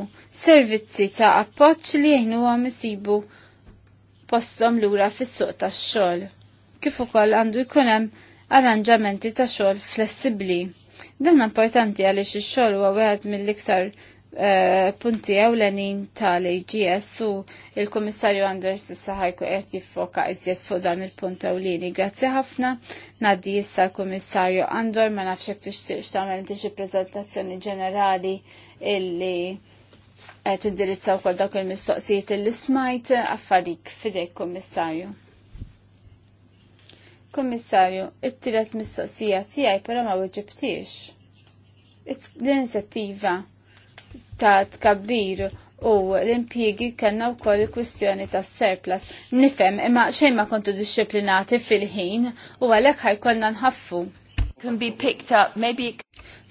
servizzi ta' appoċ li jgħinu għam isibu postom lura fis-suq tax-xogħol. Kif ukoll għandu jkun hemm arranġamenti ta' xogħol flessibbli. Dan importanti għaliex ix-xogħol huwa wieħed mill-iktar Eh, punti ewlenin tal-AGS u il-Komissarju Anders s-saħajku qed jiffoka iżjed fuq dan il-punt ewlieni. Grazzi ħafna, naddi issa l-Komissarju Andor ma nafx jekk ta' tagħmel t xi preżentazzjoni ġenerali illi qed indirizzaw wkoll dak il-mistoqsijiet illi smajt affarik fidejk Komissarju. Komissarju, it-tielet mistoqsija tiegħi però ma It's L-inizjattiva ta' tkabbir u l-impjigi kellna wkoll il kustjoni tas surplus. Nifhem imma xejn ma kontu disċiplinati fil-ħin u għalhekk ħajkonna nħaffu. Can be picked up, maybe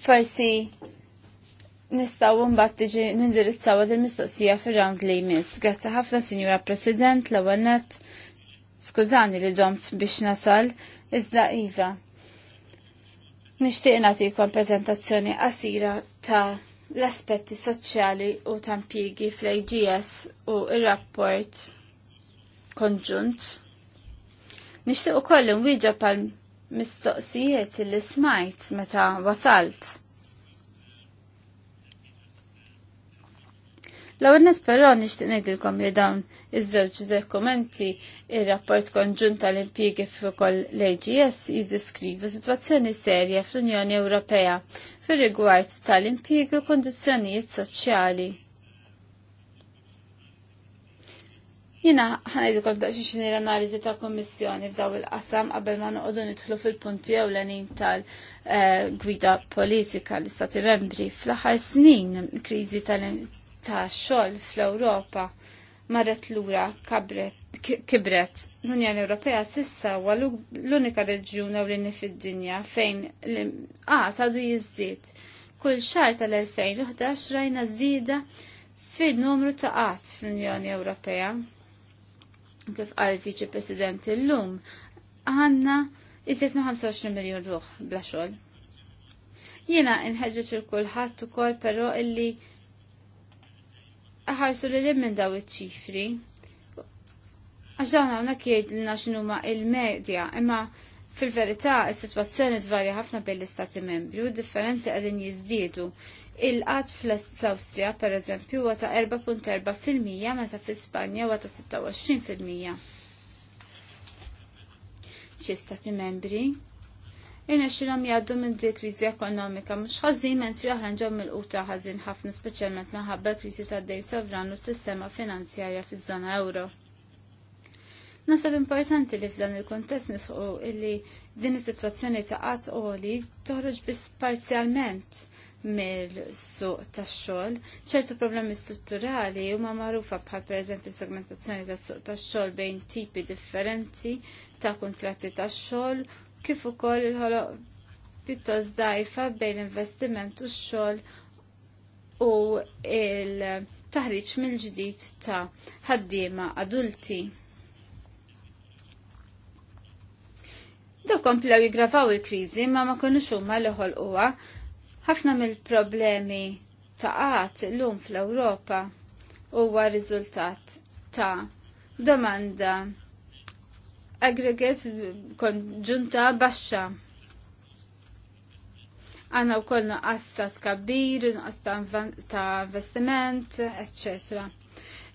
Forsi nistaw mbagħad tiġi nindirizzaw il mistoqsija fir-round li jmiss. Grazzi ħafna Signora President l-ewwel nett. Skużani li ġomt biex nasal, iżda iva. Nixtieq nagħtikom prezentazzjoni qasira ta' l-aspetti soċjali u tampigi fl-IGS u il-rapport konġunt. Nishtiq u kollin wieġa pal mistoqsijiet li smajt meta wasalt. L-ewwel nes però nixtieq ngħidilkom li dawn iż-żewġ dokumenti ir-rapport konġunt tal-impjiegi ukoll l-AGS jiddiskrivu sitwazzjoni serja fl-Unjoni Ewropea fir-rigward tal-impjiegi u kondizjonijiet soċjali. Jina ħanajdilkom daqxie xini l-analizi ta' kommissjoni f'daw il-qasam qabel ma noqogħdu nidħlu fil-punti ewlenin tal-gwida eh, politika l-Istati Membri fl-aħħar snin kriżi tal ta' xogħol fl-Ewropa marret lura kibret. L-Unjoni Ewropea sissa huwa l-unika reġjun ewlieni fid-dinja fejn l-inqas għadu jiżdied. Kull xahar tal-2011 rajna żieda fin-numru ta' qatt fl-Unjoni Ewropea. Kif qal viċi President illum, għandna iżjed ma' 25 miljon ruħ bla xogħol. Jiena nħeġġeġ il kulħadd ukoll però illi ħarsu li l-immin daw iċ-ċifri. Għax dawn hawnhekk jgħidilna x'inhuma il-medja, imma fil-verità is-sitwazzjoni tvarja ħafna bejn l-istati membri u differenzi qegħdin jiżdiedu. il qat fl-Awstrija pereżempju huwa ta' 4.4 fil-mija meta fl-Ispanja huwa ta' 26 fil-mija. Xi stati membri irnexxilhom jgħaddu minn dik kriżi ekonomika mhux ħażin mentri oħra ġom mill ta' ħażin ħafna speċjalment minħabba kriżi tad-dej sovran u s-sistema finanzjarja fiż-żona euro. Nasab importanti li f'dan il-kontest nisħu illi din is-sitwazzjoni ta' qatt li toħroġ biss parzjalment mill-suq tax-xogħol. ċertu problemi strutturali huma magħrufa bħal pereżempju segmentazzjoni tas-suq tax-xogħol bejn tipi differenti ta' kuntratti tax-xogħol kif ukoll il-ħoloq pjuttost dajfa bejn investiment u x-xogħol u il-taħriġ mill-ġdid ta' ħaddiema adulti. Daw komplew jiggravaw il-kriżi ma ma konux huma li uwa ħafna mill-problemi ta' qat l-lum fl-Ewropa huwa riżultat ta' domanda aggregate konġunta baxxa. Għanna u kollna għasta tkabbir, għasta ta' investiment, eccetera.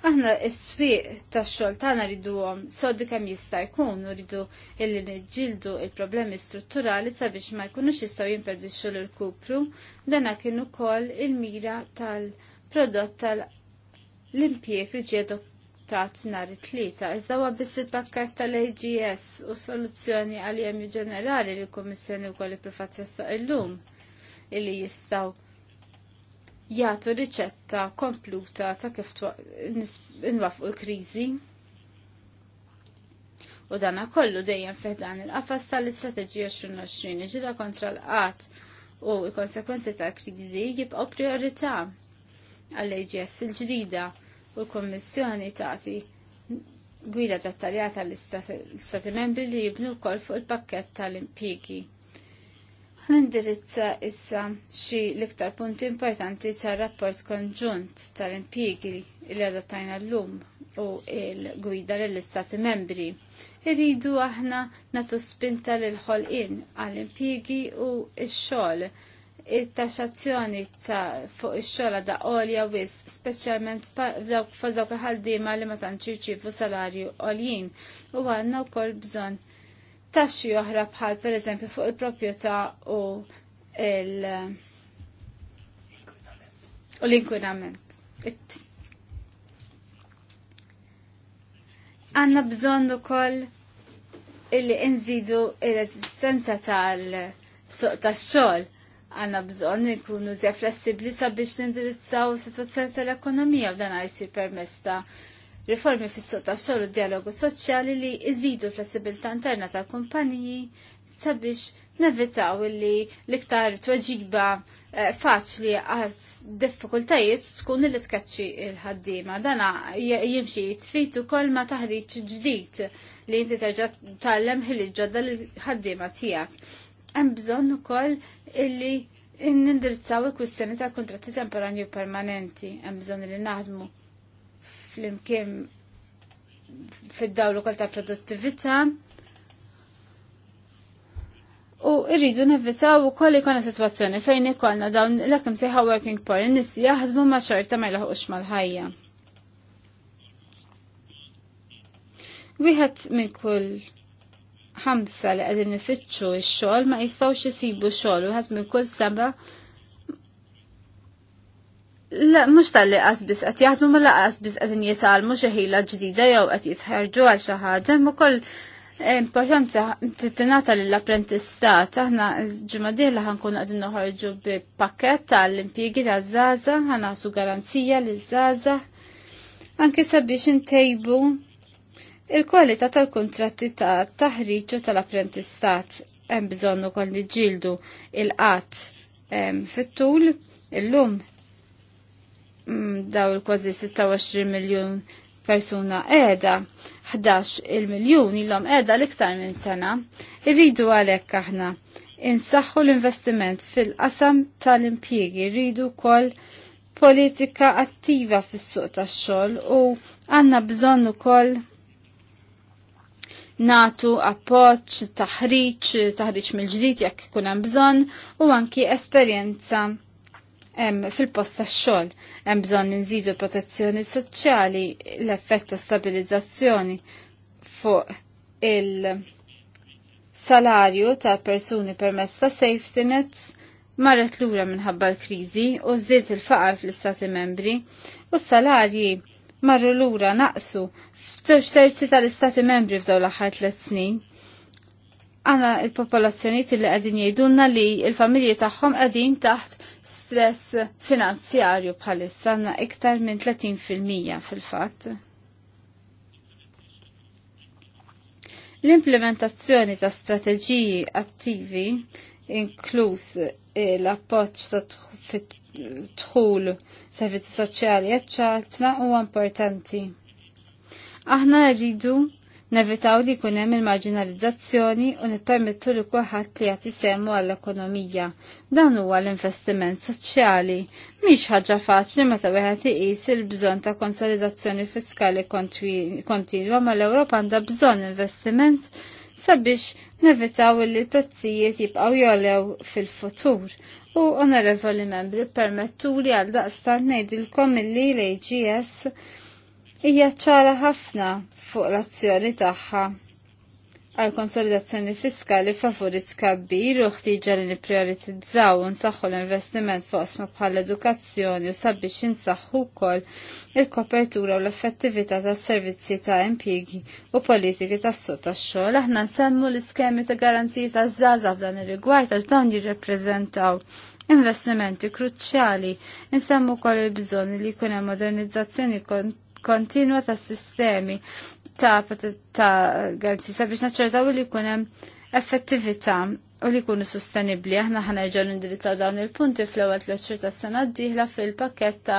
Aħna s-swiq ta' xol tagħna ridu għom soddi kam jista' jkun u ridu illi niġġieldu il-problemi strutturali sabiex ma jkunux jistgħu xol il kupru dana kienu ukoll il-mira tal-prodott tal-impjeg li ġiedu adottat nhar it-tlieta, iżda wa biss il pakkett tal-AGS u soluzzjoni għal jemmi ġenerali li l-Kummissjoni wkoll ippruvat tressaq illum illi jistgħu jagħtu riċetta kompluta ta' kif nwafqu l-kriżi. U dana kollu dejjem fiħdan il-qafas tal-istrateġija 2020 ġila kontra l-qat u l-konsekwenzi tal-kriżi jibqgħu priorità għall-AGS il-ġdida. il ġdida u l-Kommissjoni tagħti gwida dettaljata l-Stati membri li jibnu wkoll fuq il-pakket tal-impjigi. Nindirizza issa xi l-iktar punti importanti sa' rapport konġunt tal impjiegi li adottajna l-lum u il-gwida l-Istati membri. Irridu aħna natu spinta l ħolqien għall-impjigi u x-xogħol it-taxazzjoni ta' fuq ix-xogħla da' għolja wis, speċjalment f'dawk f'dawk il-ħaddiema li ma tantx jirċievu salarju għoljin. U għandna wkoll bżonn taxxi oħra bħal pereżempju fuq il-proprjetà u il- u l-inkwinament. Għanna bżonn ukoll illi nżidu il-resistenza tal-suq tax-xogħol għanna bżon ikunu zja flessibli sabiex nindirizzaw situazzjoni tal-ekonomija u dan għajsi permess ta' riformi fis-suq ta' xogħol u dialogu soċjali li jżidu flessibilità interna tal-kumpaniji sabiex nevitaw li l-iktar tweġiba eh, faċli għal diffikultajiet tkun li tkaċċi il-ħaddiema. Dana jimxi jitfitu kol ma taħriġ ġdid li inti terġa' tallem ħili ġodda l-ħaddiema tiegħek hemm bżonn ukoll illi nindirizzaw il-kwistjoni ta' kontratti temporanju permanenti, hemm bżonn li naħdmu fl-imkien fid-dawl ukoll ta' produttività. U rridu nevitaw u koll ikon situazzjoni fejn ikonna dawn l-ekim seħa working poor nis jaħdmu ma xorta ma jlaħuqx mal-ħajja. Wieħed minn kull ħamsa li għedin nifittxu x-xol ma jistawx jisibu xol u minn kull seba La, mux tal-li biss għat jaħdmu ma la qegħdin jitgħalmu xi ħila ġdida jew għat jitħarġu għal xaħġa ma koll importanza t-tinata l-apprentistat aħna ġimadih li ħankun għadin noħarġu bi pakket tal-impiegi tal-żaza ħana su garanzija l-żaza anke sabiex intejbu Il-kwalità tal-kuntratti ta' taħriġ u tal-apprentistat hemm bżonn ukoll niġġieldu il-qatt fit-tul illum mm, daw il-kważi 26 miljun persuna qiegħda 11 il-miljun ilhom qiegħda l-iktar minn sena. Irridu għalhekk aħna insaħħu l-investiment fil-qasam tal-impjiegi, rridu wkoll politika attiva fis-suq tax-xogħol u għandna bżonn ukoll natu appoċ, taħriċ, taħriċ mill-ġdid jekk ikun hemm bżonn u anki esperjenza fil-post tax-xogħol. Hemm bżonn inżidu protezzjoni soċjali, l-effett ta' stabilizzazzjoni fuq il-salarju ta' persuni permezz ta' safety nets marret lura minħabba l-kriżi u żdiet il-faqar fl-istati membri u s-salarji marru lura naqsu f'tux terzi tal-istati membri f'daw l-aħħar tliet snin. Għana il-popolazzjoni li qegħdin jgħidulna li il-familji tagħhom qegħdin taħt stress finanzjarju bħalissa għandna iktar minn 30% fil-fatt. L-implementazzjoni ta' strateġiji attivi inkluż l-appoġġ ta' tħul servizz soċjali eċċatna huwa importanti. Aħna rridu nevitaw li jkun hemm il-marginalizzazzjoni u nippermettu li kulħadd li jagħti semmu għall-ekonomija. Dan huwa l-investiment soċjali. Mhix ħaġa faċli meta wieħed iqis il-bżonn ta' konsolidazzjoni fiskali kontinwa mal-Ewropa għandha bżonn investiment sabiex nevitaw li l-prezzijiet jibqgħu jolew fil-futur U onorevoli membri, li għal daqstan nejdilkom illi l-AGS hija ċara ħafna fuq l-azzjoni tagħha għal konsolidazzjoni fiskali favorit kabbir u ħtiġa li niprioritizzaw u nsaħħu l-investiment fuq osma bħal edukazzjoni u sabiex insaħħu wkoll il-kopertura u l-effettività tas-servizzi ta' impjiegi u politiki tas-suq tax-xogħol. Aħna nsemmu l-iskemi ta' garanzija taż-żgħażagħ f'dan ir-rigward għax dawn jirrappreżentaw investimenti kruċjali insemmu kol il-bżonni li jkun hemm modernizzazzjoni kontinwa tas sistemi ta' ta' garanzi sabiex naċċertaw li jkun hemm effettività u li jkunu sostenibbli. Aħna ġan indirizzaw dawn il-punti fl-ewwel tliet tas sena d-dieħla fil-pakkett ta'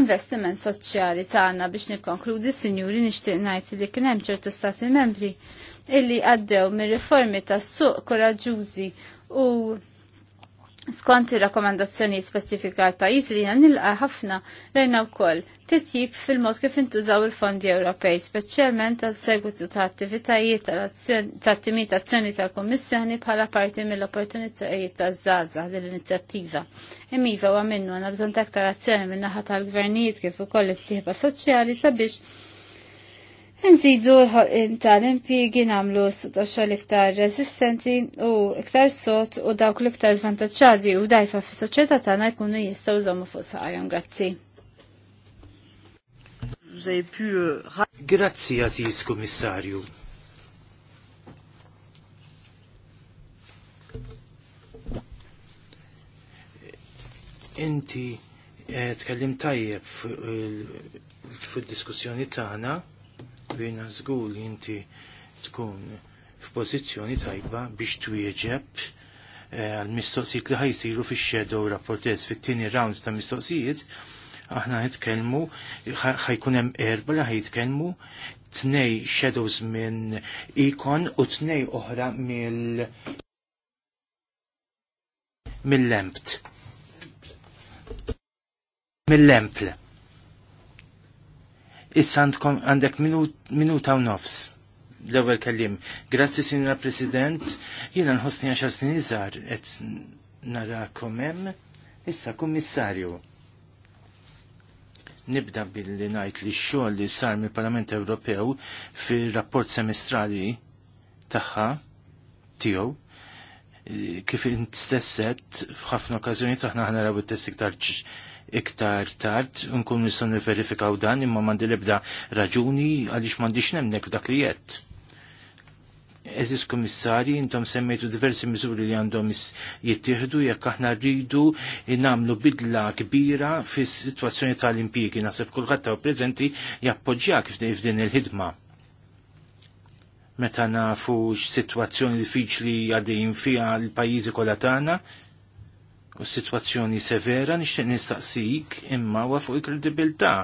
investiment soċjali tagħna biex nikkonkludi sinjuri nixtieq ngħid li kien hemm ċertu stati membri illi għaddew mir-riformi tas-suq koraġużi u skont ir-rakkomandazzjoni speċifika għal pajis li jena nilqa ħafna lejna wkoll titjib fil-mod kif intużaw il-fondi Ewropej, speċjalment għal segwitu ta' attivitajiet ta' attimit azzjoni ta' Kummissjoni bħala parti mill-opportunitajiet ta' żgħażagħ lill-inizjattiva. Imiva huwa minnu għandna bżonn aktar azzjoni min-naħa tal-gvernijiet kif ukoll l-imsieħba soċjali sabiex Nżidu l-ħolqin tal-impigi namlu s-sotaxxa l-iktar resistenti u iktar sot u dawk l-iktar zvantaċċati u dajfa fis soċjetà tagħna jkunu jistgħu żommu fuq saqajhom. Grazzi. Euh, Grazzi Aziz Komissarju. Inti eh, tkellim tajjeb fuq diskussjoni tagħna Bina zgur inti tkun f'pożizzjoni tajba biex twieġeb eh, għal-mistoqsijiet li ħajsiru fi shadow rapportez fit-tieni round ta' mistoqsijiet, aħna ħitkellmu, ħajkun hemm erba li ħajtkellmu tnej shadows minn ikon u tnej oħra mill mill-lempt. mill lempt Issa għandek minuta u nofs. L-ewwel kellim. Grazzi Sinjora President, jiena nħossni għaxar snin iżgħar qed narakom hemm. Issa Kummissarju. Nibda billi ngħid li x-xogħol li sar mill-Parlament Ewropew fir-rapport semestrali tagħha tiegħu kif intstesset f'ħafna okkażjoni taħna ħna raw it-test iktar tard nkun nistgħu verifikaw dan imma m'għandi l-ebda raġuni għaliex m'għandix nemnek f'dak li jett. Eżis komissari intom semmejtu diversi miżuri li għandhom jittieħdu jekk aħna rridu nagħmlu bidla kbira fis sitwazzjoni tal-impjiegi. Naħseb kulħadd taw preżenti jappoġġjak f'din il-ħidma. Meta nafu x'sitwazzjoni diffiċli għadin fiha l-pajjiżi kollha tagħna, u situazzjoni severa nixtieq nistaqsik imma huwa fuq il-kredibilità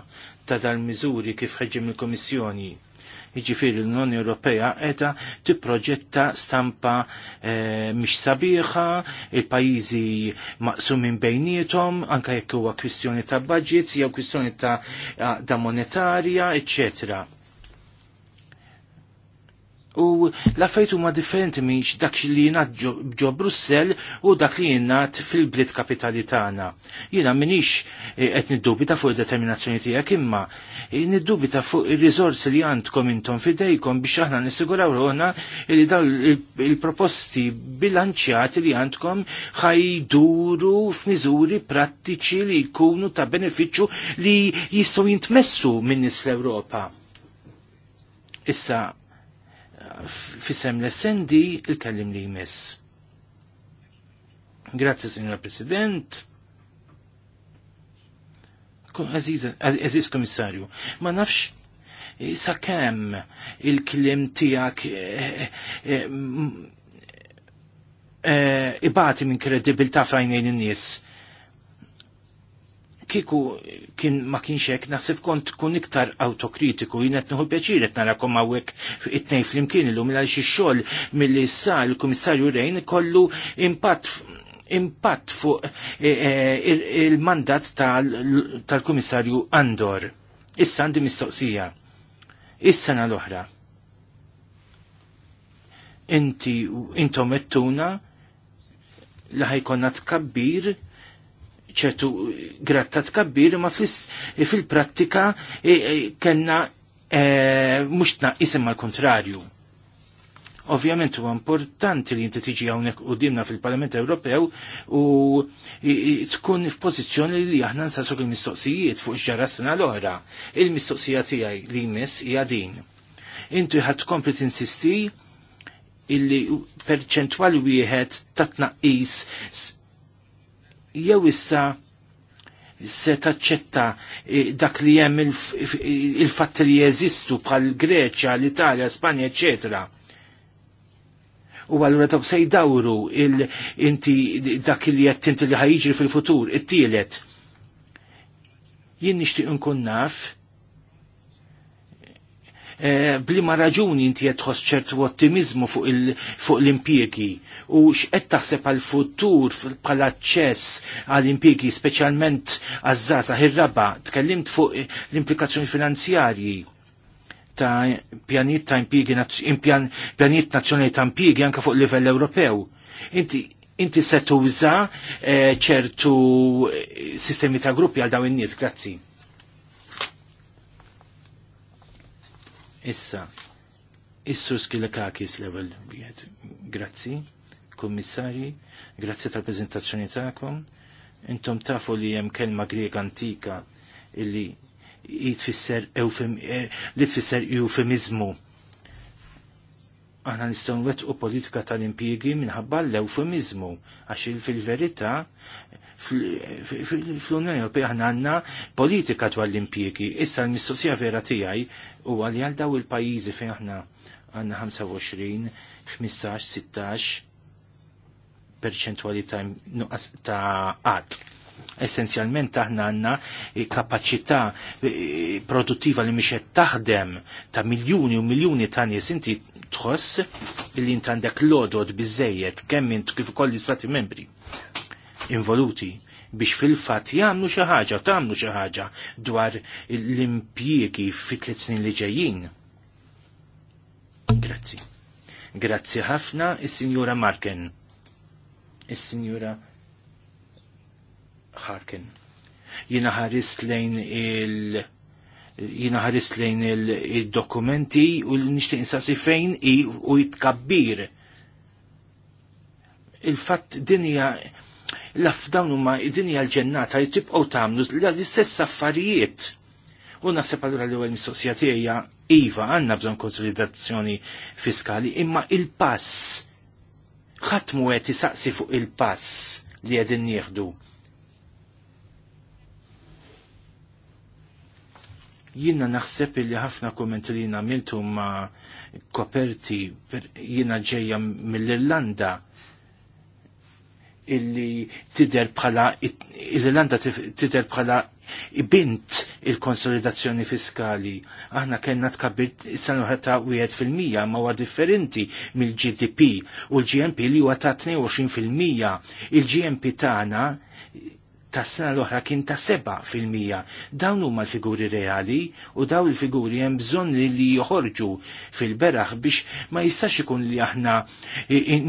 ta' dal-miżuri kif ħeġġem il-Komissjoni. Jiġifieri l-Unjoni Ewropea qiegħda tipproġetta stampa e, mhix sabiħa, il-pajjiżi maqsumin bejniethom, anke jekk huwa kwistjoni ta' budget jew kwistjoni ta', ta eh, monetarja, eċċetera u l-affajtu ma differenti minn dak li jina ġo Brussel u dak li jina fil-blit kapitali tagħna. Jina minix eh, qed niddubita fuq il-determinazzjoni tiegħek imma eh, niddubita fuq ir rizorsi li għandkom intom fidejkom biex aħna nissiguraw ruħna li dal il-proposti bilanċjati li għandkom ħajduru f'miżuri prattiċi li jkunu ta' benefiċċju li jistgħu jintmessu minn nies fl-Ewropa. Issa, fissem l-essendi il-kellim li jmiss. Grazie, signora President. Aziz Komissarju, ma nafx eh, sa kem il-klim tijak eh, eh, ibati minn kredibilta fajnejn in-nies kiku kien ma kienx hekk naħseb kont tkun iktar autokritiku jien qed nieħu pjaċir qed narakom hawnhekk it-tnejn flimkien illum għaliex ix-xogħol milli sa l kummissarju Rejn kollu impatt impatt fuq e, e, il-mandat tal-Kummissarju Andor. Issa għandi mistoqsija. Issa na l-oħra. Inti intom ettuna li ħajkonna tkabbir ċertu grattat kabbir ma fil-prattika e, e, kena e, mux tnaqqis isem l-kontrarju. Ovvjament huwa importanti li inti tiġi hawnhekk dimna fil-Parlament Ewropew u tkun f'pożizzjoni li aħna nsasuk il-mistoqsijiet fuq ġara sena l-oħra. Il-mistoqsija tiegħi li jmiss hija din. Inti ħadd kompli tinsisti illi perċentwal wieħed ta' tnaqqis jew issa se taċċetta e, dak li hemm il-fatt li jeżistu bħal Greċja, l-Italja, Spanja, eċetera. U għallura ta' il inti dak li qed li ħajġri fil-futur, it-tielet. Jien nixtieq nkun naf Eh, blima raġuni inti qed tħoss ċertu ottimizmu fuq l-impjiegi u x'qed taħseb għal futur bħala aċċess għall impieki speċjalment għaż-żgħażagħ ir-raba tkellimt fuq l-implikazzjoni finanzjarji ta' pjanit ta' impjiegi pjanijiet nazzjonali ta' impjiegi anke fuq livell Ewropew. Inti inti se tuża eh, ċertu eh, sistemi ta' gruppi għal dawn in-nies, grazzi. Issa, issu skilakakis level bied. Grazzi, kommissari, grazzi tal-prezentazzjoni ta'kom. Intom tafu li jem kelma grega antika illi jitfisser eufem, eh, li tfisser eufemizmu. Aħna nistgħu wettqu politika tal-impjiegi minħabba l-eufemizmu għax fil-verità fl-Unjoni Ewropea aħna għandna politika dwar l-impjiegi. Issa l-mistoqsija vera tiegħi U għal għal daw il-pajizi fejn aħna għanna 25, 15, 16 perċentuali ta' ta' għad. Essenzjalment aħna għanna eh, kapacità eh, produttiva li miexet taħdem ta' miljuni u miljuni ta' nies inti tħoss li int għandek lodod biżejjed kemm int kif ukoll l-istati membri involuti biex fil-fatt jagħmlu xi ħaġa u tagħmlu xi ħaġa dwar l-impjiegi fit-tliet snin li ġejjin. Grazzi. Grazzi ħafna il-Signora Marken. Is-Sinjura Harken. Jiena ħaris lejn il- jina ħaris lejn il-dokumenti u l-nishtiq insasi fejn u jitkabbir. Il-fatt dinja Laf dawn huma id-dinja l-ġennata li tibqgħu tagħmlu l-istess affarijiet. U naħseb għal l-ewwel mistoqsija tiegħi iva għandna bżonn konsolidazzjoni fiskali, imma il-pass ħadd mu qed isaqsi fuq il-pass li qegħdin nieħdu. Jiena naħseb li ħafna kumment li jina miltu ma koperti jiena ġejja mill-Irlanda illi tider bħala l-Irlanda tider bħala bint il-konsolidazzjoni fiskali. Aħna kellna tkabbir s-sena ta' 1% ma huwa differenti mill-GDP u l-GMP li huwa ta' 22%. Il-GMP tagħna tas-sena l-oħra kien ta' 7%. Dawn huma l-figuri reali u daw il-figuri hemm bżonn li, li joħorġu fil-beraħ biex ma jistax ikun li aħna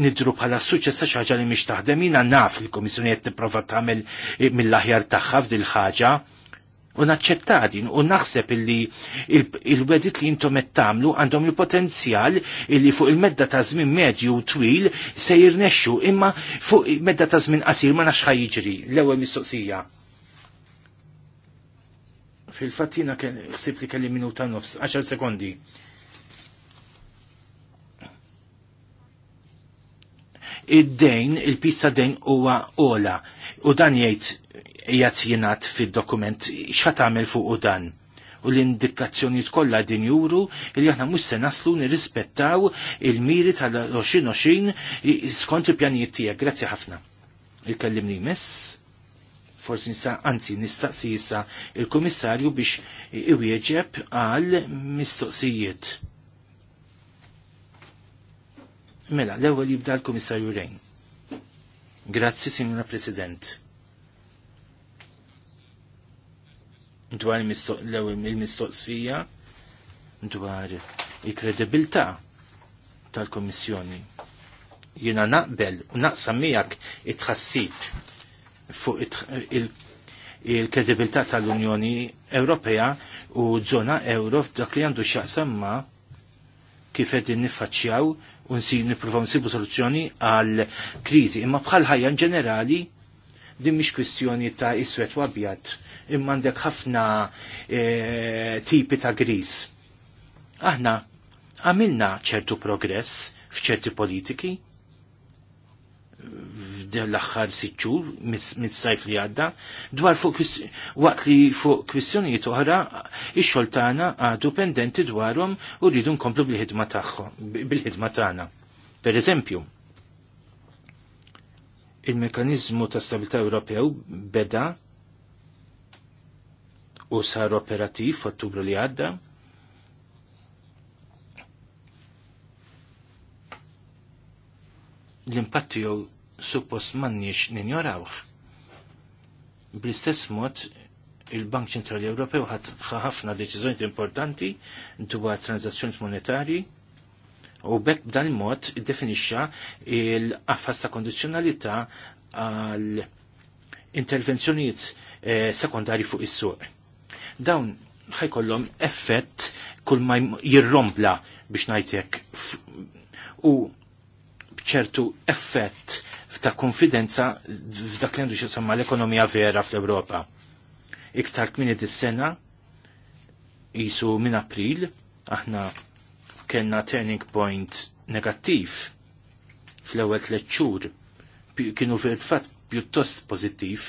nidru bħala suċċess ta' xi ħaġa li mhix taħdem. Jiena naf il-Komissjoni qed tipprova tagħmel mill-aħjar tagħha f'dil ħaġa u naċċettati u naħseb illi il-wedit li jintom qed tagħmlu għandhom il-potenzjal illi fuq il-medda ta' żmien medju u twil se jirnexxu imma fuq medda ta' żmien qasir ma nafx jiġri l-ewwel mistoqsija. Fil-fattina ħsib li kelli minuta nofs, 10 sekondi. id-dejn, il-pista dejn huwa ola. U dan jgħid jgħat jenat fil-dokument għamil fuq u dan. U l-indikazzjoni kollha din juru li aħna mhux se naslu nirrispettaw il-miri tal-2020 skont il-pjanijiet tiegħek. Grazzi ħafna. Il-kellimni mess, forsi nista' anzi nistaqsi issa il-Kummissarju biex iwieġeb għal mistoqsijiet. Mela, l-ewwel jibda l-Kummissarju Rejn. Grazzi, Signora President. dwar il-mistoqsija dwar il kredibilta tal-Komissjoni. Jina naqbel u naqsam miegħek it-tħassib fuq il kredibilta tal-Unjoni Ewropea u żona euro f'dak li għandu xaqsamma kif qed niffaċċjaw u nsir nippruvaw nsibu soluzzjoni għal kriżi. Imma bħal ħajja ġenerali din mhix kwistjoni ta' iswet u abjad imma għandek ħafna e, tipi ta' gris. Aħna għamilna ċertu progress f'ċerti politiki l-axħar siċċur mis-sajf li għadda dwar fuq waqt li fuq kwistjonijiet oħra ix-xogħol tagħna għadu pendenti dwarhom u rridu nkomplu bil-ħidma tagħhom bil-ħidma tagħna. Per eżempju, il-mekanizmu ta' stabilità Ewropew beda u sar operativ f'Ottubru li għadda. L-impatti jew suppost m'għandniex ninjorawh. Bl-istess mod il-Bank Ċentrali Ewropew ħadd ħafna deċiżjonijiet importanti dwar transazzjoni monetarji u bekk dan mod iddefinixxa il-qafas ta' kondizzjonalità għal intervenzjonijiet eh, sekondari fuq is-suq dawn ħajkollhom effett kull ma jirrompla biex ngħidlek u b'ċertu effett ta' konfidenza f'dak li għandu semma l-ekonomija vera fl-Ewropa. Iktar kmini dis-sena jisu minn April aħna kellna turning point negattiv fl-ewwel tliet kienu fil-fatt pjuttost pożittiv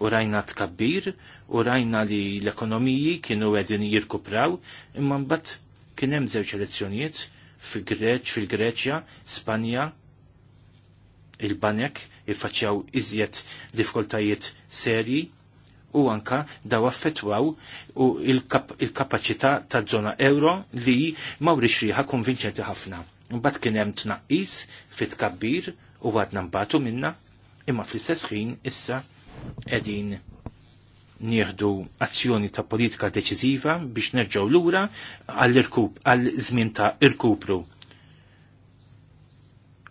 u rajna tkabbir u rajna li l-ekonomiji kienu għedin jirkupraw imma mbagħad kien hemm żewġ elezzjonijiet fil-Greċja, Spanja, il-banek iffaċċjaw iżjed diffikultajiet serji u anka daw affetwaw u il-kapacità il ta' zona euro li mawri xriħa konvinċenti ħafna. Mbagħad kien hemm tnaqqis fit kabbir u għadna mbatu minna imma fl-istess ħin issa qegħdin nieħdu azzjoni ta' politika deċiżiva biex nerġgħu lura għall żmien ta' irkupru.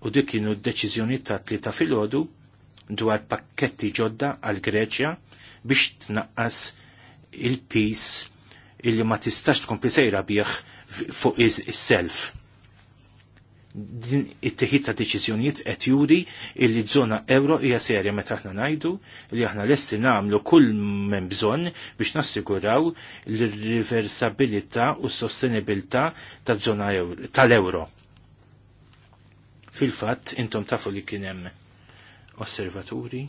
U dik kienu d-deċiżjoni ta' tlieta filgħodu dwar pakketti ġodda għal Greċja biex tnaqqas il peace illi ma tistax tkompli sejra bih fuq is-self din it-teħid ta' deċiżjonijiet qed juri li żona euro hija serja meta aħna ngħidu li aħna lesti nagħmlu kull minn bżonn biex nassiguraw l-riversabilità u s-sostenibilità taż-żona tal-euro. Fil-fatt intom tafu li kien hemm osservaturi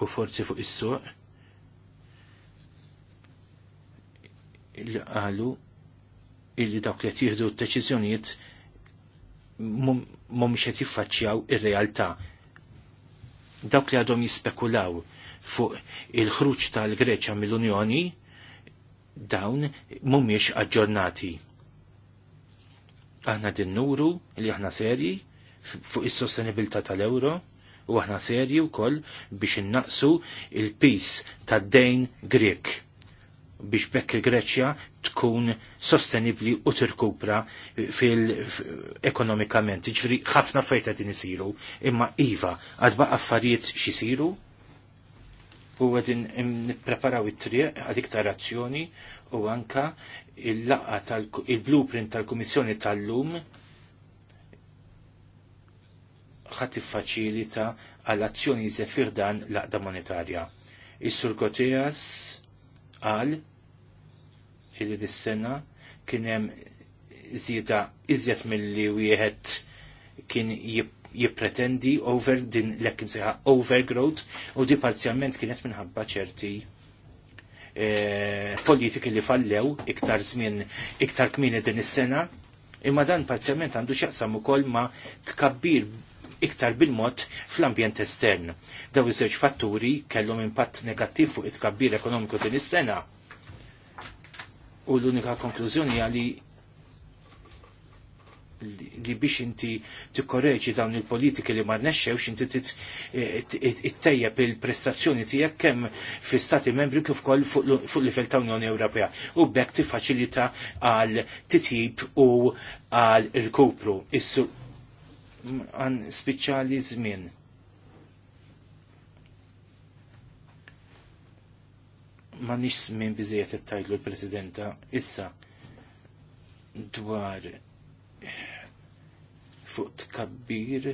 u forzi fuq is-suq li qalu illi dawk li qed jieħdu d-deċiżjonijiet mhumiex qed jiffaċċjaw ir-realtà. Dawk li għadhom jispekulaw fuq il-ħruġ tal-Greċja mill-Unjoni dawn mhumiex aġġornati. Aħna din nuru li aħna serji fuq is-sostenibilità tal-euro u aħna serji wkoll biex innaqsu il-pis tad-dejn Grek biex bekk il-Greċja tkun sostenibli u tirkupra fil-ekonomikament. Ġifri, ħafna fejta din isiru, imma Iva, għadba affarijiet xisiru, u għadin nipreparaw it-triq għal iktar azzjoni u anka il-laqa tal-blueprint tal-Komissjoni tal-lum ħati faċilita għal azzjoni jizet firdan laqda monetarja. Is-Sur għal illi dis-sena kien hemm żieda iżjed milli wieħed kien jippretendi over din l-ekkim seħa overgrowth u di parzjalment kienet minħabba ċerti e, politiki li fallew iktar żmien iktar kmini din is-sena imma dan parzjalment għandu x'jaqsam ukoll ma tkabbir iktar bil-mod fl-ambjent estern. Daw iż-żewġ fatturi kellhom impatt negattiv fuq it-tkabbir ekonomiku din is-sena U l-unika konklużjoni għali li biex inti tikkorreġi dawn il-politiki li ma rnexxewx inti tittejjeb il-prestazzjoni tiegħek kem fi stati membri kif ukoll fuq livell ta' Unjoni Ewropea u bekk tiffaċilita għal titjib u għal il-kupru. Issu għan speċjali żmien ma nix minn biżiet it-tajlu l-Presidenta issa dwar fuq tkabbir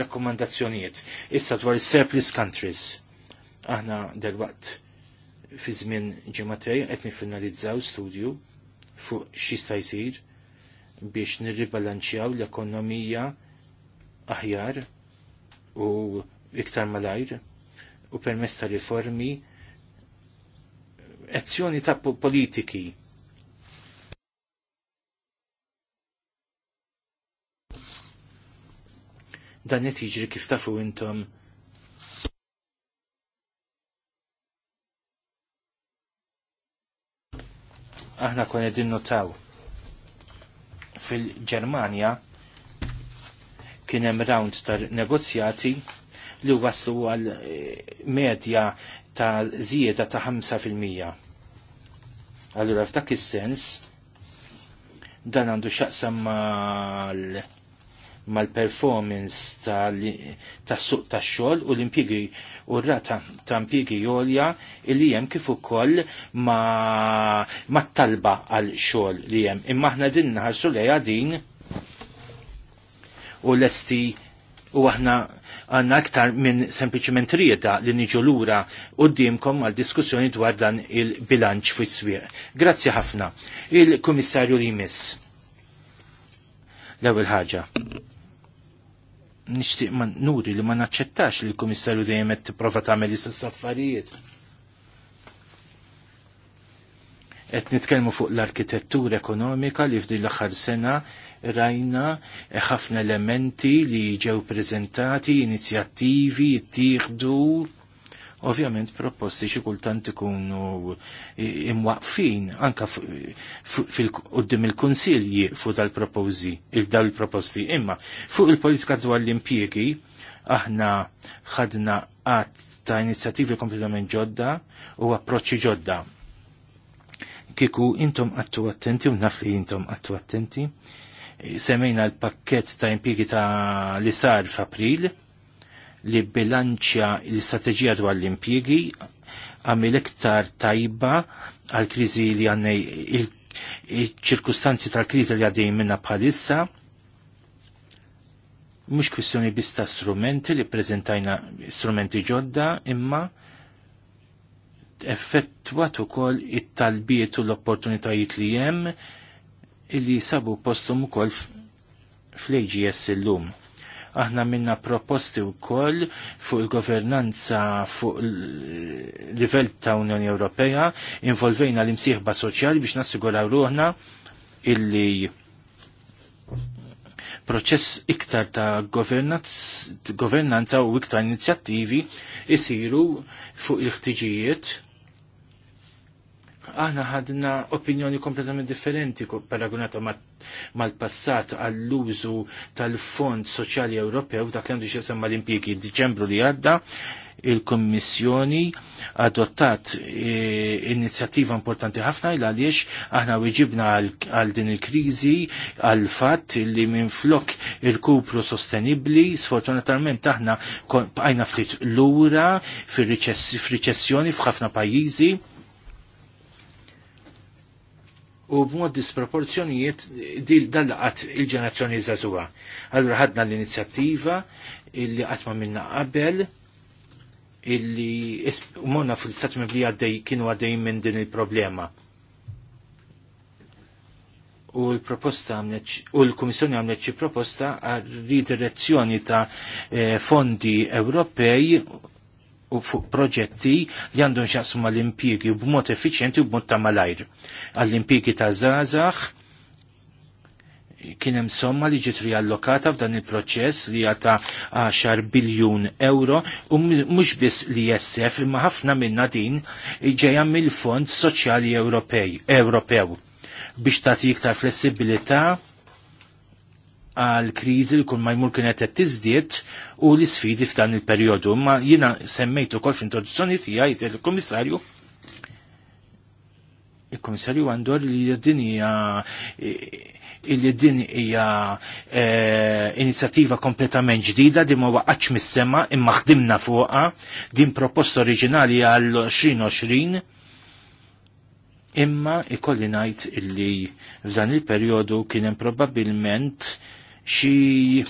rakkomandazzjonijiet. Issa dwar surplus countries. Aħna dal-waqt fi żmien ġematej qed nifinalizzaw studju fuq xista jsir biex nirribalanċjaw l-ekonomija aħjar u iktar malajr u permess ta' riformi azzjoni ta' politiki. Dan net jiġri kif tafu intom aħna kon edin notaw fil-Ġermanja kien hemm round tar negozjati li waslu għal eh, medja ta' zieda ta' 5%. Allura f'dak is-sens dan għandu xaqsam mal mal-performance tas-suq ta tax-xogħol u l-impjigi u r-rata ta' impjigi jolja li hemm kif ukoll ma ma' talba għal xogħol li hemm. Imma aħna din naħarsu lejha din u lesti u aħna għanna aktar minn sempliciment rieda li niġu lura u d-dimkom għal diskussjoni dwar dan il-bilanċ fuq swieq. Grazzi ħafna. Il-Komissarju li jmiss. L-ewwel ħaġa. Nixtieq ma nuri li ma naċċettax li l-Komissarju dejjem qed tipprova tagħmel l-istess affarijiet. Qed nitkellmu fuq l-arkitettura ekonomika li f'din l-aħħar sena rajna ħafna elementi li ġew prezentati, inizjattivi, jittieħdu ovvjament proposti xi kultant ikunu imwaqfin anka quddiem il kunsilji fuq dal-proposi, il-dal-proposti. Imma fuq il-politika dwar l-impjiegi aħna ħadna qatt ta' inizjattivi kompletament ġodda u approċċi ġodda. Kiku intom għattu attenti u naf li intom għattu attenti Semmejna l-pakket ta' impjiegi ta' li sar f'April li bilanċja l-istrateġija dwar l-impjiegi għamil iktar tajba għal kriżi li għannej il-ċirkustanzi tal-kriżi li għaddej minna bħalissa mux kwistjoni bista strumenti li prezentajna strumenti ġodda imma effettwat ukoll it-talbiet u l-opportunitajiet li hemm illi sabu postum ukoll fl-AGS illum. Aħna minna proposti wkoll fuq il-governanza fuq il-livell ta' Unjoni Ewropea, involvejna l-imsieħba soċjali biex nassiguraw ruħna illi proċess iktar ta' governanza u iktar inizjattivi isiru fuq il-ħtiġijiet aħna ħadna opinjoni kompletament differenti paragunata mal-passat għall-użu tal-Fond Soċjali Ewropew dak li għandu xesem mal-impjegi. Diċembru li għadda il-Kommissjoni adottat e, inizjattiva importanti ħafna il għaliex aħna weġibna għal din il-krizi għal fatt li minn flok il-kupru sostenibli sfortunatament aħna għajna ftit lura fil-riċessjoni f'ħafna pajjiżi u b'mod disproporzjonijiet dal għat il-ġenerazzjoni zazuwa. Allura ħadna l-inizjattiva illi qatt ma minna qabel illi monna fil istat mibli għaddej kienu għaddej minn din il-problema. U l-proposta u l-Komissjoni għamlet xi proposta għal ridirezzjoni ta' eh, fondi Ewropej u fuq proġetti li għandhom xaqsmu mal impjiegi u b'mod effiċjenti u b'mod ta' malajr. Għall-impjiegi ta' zazax kien hemm somma li ġitri allokata f'dan il-proċess li għata 10 biljun euro u mhux biss li jessef imma ħafna minna din ġejja mill-Fond Soċjali Ewropej Ewropew biex tagħti iktar flessibilità għal kriżi l-kun ma jmur kienet qed tizdiet u l-isfidi f'dan il-perjodu. Ma jiena semmejt ukoll f'introduzzjoni għajt il-Kummissarju il-Kummissarju għandu li din hija illi din hija e, inizjattiva kompletament ġdida din ma waqgħatx mis-sema imma ħdimna fuqha din proposta oriġinali għal 2020 imma ikolli ngħid illi f'dan il-perjodu kien hemm probabbilment xi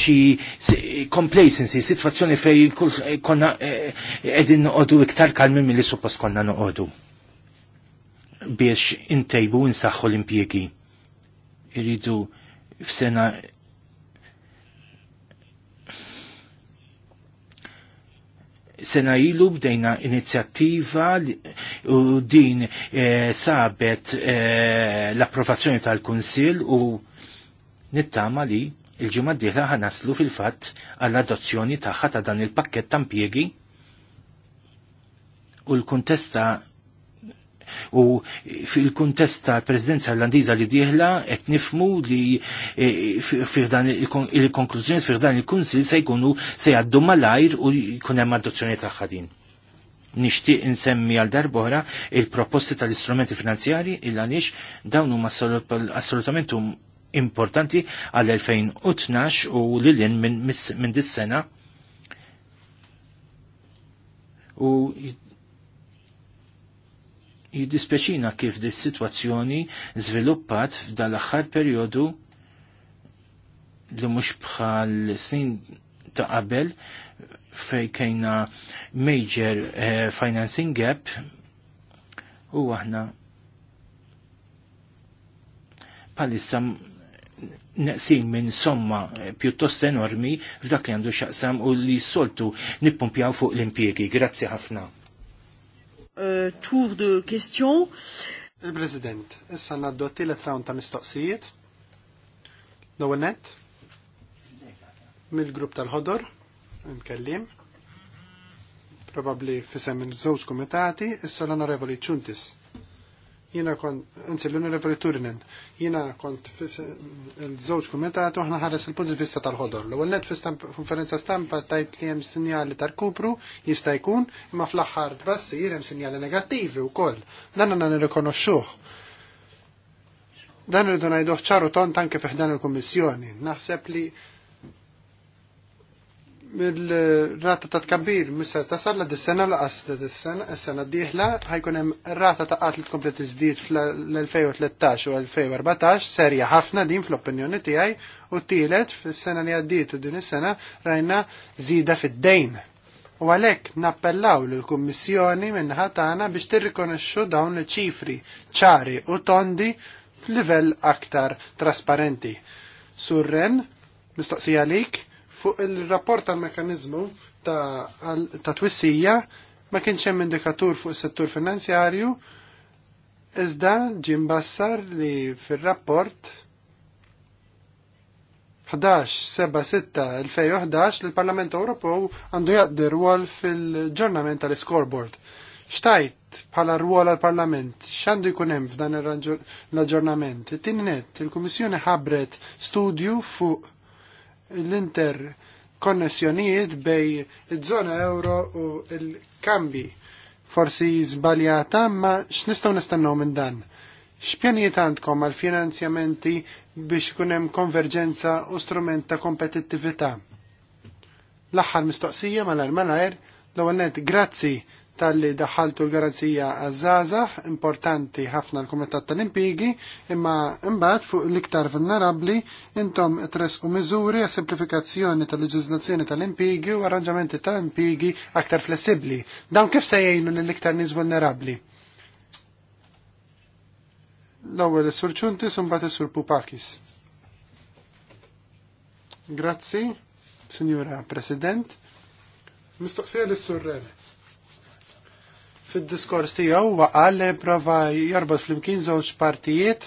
xi complacency, situazzjoni fej eh, konna eh, edin noqodu iktar kalmi mill-li suppost konna noqodu biex intejbu insaħħu l-impjegi. Iridu f'sena sena ilu bdejna inizjattiva u din eh, sabet l-approvazzjoni tal-Kunsil u nittama li il-ġimma d-dieħla ħanaslu fil-fatt għall-adozzjoni tagħha ta' dan il-pakket ta' impjiegi u l-kuntesta u fil-kuntest tal-Presidenza Irlandiża li dieħla qed nifmu li e, il-konklużjoni firdan il-Kunsil se jkunu se jgħaddu malajr u jkun hemm adozzjoni tagħha din. Nixtieq insemmi għal darbora il-proposti tal-istrumenti finanzjari il għaliex dawn huma assolutament importanti għal 2012 u lilin minn min dis-sena. U jiddispeċina kif di situazzjoni żviluppat f'dal aħħar periodu li mhux bħal snin ta' qabel fej kajna major eh, financing gap u aħna palissa neqsin minn somma eh, pjuttost enormi f'dak li għandu xaqsam u li soltu nippumpjaw fuq l-impjegi. Grazzi ħafna. Uh, tour de question. Il-President, issa naddu t-tielet ta' mistoqsijiet. l mill-grupp tal-ħodor, nkellim, probabli fisem il-żewġ komitati, issa l-Onorevoli Ċuntis jina kont, anzi l-Onorevoli Turinen, jina kont il-żewġ kumitat u aħna ħares il-punt il-vista tal-ħodor. L-ewwel net konferenza stampa tajt li hemm sinjali tal-kupru jista' jkun, imma fl-aħħar bassir hemm sinjali negattivi wkoll. Dan għandna nirrikonoxxuh. Dan irridu ngħiduh ċaru tont anke fih dan il-Kummissjoni. Naħseb li il-rata ta' tkabbir missa ta' la dis-sena la qas ta' dis-sena, s-sena d-dieħla ħajkun hemm rata ta' qatl komplet iżdid fl-2013 u 2014 serja ħafna din fl-opinjoni tiegħi u tielet fis-sena li għaddiet u din is-sena rajna żida fid-dejn. U għalhekk nappellaw l kummissjoni minnaħa tagħna biex tirrikonoxxu dawn il-ċifri ċari u tondi f'livell aktar trasparenti. Surren, mistoqsija lik, Fuq il-rapport tal-mekanizmu ta' twissija ma kienx hemm indikatur fuq is-settur finanzjarju iżda ġie mbassar li fir-rapport 11-7-6-2011 l-Parlament Ewropew għandu jaqdi rwol fil-ġornament tal-scoreboard. Xtajt bħala rwol għal-Parlament, xandu jkun hemm f'dan l-aġġornament. Tinnet, il-Kummissjoni ħabret studju fuq l-inter konnessjonijiet bej iż-żona euro u l-kambi forsi zbaljata, ma x'nistgħu nistennew minn dan? X'pjanijiet għandkom għal finanzjamenti biex ikun hemm konverġenza u strument ta' kompetittività? L-aħħar mistoqsija malajr malajr, l-ewwel grazzi tal-li daħaltu l-garanzija għazzaza, importanti ħafna l-Kumitat tal-Impigi, imma imbaħt fuq l-iktar vulnerabbli intom tresqu miżuri għas simplifikazzjoni tal leġizlazzjoni tal-impigi u arranġamenti tal-impigi aktar flessibbli. Dawn kif se jgħinu lill-iktar nies vulnerabbli? L-ewwel is-Sur Ċuntis u mbagħad is-Sur Pupakis. Grazzi, Signora President. Mistoqsija l-Surrele fid-diskors tiegħu waqal li prova jorbot flimkien żewġ partijiet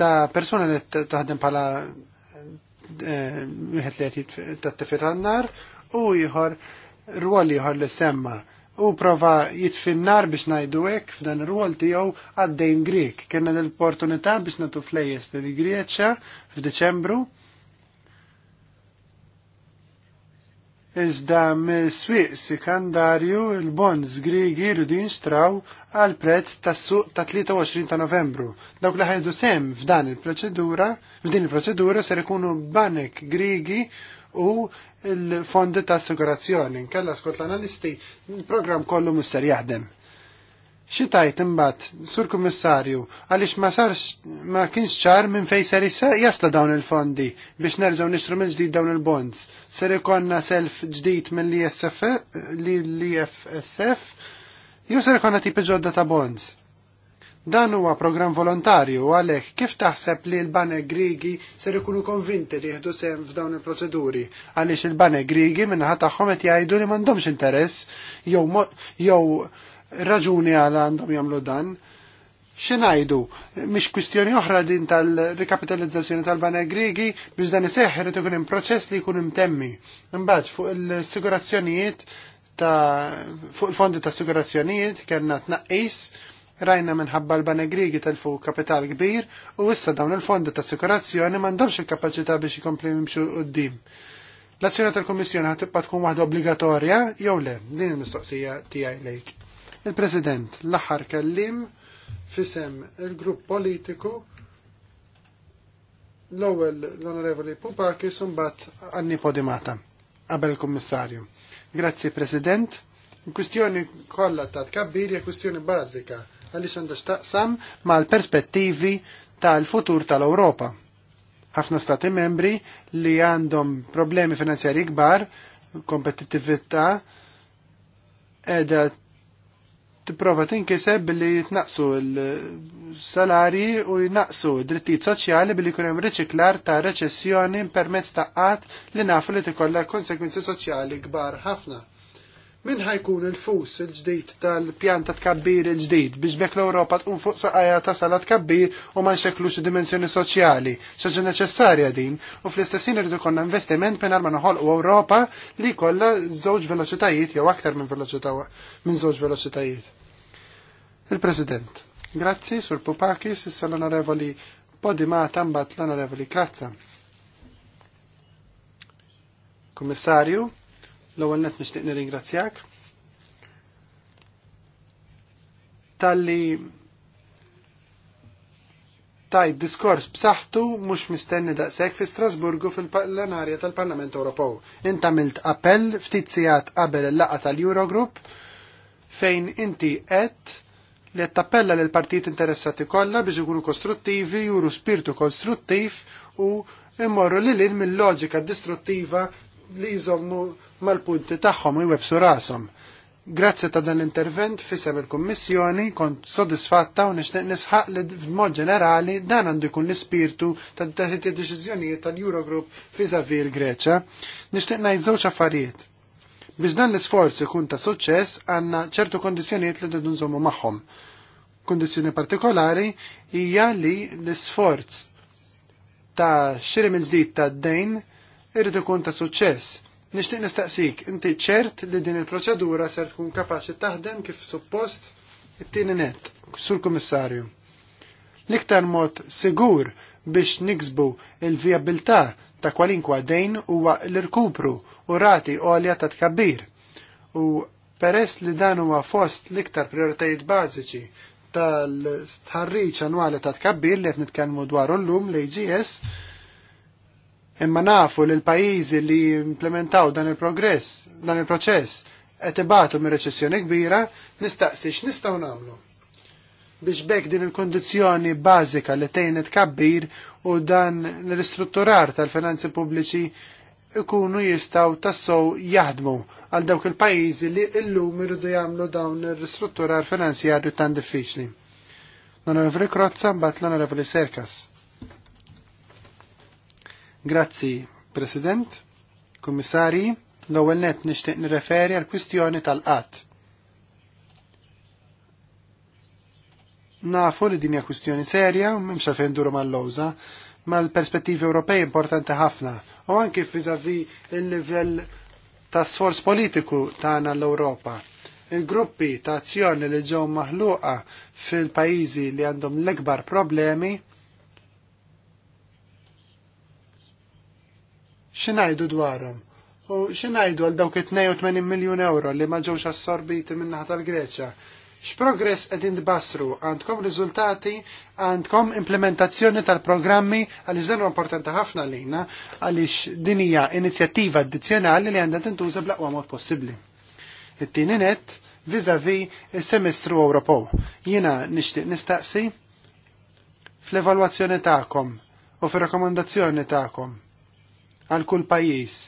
ta' persuna li taħdem bħala eh, wieħed li qed tattifir nar u ieħor rwol ieħor li semma u prova jitfinnar biex ngħidu hekk f'dan ir-rwol tiegħu għaddejn Grek. Kenna l-opportunità biex natu flejjes lil Greċja f'Diċembru iżda mill-swieq sikandarju il-bonds Griegi jridu jinxtraw għal prezz tas-suq ta' 23 ta' Novembru. Dawk li ħajdu sem f'dan il-proċedura, f'din il-proċedura ser ikunu banek Griegi u l-fondi ta' assigurazzjoni. Kalla skont l-analisti, il-programm kollu musser jaħdem xitajt imbagħad, sur kummissarju, għaliex ma sarx ma kienx ċar minn fejn ser jasla dawn il-fondi biex nerġaw nixtru minn ġdid dawn il-bonds. Ser ikonna self ġdid minn l-IFSF jew ser ikonna tipi ġodda ta' bonds. Dan huwa programm volontarju għalhekk kif taħseb li l-banek Grigi ser ikunu konvinti li jieħdu sehem f'dawn il-proċeduri għaliex il-banek Grigi minnaħa tagħhom qed jgħidu li m'għandhomx interess jew jew raġuni għala għandhom jagħmlu dan. Xinajdu, mish kwistjoni oħra din tal-rikapitalizzazzjoni tal-banek Grigi biex dan seħħer ikun hemm proċess li jkun imtemmi. Mbaċ, fuq l-assigurazzjonijiet ta' fuq il-fondi ta' assigurazzjonijiet kellna tnaqqis rajna minħabba l-banegrigi tal-fuq kapital kbir u issa dawn il-fondi ta' assikurazzjoni m'għandhomx il-kapaċità biex jkompli jimxu qudiem. L-azzjoni tal komissjoni ħatibqa' tkun waħda obbligatorja jew le? Din il-mistoqsija tiegħi lejk. Il-President, l-aħħar kellim fisem il-grupp politiku l-ewwel l-Onorevoli Pupakis imbagħad Anni Podimata qabel kummissarju. Grazzi President. Kwistjoni kollha ta' tkabbir hija kwistjoni bażika għaliex għandha x'taqsam mal-perspettivi tal-futur tal-Ewropa. Ħafna stati membri li għandhom problemi finanzjari kbar, kompetittività, edha tipprova tinkiseb billi jitnaqsu l-salari u jnaqsu drittijiet soċjali billi jkun hemm riċiklar ta' reċessjoni permezz ta' qatt li nafu li tikollha konsekwenzi soċjali kbar ħafna. Min ħajkun il-fus il-ġdid tal-pjanta tkabbir il-ġdid biex bekk l-Ewropa tkun fuq saqajja ta' sala tkabbir u ma nxekklux dimensjoni soċjali, xaġa neċessarja din, u fl-istessin irridu konna investiment minn ma noħolqu Ewropa li kolla żewġ veloċitajiet jew aktar minn veloċità minn żewġ veloċitajiet. Il-President, grazzi sur Pupakis, issa l-Onorevoli Podima tambat l-Onorevoli Krazza. Kommissarju, l-ewwel net nixtieq nirringrazzjak talli tajt diskors b'saħħtu mhux mistenni daqshekk fi Strasburgu fil-plenarja tal-Parlament Ewropew. Int għamilt appell ftit sigħat qabel il-laqgħa tal-Eurogroup fejn inti qed li tappella l partit interessati kollha biex ikunu kostruttivi, juru spiritu kostruttiv u immorru li l-in mill-loġika distruttiva li jżommu mal-punti tagħhom u jwebsu rashom. Grazzi ta' dan l-intervent fisem il-Kommissjoni kont sodisfatta u nixtieq nisħaq li mod ġenerali dan għandu jkun l-ispirtu ta' deċiżjonijiet tal-Eurogroup fi l Greċa. Nixtieq ngħid żewġ affarijiet. Biex dan l-isforz ikun ta' suċċess għandna ċertu kondizzjonijiet li rridu nżommu magħhom. Kondizzjoni partikolari hija li l-isforz ta' xiri il ġdid ta' dejn irrid ikun ta' suċċess. Nixtieq nistaqsik, inti ċert li din il-proċedura ser tkun kapaċi taħdem kif suppost it-tieni net, sur kummissarju. L-iktar mod sigur biex niksbu il vijabilta ta' kwalinkwa dejn huwa l-irkupru u rati għolja ta' tkabbir. U peress li dan huwa fost l-iktar prioritajiet bażiċi tal stħarriċ annwali ta' tkabbir li qed nitkellmu dwar llum l-AGS, imma nafu li l-pajjiżi li implementaw dan il-progress, dan il-proċess, qed ibatu mir reċessjoni kbira, nistaqsi x'nistgħu nagħmlu biex bekk din il-kondizjoni bażika li tejnet kabbir u dan l-istrutturar tal-finanzi pubbliċi ikunu jistaw tassow jaħdmu għal dawk il-pajjiżi li illum irridu jagħmlu dawn ir-ristrutturar finanzjarju tan diffiċli. L-Onorevoli Krozza mbagħad l-Onorevoli Serkas. Grazzi, President, Kummissari, l-ewwel nett nixtieq nirreferi għal kwistjoni tal-qatt Nafu li dinja kwistjoni serja, memx fejn duru mal-lowza, ma l-perspettivi Ewropej importanti ħafna. U anki fizavi il-livell ta' sforz politiku tagħna l-Ewropa. Il-gruppi ta' azzjoni li ġew maħluqa fil-pajjiżi li għandhom l-ikbar problemi xinajdu dwarhom. U xinajdu għal dawk 82 miljun euro li ma ġewx assorbiti minnaħa tal-Greċja X'progress qegħdin tbassru? Għandkom riżultati, għandkom implementazzjoni tal-programmi għaliex dan huwa importanti ħafna lejna għaliex din hija inizjattiva addizzjonali li għandha tintuża bl-aqwa mod possibbli. It-tieni net viżavi semestru Ewropew. Jiena nixtieq nistaqsi fl-evalwazzjoni tagħkom u fir-rakkomandazzjoni tagħkom għal kull pajjiż.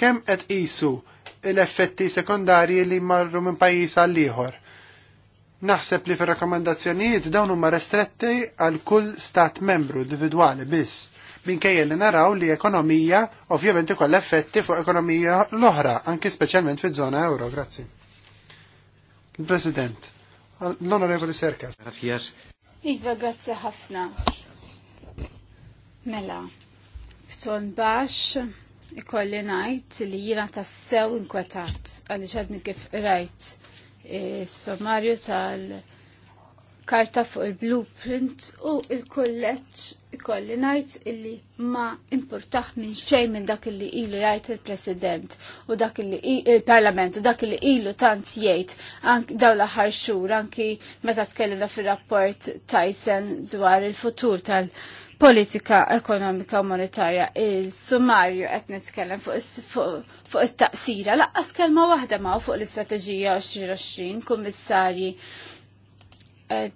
Kemm qed qisu l-effetti sekondarji li marru minn pajjiż għal ieħor. Naħseb li fir-rakkomandazzjonijiet dawn huma restretti għal kull stat membru individwali biss minkejja li naraw li ekonomija ovvjament ikoll effetti fuq ekonomija l-oħra, anki speċjalment fi żona euro. Grazzi. Il-President, l-Onorevoli Serkas. Grazzjas. Iva, grazzi ħafna. Mela, fton bax ikolli najt li jina tassew inkwetat għalli ċadni kif rajt sommarju tal-karta fuq il-blueprint u il-kolleċ ikolli najt illi ma importaħ minn xej minn dak illi ilu jgħid il-president u dak illi il-parlament u dak illi ilu tant jgħid daw l-aħħar xhur anki meta tkellimna fir-rapport Tyson dwar il-futur tal- politika ekonomika u monetarja il-summarju qed nitkellem fuq it-taqsira laqqas kelma waħda ma' fuq l-istrateġija 2020 kummissarji eh,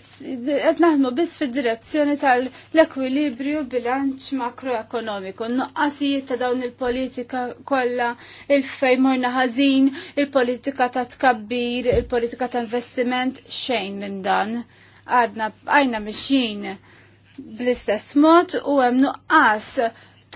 qed naħdmu biss fid-direzzjoni tal-ekwilibrju bilanċ makroekonomiku, nuqqasijiet ta' dawn il-politika kollha, il-fejmorna ħażin, il-politika ta' tkabbir, il-politika ta' investiment, xejn minn dan għadna għajna mxin bl-istess mod u hemm nuqqas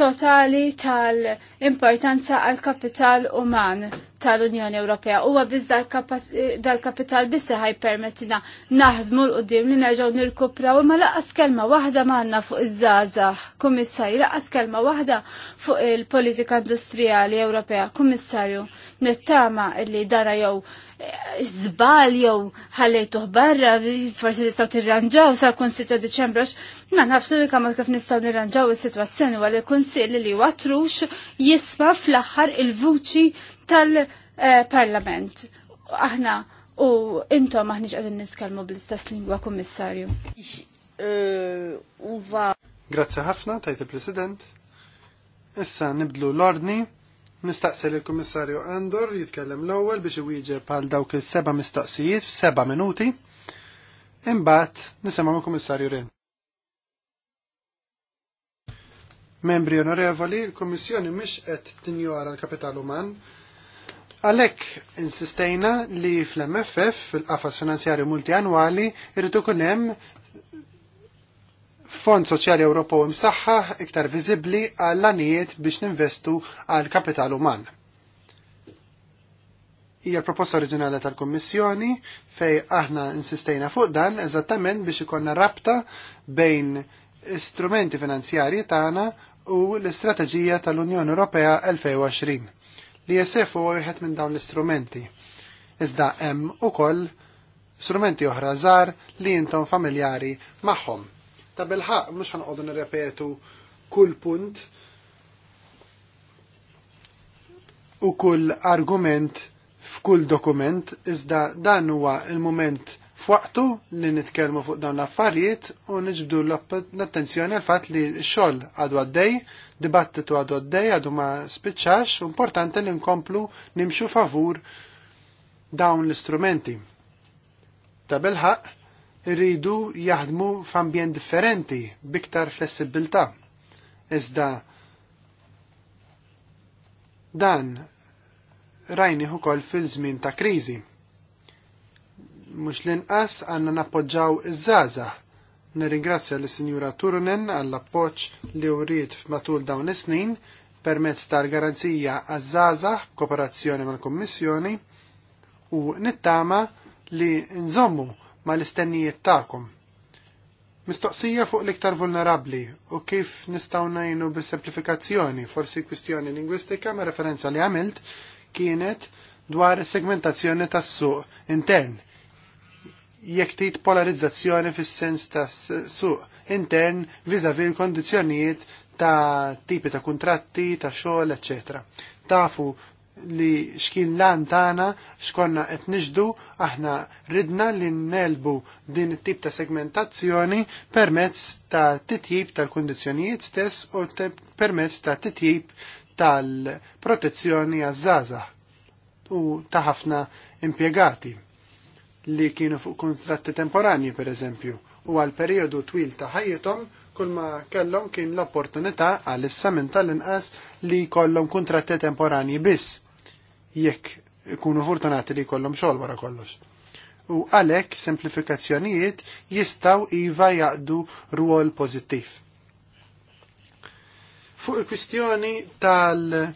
totali tal-importanza għal kapital uman tal-Unjoni Ewropea. Huwa biss eh, dal-kapital biss ħaj permettina naħdmu l-qudiem li nerġgħu nirkupraw imma laqas kelma waħda m'għandna fuq iż-żgħażagħ, kummissarju, laqas kelma waħda fuq il-politika industrijali Ewropea. Kummissarju, nittama li dara jew eh, żbal jew ħallejtuh barra, forsi nistgħu tirranġaw sa kun sita Diċembrox, ma nafx li kemm kif nistgħu nirranġaw is-sitwazzjoni wara l-Kunsill li watrux jisma' fl-aħħar il-vuċi tal-Parlament. Aħna u intom maħniġ għadin niskalmu bl-istess lingwa kummissarju. Eh, Grazzi ħafna, Tajti president Issa nibdlu l-ordni. Nistaqsi il kummissarju Andor jitkellem l-ewwel biex iwieġeb għal dawk il-seba' mistaqsijiet f'seba' minuti. Imbagħad nisimgħu mill-Kummissarju Ren. Membri onorevoli, il-Kummissjoni mhix qed tinjora l-kapital uman Għalek insistejna li fl-MFF, fil-qafas finanzjarju multianwali, irridu kunem Fond Soċjali Ewropew imsaħħaħ iktar viżibbli għall anijiet biex ninvestu għal kapital uman. Hija proposta oriġinali tal-Kummissjoni fej aħna insistejna fuq dan eżattament biex ikonna rabta bejn istrumenti finanzjarji tagħna u l-istrateġija tal-Unjoni Ewropea 2020. Li jesef u wieħed minn dawn l-istrumenti. Iżda hemm ukoll strumenti oħra żgħar li intom familjari magħhom. Ta' bil-ħaq mhux ħanqogħdu nirrepetu kull punt u kull argument f'kull dokument, iżda dan huwa il-moment f'waqtu li nitkellmu fuq dawn l-affarijiet u niġbdu l-attenzjoni għal fatt li x-xogħol għadu għaddej, dibattitu għadu għaddej għadu ma spiċċax, importanti li nkomplu nimxu favur dawn l-istrumenti. Ta' bilħaq irridu jaħdmu f'ambjent differenti biktar flessibilità. Iżda dan rajni ukoll fil-żmien ta' kriżi. Mhux l-inqas għandna nappoġġaw iż-żgħażagħ Nirringrazzja l sinjura Turunen għall appoġġ li uriet matul dawn is-snin permezz tal-garanzija għaż-żgħażagħ kooperazzjoni mal-Kummissjoni u nittama li nżommu mal-istennijiet tagħkom. Mistoqsija fuq l-iktar vulnerabli u kif nistgħu ngħinu bis-semplifikazzjoni, forsi kwistjoni lingwistika ma' referenza li għamilt kienet dwar segmentazzjoni tas-suq intern jekk tit polarizzazzjoni fis-sens ta' suq intern viżavi l-kondizzjonijiet ta' tipi ta' kuntratti, ta' xogħol, ecc. Tafu li xkien lan tagħna xkonna qed nixdu aħna ridna li nelbu din it-tip ta' segmentazzjoni permezz ta' titjib tal-kundizzjonijiet stess u permezz ta' titjib tal-protezzjoni għaż-żgħażagħ u ta' ħafna impjegati li kienu fuq kontratti temporanji per eżempju u għal periodu twil ta' ħajjithom kull ma kellhom kien l-opportunità għal issa minn tal-inqas li kollhom kontratti temporanji biss jekk ikunu fortunati li kollhom xogħol wara kollox. U għalhekk semplifikazzjonijiet jistgħu iva jaqdu rwol pożittiv. Fuq il-kwistjoni tal-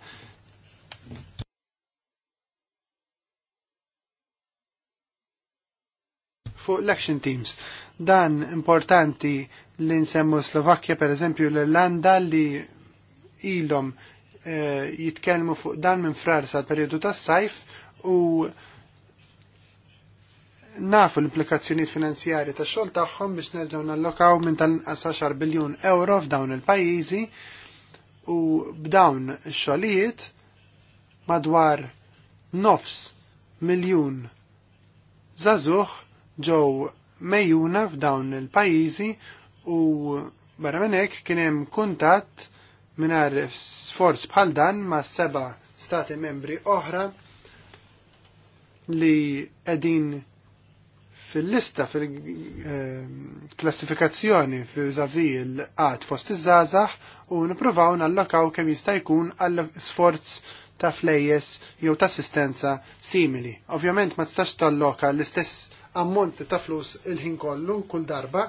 fuq l-action teams. Dan importanti li nsemmu Slovakkja per eżempju l-Irlanda li ilhom eh, jitkellmu fuq dan minn frar sal periodu tas-sajf u nafu l-implikazzjoni finanzjari ta' xogħol tagħhom biex nerġgħu nallokaw minn tal-inqas biljun euro f'dawn il-pajjiżi u b'dawn ix-xogħlijiet madwar nofs miljun zazuħ ġew mejjuna f'dawn il-pajjiżi u barra minn hekk kien hemm kuntatt mingħajr sforz bħal dan ma' seba' stati membri oħra li qegħdin fil-lista fil-klassifikazzjoni fi żavi l-qat fost iż żgħażagħ u nippruvaw nallokaw kemm jista' jkun għall sforz ta' flejjes jew ta' assistenza simili. Ovvjament ma tistax talloka l-istess ammonti ta' flus il-ħin kollu kull darba,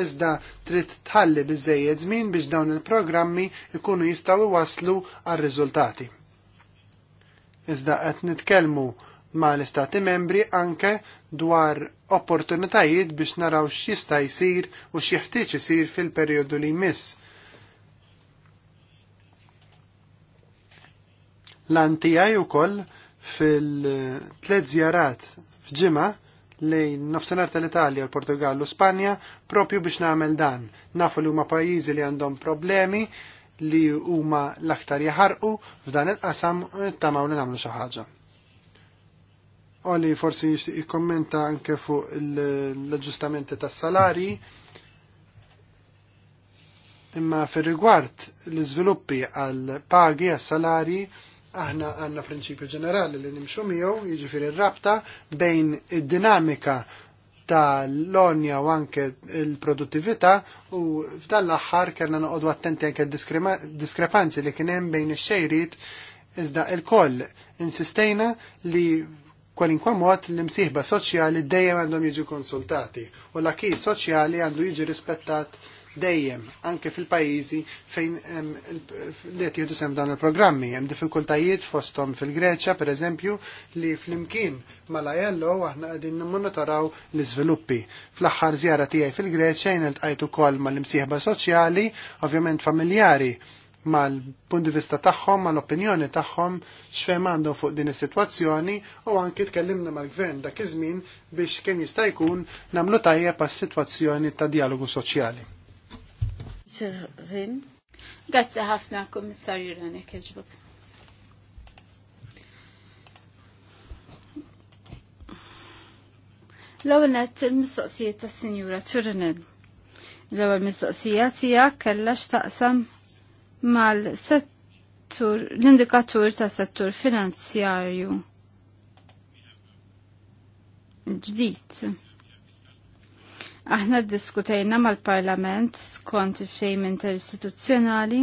iżda trid tħalli biżejjed żmien biex dawn il-programmi ikunu jistgħu waslu għar-riżultati. Iżda qed nitkellmu ma' l-istati membri anke dwar opportunitajiet biex naraw x'jista' jsir u x'jeħtieġ isir fil-perjodu li jmiss. L-antijaj u koll fil-tlet zjarat fġima lejn nofsenar tal-Italja, l-Portugallu, Spanja, propju biex nagħmel dan. Nafu li huma pajjiżi li għandhom problemi li huma l-aktar jaħarqu f'dan il-qasam tamaw li nagħmlu xi ħaġa. Oli forsi jishtiq jikkommenta anke fuq l-aġġustamenti tas-salari imma fir rigward l-iżviluppi għal pagi għas salari aħna għanna prinċipju ġenerali li nimxu miegħu, jiġifieri r-rabta bejn id-dinamika ta' l-onja u anke l-produttività u f'dan l-aħħar kellna noqogħdu attenti anke diskrepanzi li kien hemm bejn ix xejrit iżda l-koll insistejna li kwalinkwa mod l-imsieħba soċjali dejjem għandhom jiġu konsultati u l-akki soċjali għandu jiġi rispettat dejjem anke fil-pajjiżi fejn li qed jieħdu sem dan il-programmi. Hemm diffikultajiet fosthom fil-Greċja pereżempju li flimkien mal-ajello aħna qegħdin nimmonitoraw l-iżviluppi. Fl-aħħar żjara tiegħi fil-Greċja jien iltqajt ukoll mal-imsieħba soċjali, ovvjament familjari mal-punt di vista tagħhom, mal-opinjoni tagħhom, x'fehm għandhom fuq din is-sitwazzjoni u anki tkellimna mal-gvern dak iż-żmien biex kemm jista' jkun nagħmlu tajjeb għas-sitwazzjoni ta' dialogu soċjali. Ministerin. Grazzi ħafna, Kummissarju Rani Kieġbuk. L-ewwel nett il-mistoqsijiet tas-Sinjura Turinen. L-ewwel mistoqsija tiegħek kellha x'taqsam mal-settur l-indikatur ta' settur finanzjarju. Ġdid. Aħna diskutejna mal-Parlament skont il-fejm interistituzzjonali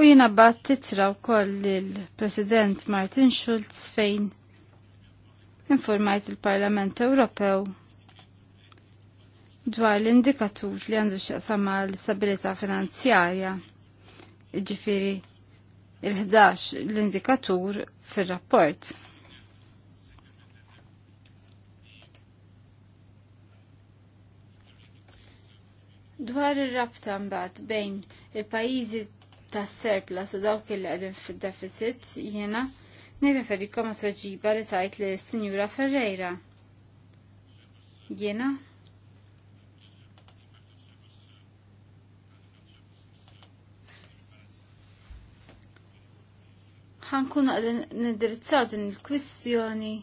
u jina bat titra u koll il-President Martin Schulz fejn informajt il-Parlament Ewropew dwar l-indikatur li għandu xaqsama l-stabilita finanzjarja ġifiri il-11 l-indikatur fil-rapport. Dwar ir-rabta mbagħad bejn il-pajjiżi tas surplus u dawk li qegħdin fid-deficit jiena nirreferikom għat tweġiba li tajt li Sinjura Ferreira. Jiena ħankun għadin nindirizzaw din il-kwistjoni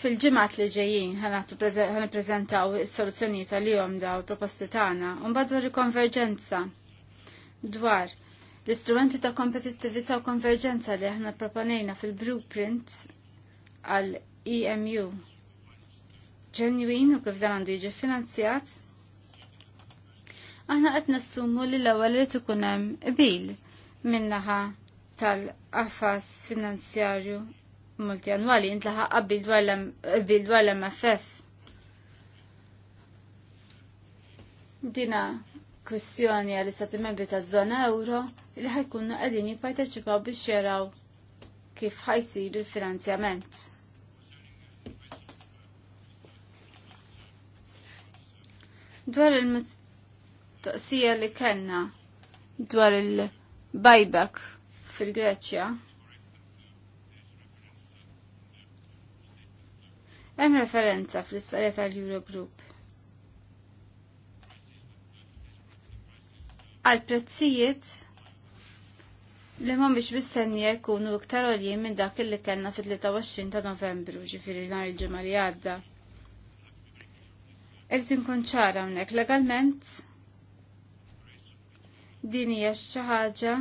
Fil-ġimat li ġejjin ħana prezentaw il-soluzzjoni tal-jom daw il-proposti tagħna un il-konverġenza dwar l-istrumenti ta' kompetittività u konverġenza li aħna proponejna fil-blueprint għal EMU ġenwin u kif dan għandu jiġi finanzjat. Aħna qed nassumu li l-ewwel li ikun hemm qbil minnaħa tal-qafas finanzjarju multianwali intlaħa qabbil dwar l-MFF. Dina kwistjoni għal istati membri ta' zona euro li ħajkunnu għedin jipparteċipaw biex jaraw kif ħajsir il-finanzjament. Dwar il-mistoqsija li kellna dwar il-bajbak fil-Greċja, Hemm referenza fl istorja tal-Eurogroup. Għal prezzijiet li ma biex mistennija jkunu iktar għoljien minn dak li kellna fit-23 ta' Novembru, ġifiri nhar il-ġimgħa li għadda. Qed inkun ċara hawnhekk legalment din hija xi ħaġa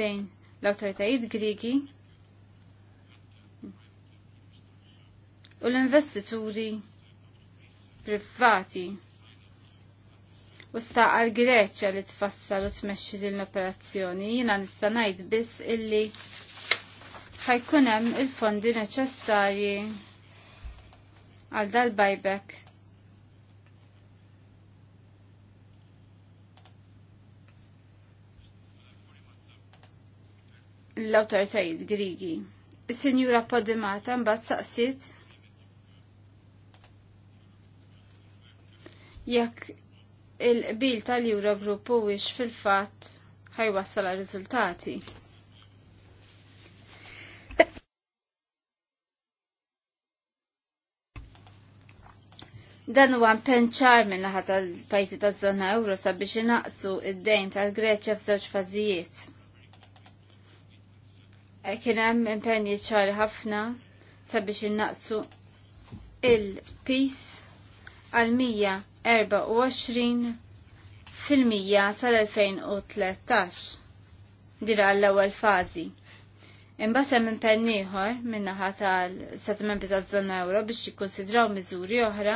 bejn l-awtoritajiet Grigi u l-investituri privati. U sta għal Greċja li tfassal u tmexxi din l-operazzjoni, jina nista' ngħid biss illi ħajkun hemm il-fondi neċessarji għal dal-buyback. l-autoritajiet Grigi. Is-Sinjura Podimata mbagħad saqsiet jekk il-qbil tal-Eurogroup huwiex fil-fatt ħajwassal għal riżultati. Dan huwa mpenċar minn naħa tal-pajjiżi taż-żona Ewro sabiex inaqsu id-dejn tal-Greċja f'żewġ fażijiet. E kien hemm impenji ċari ħafna sabiex innaqsu il-pis għal mija 24 fil-mija sal-2013 dira l-ewwel fażi. Imbagħad hemm impenn ieħor min-naħa tal-Stati ta' taż-żona Ewro biex jikkonsidraw miżuri oħra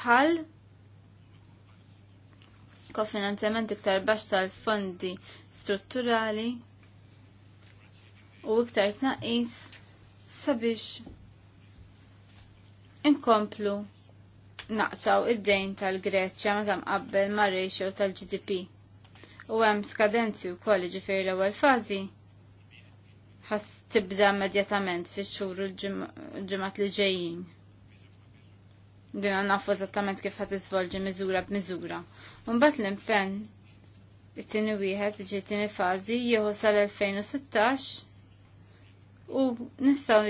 bħal kofinanzjament iktar baxx tal-fondi strutturali u iktar tnaqqis sabiex inkomplu naqsaw id-dejn tal-Greċja meta mqabbel mar-ratio tal-GDP. U hemm skadenzi wkoll ġifieri l-ewwel fażi ħas tibda immedjatament fix-xhur u l-ġimgħat li ġejjin. Dina nafu eżattament kif ħad iżvolġi miżura b'miżura. Mbagħad l-impenn it-tieni wieħed ġi tieni fażi jieħu sal-2016 u nistgħu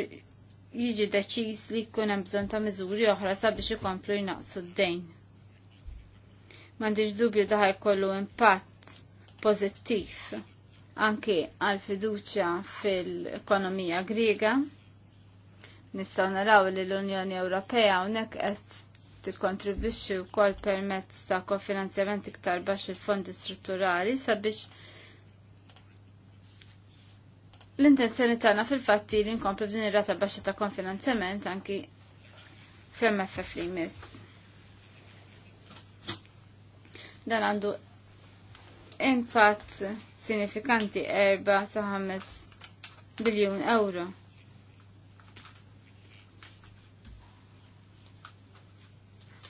jiġi deċiż li jkun hemm bżonn ta' miżuri oħra sabiex ikomplu jnaqsu d-dejn. M'għandix dubju daħ jkollu impatt pożittiv anke għal fiduċja fil-ekonomija Griega. Nistgħu naraw li l-Unjoni Ewropea hawnhekk qed tikkontribwixxi wkoll permezz ta' kofinanzjament iktar baxx fil fondi strutturali sabiex L-intenzjoni tagħna fil-fatti li nkomplu b'din ir-rata baxxa ta' konfinanzjament anki fl-MFF li jmiss. Dan għandu impatt sinifikanti 4 sa 5 biljun euro.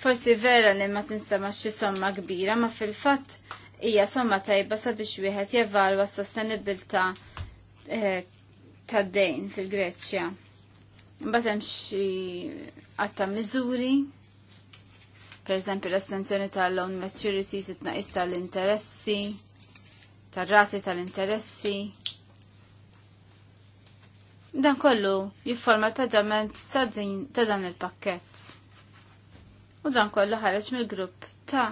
Forsi vera li ma tinstema xi somma kbira, ma fil-fatt hija somma tajba sabiex wieħed jevalwa s-sostenibilta' Eh, tad-dejn fil-Greċja. Mbagħad hemm xi għatta miżuri, pereżempju l-estensjoni tal-loan maturity it-tnaqis tal-interessi, tar-rati tal-interessi. Dan kollu jifforma l-pedament ta' dan il-pakkett. U dan kollu ħareġ mill-grupp ta'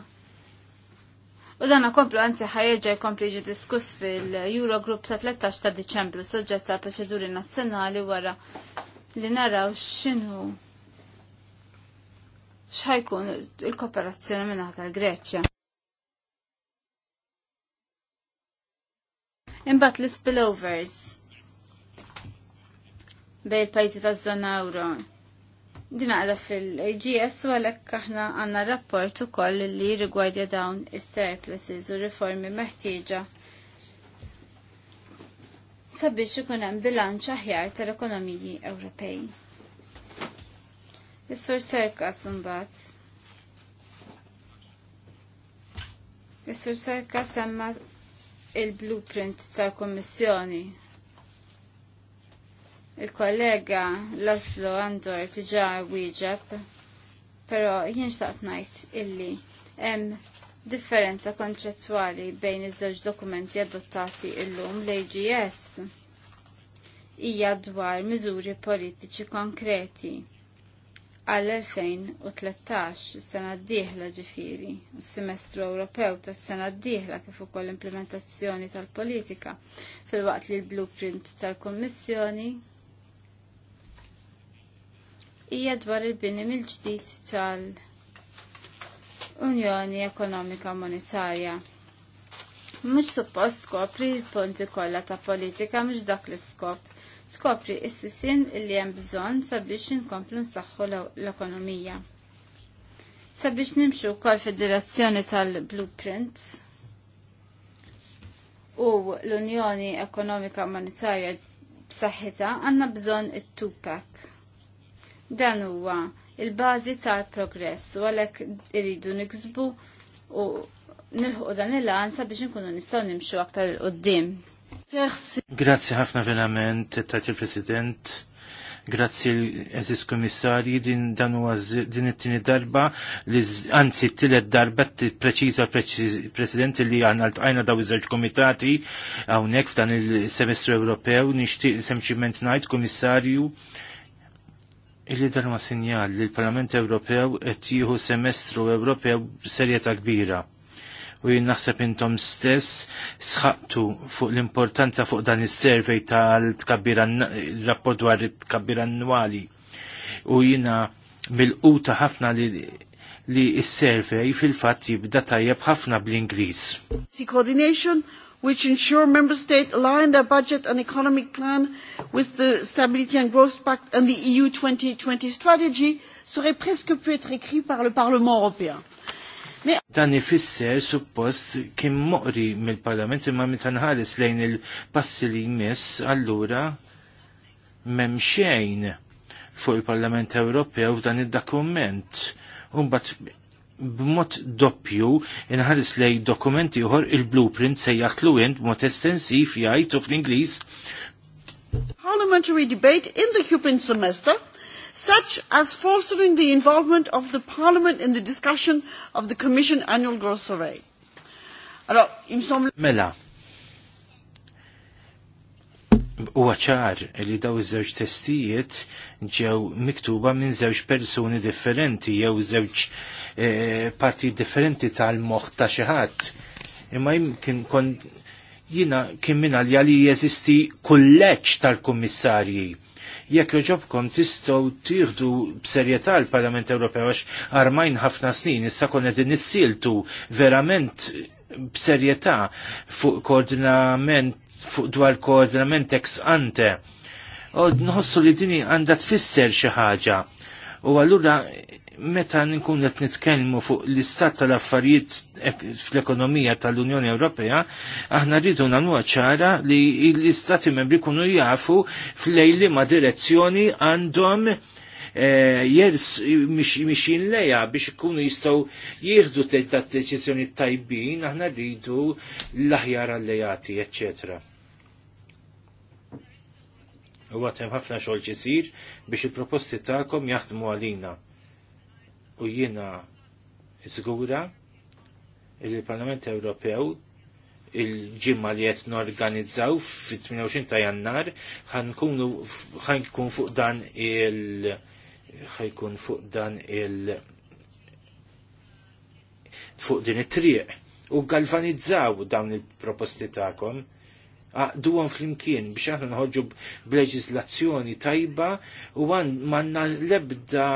U dan komplu għanzi ħajġa jkompli ġi diskuss fil-Eurogroup sa' 13 ta' Diċembru soġġett ta' proċeduri nazzjonali wara li naraw x'inhu x'ħajkun il-kooperazzjoni minn tal-Greċja. Imbagħad l-spillovers bej il-pajjiżi taż-żona euro Din għada fil-AGS u għalek aħna għanna rapport u koll li rigwardja dawn is-surpluses u riformi meħtieġa sabiex ikun hemm bilanċ aħjar tal-ekonomiji Ewropej. Is-sur Serkas imbagħad. Is-sur Serkas semma il-blueprint tal komissjoni il-kollega Laszlo Andor tiġa wieġeb, pero jien xtaqt ngħid illi hemm differenza konċettwali bejn iż-żewġ dokumenti adottati illum l-AGS hija dwar miżuri politiċi konkreti għall 2013 sena d-dieħla ġifiri, s-semestru Ewropew ta' sena d-dieħla kif ukoll implementazzjoni tal-politika fil-waqt li l-blueprint tal-Kommissjoni hija dwar il-bini mill-ġdid tal-Unjoni Ekonomika Monetarja. Mhux suppost skopri l-punti kollha ta' politika mhux dak li skop tkopri s-sisin li hemm bżonn sabiex inkomplu nsaħħu l-ekonomija. Sabiex nimxu wkoll fid tal-blueprints u l-Unjoni Ekonomika Monetarja b'saħħitha għandna bżonn it-tupak Dan huwa il-bażi tal-progress u għalhekk iridu niksbu u nilħu dan il-għan sabiex nkunu nistgħu nimxu aktar il qoddim Grazzi ħafna verament, tajt il-President. Grazzi l-Eżis Komissarji din dan huwa din it-tieni darba li anzi t-tielet darba preċiża President li għandna ltqajna daw iż-żewġ komitati hawnhekk f'dan il-Semestru Ewropew nixtieq sempliċiment ngħid Komissarju illi darma sinjal li l-Parlament Ewropew qed jieħu semestru Ewropew serjetà kbira. U jien naħseb intom stess sħaqtu fuq l-importanza fuq dan is-servej tal-tkabbir rapport dwar it-tkabbir annwali. U jiena mill-quta ħafna li li s-servej fil-fatt jibda tajjeb ħafna bl-Ingliż. coordination which ensure member states align their budget and economic plan with the Stability and Growth Pact and the EU twenty strategy serait presque pu être écrit par le Parlement européen. Dan ifisser suppost kien moqri mill-Parlament imma meta nħares lejn il-passi li jmiss allura m'hemm xejn fuq il-Parlament Ewropew f'dan id-dokument. Umbat b'mod doppju inħares lej dokumenti uħor il-blueprint se jaħtlu jend b'mod estensiv jgħid u fl-Ingliż. Parliamentary debate in the Cuban semester such as fostering the involvement of the Parliament in the discussion of the Commission annual growth survey. Alors, il me semble... Mela, huwa ċar li daw iż-żewġ testijiet ġew miktuba minn żewġ persuni differenti jew żewġ eh, parti differenti tal-moħħ ta' xi ħadd. Imma jimkien kon jiena kien minn għalja li jeżisti kulleġġ tal-kummissarji. Jekk joġobkom tistgħu tieħdu b'serjetà l-Parlament Ewropew għax armajn ħafna snin issa kon qegħdin issiltu verament b'serjetà fuq koordinament fuq dwar koordinament ex ante. U nħossu li dini għandha tfisser xi ħaġa. U allura meta nkun qed nitkellmu fuq l-istat tal-affarijiet fl-ekonomija tal-Unjoni Ewropea, aħna rridu nagħmlu ċara li l-istati membri kunu jafu f'lejli ma' direzzjoni għandhom eh, jers mixin leja biex ikunu jistaw jieħdu ta' deċizjoni tajbin, aħna rridu l-aħjar allejati, eccetera u għatem ħafna xogħol ġisir biex il-proposti tagħkom jaħdmu għalina. U jiena żgura il-Parlament Ewropew il-ġimma li qed norganizzaw fit-28 ta' Jannar ħankunu ħankun fuq dan il ħajkun fuq dan il fuq din it-triq u galvanizzaw dawn il-proposti tagħkom għadduhom flimkien biex aħna nħoġġu b'leġislazzjoni tajba u għan manna lebda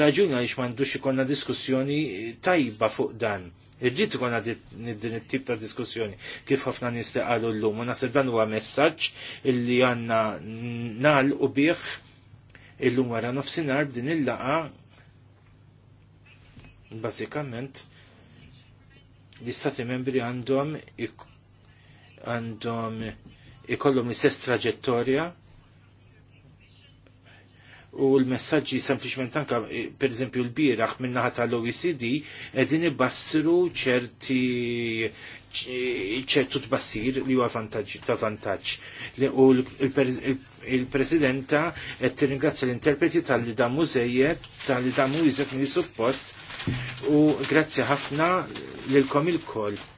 raġuni għaliex m'għandux ikonna diskussjoni tajba fuq dan. Irrid konna din it-tip ta' diskussjoni kif ħafna nistaqalu l-lum. llum u nasib dan huwa messaġġ illi għandna u bih illum wara nofsinhar b'din il-laqa bażikament l-istati membri għandhom ik għandhom ikollhom l-istess traġettorja u l-messagġi sempliċement anka, per eżempju, l-biraħ naħa tal-OECD, edin ibassru ċerti ċertu tbassir li huwa ta' vantaġġ. U l presidenta qed tirringrazzja l-interpreti tal-li Mużejjed, tal-li damu iżet minn suppost u grazzi ħafna lilkom il-koll.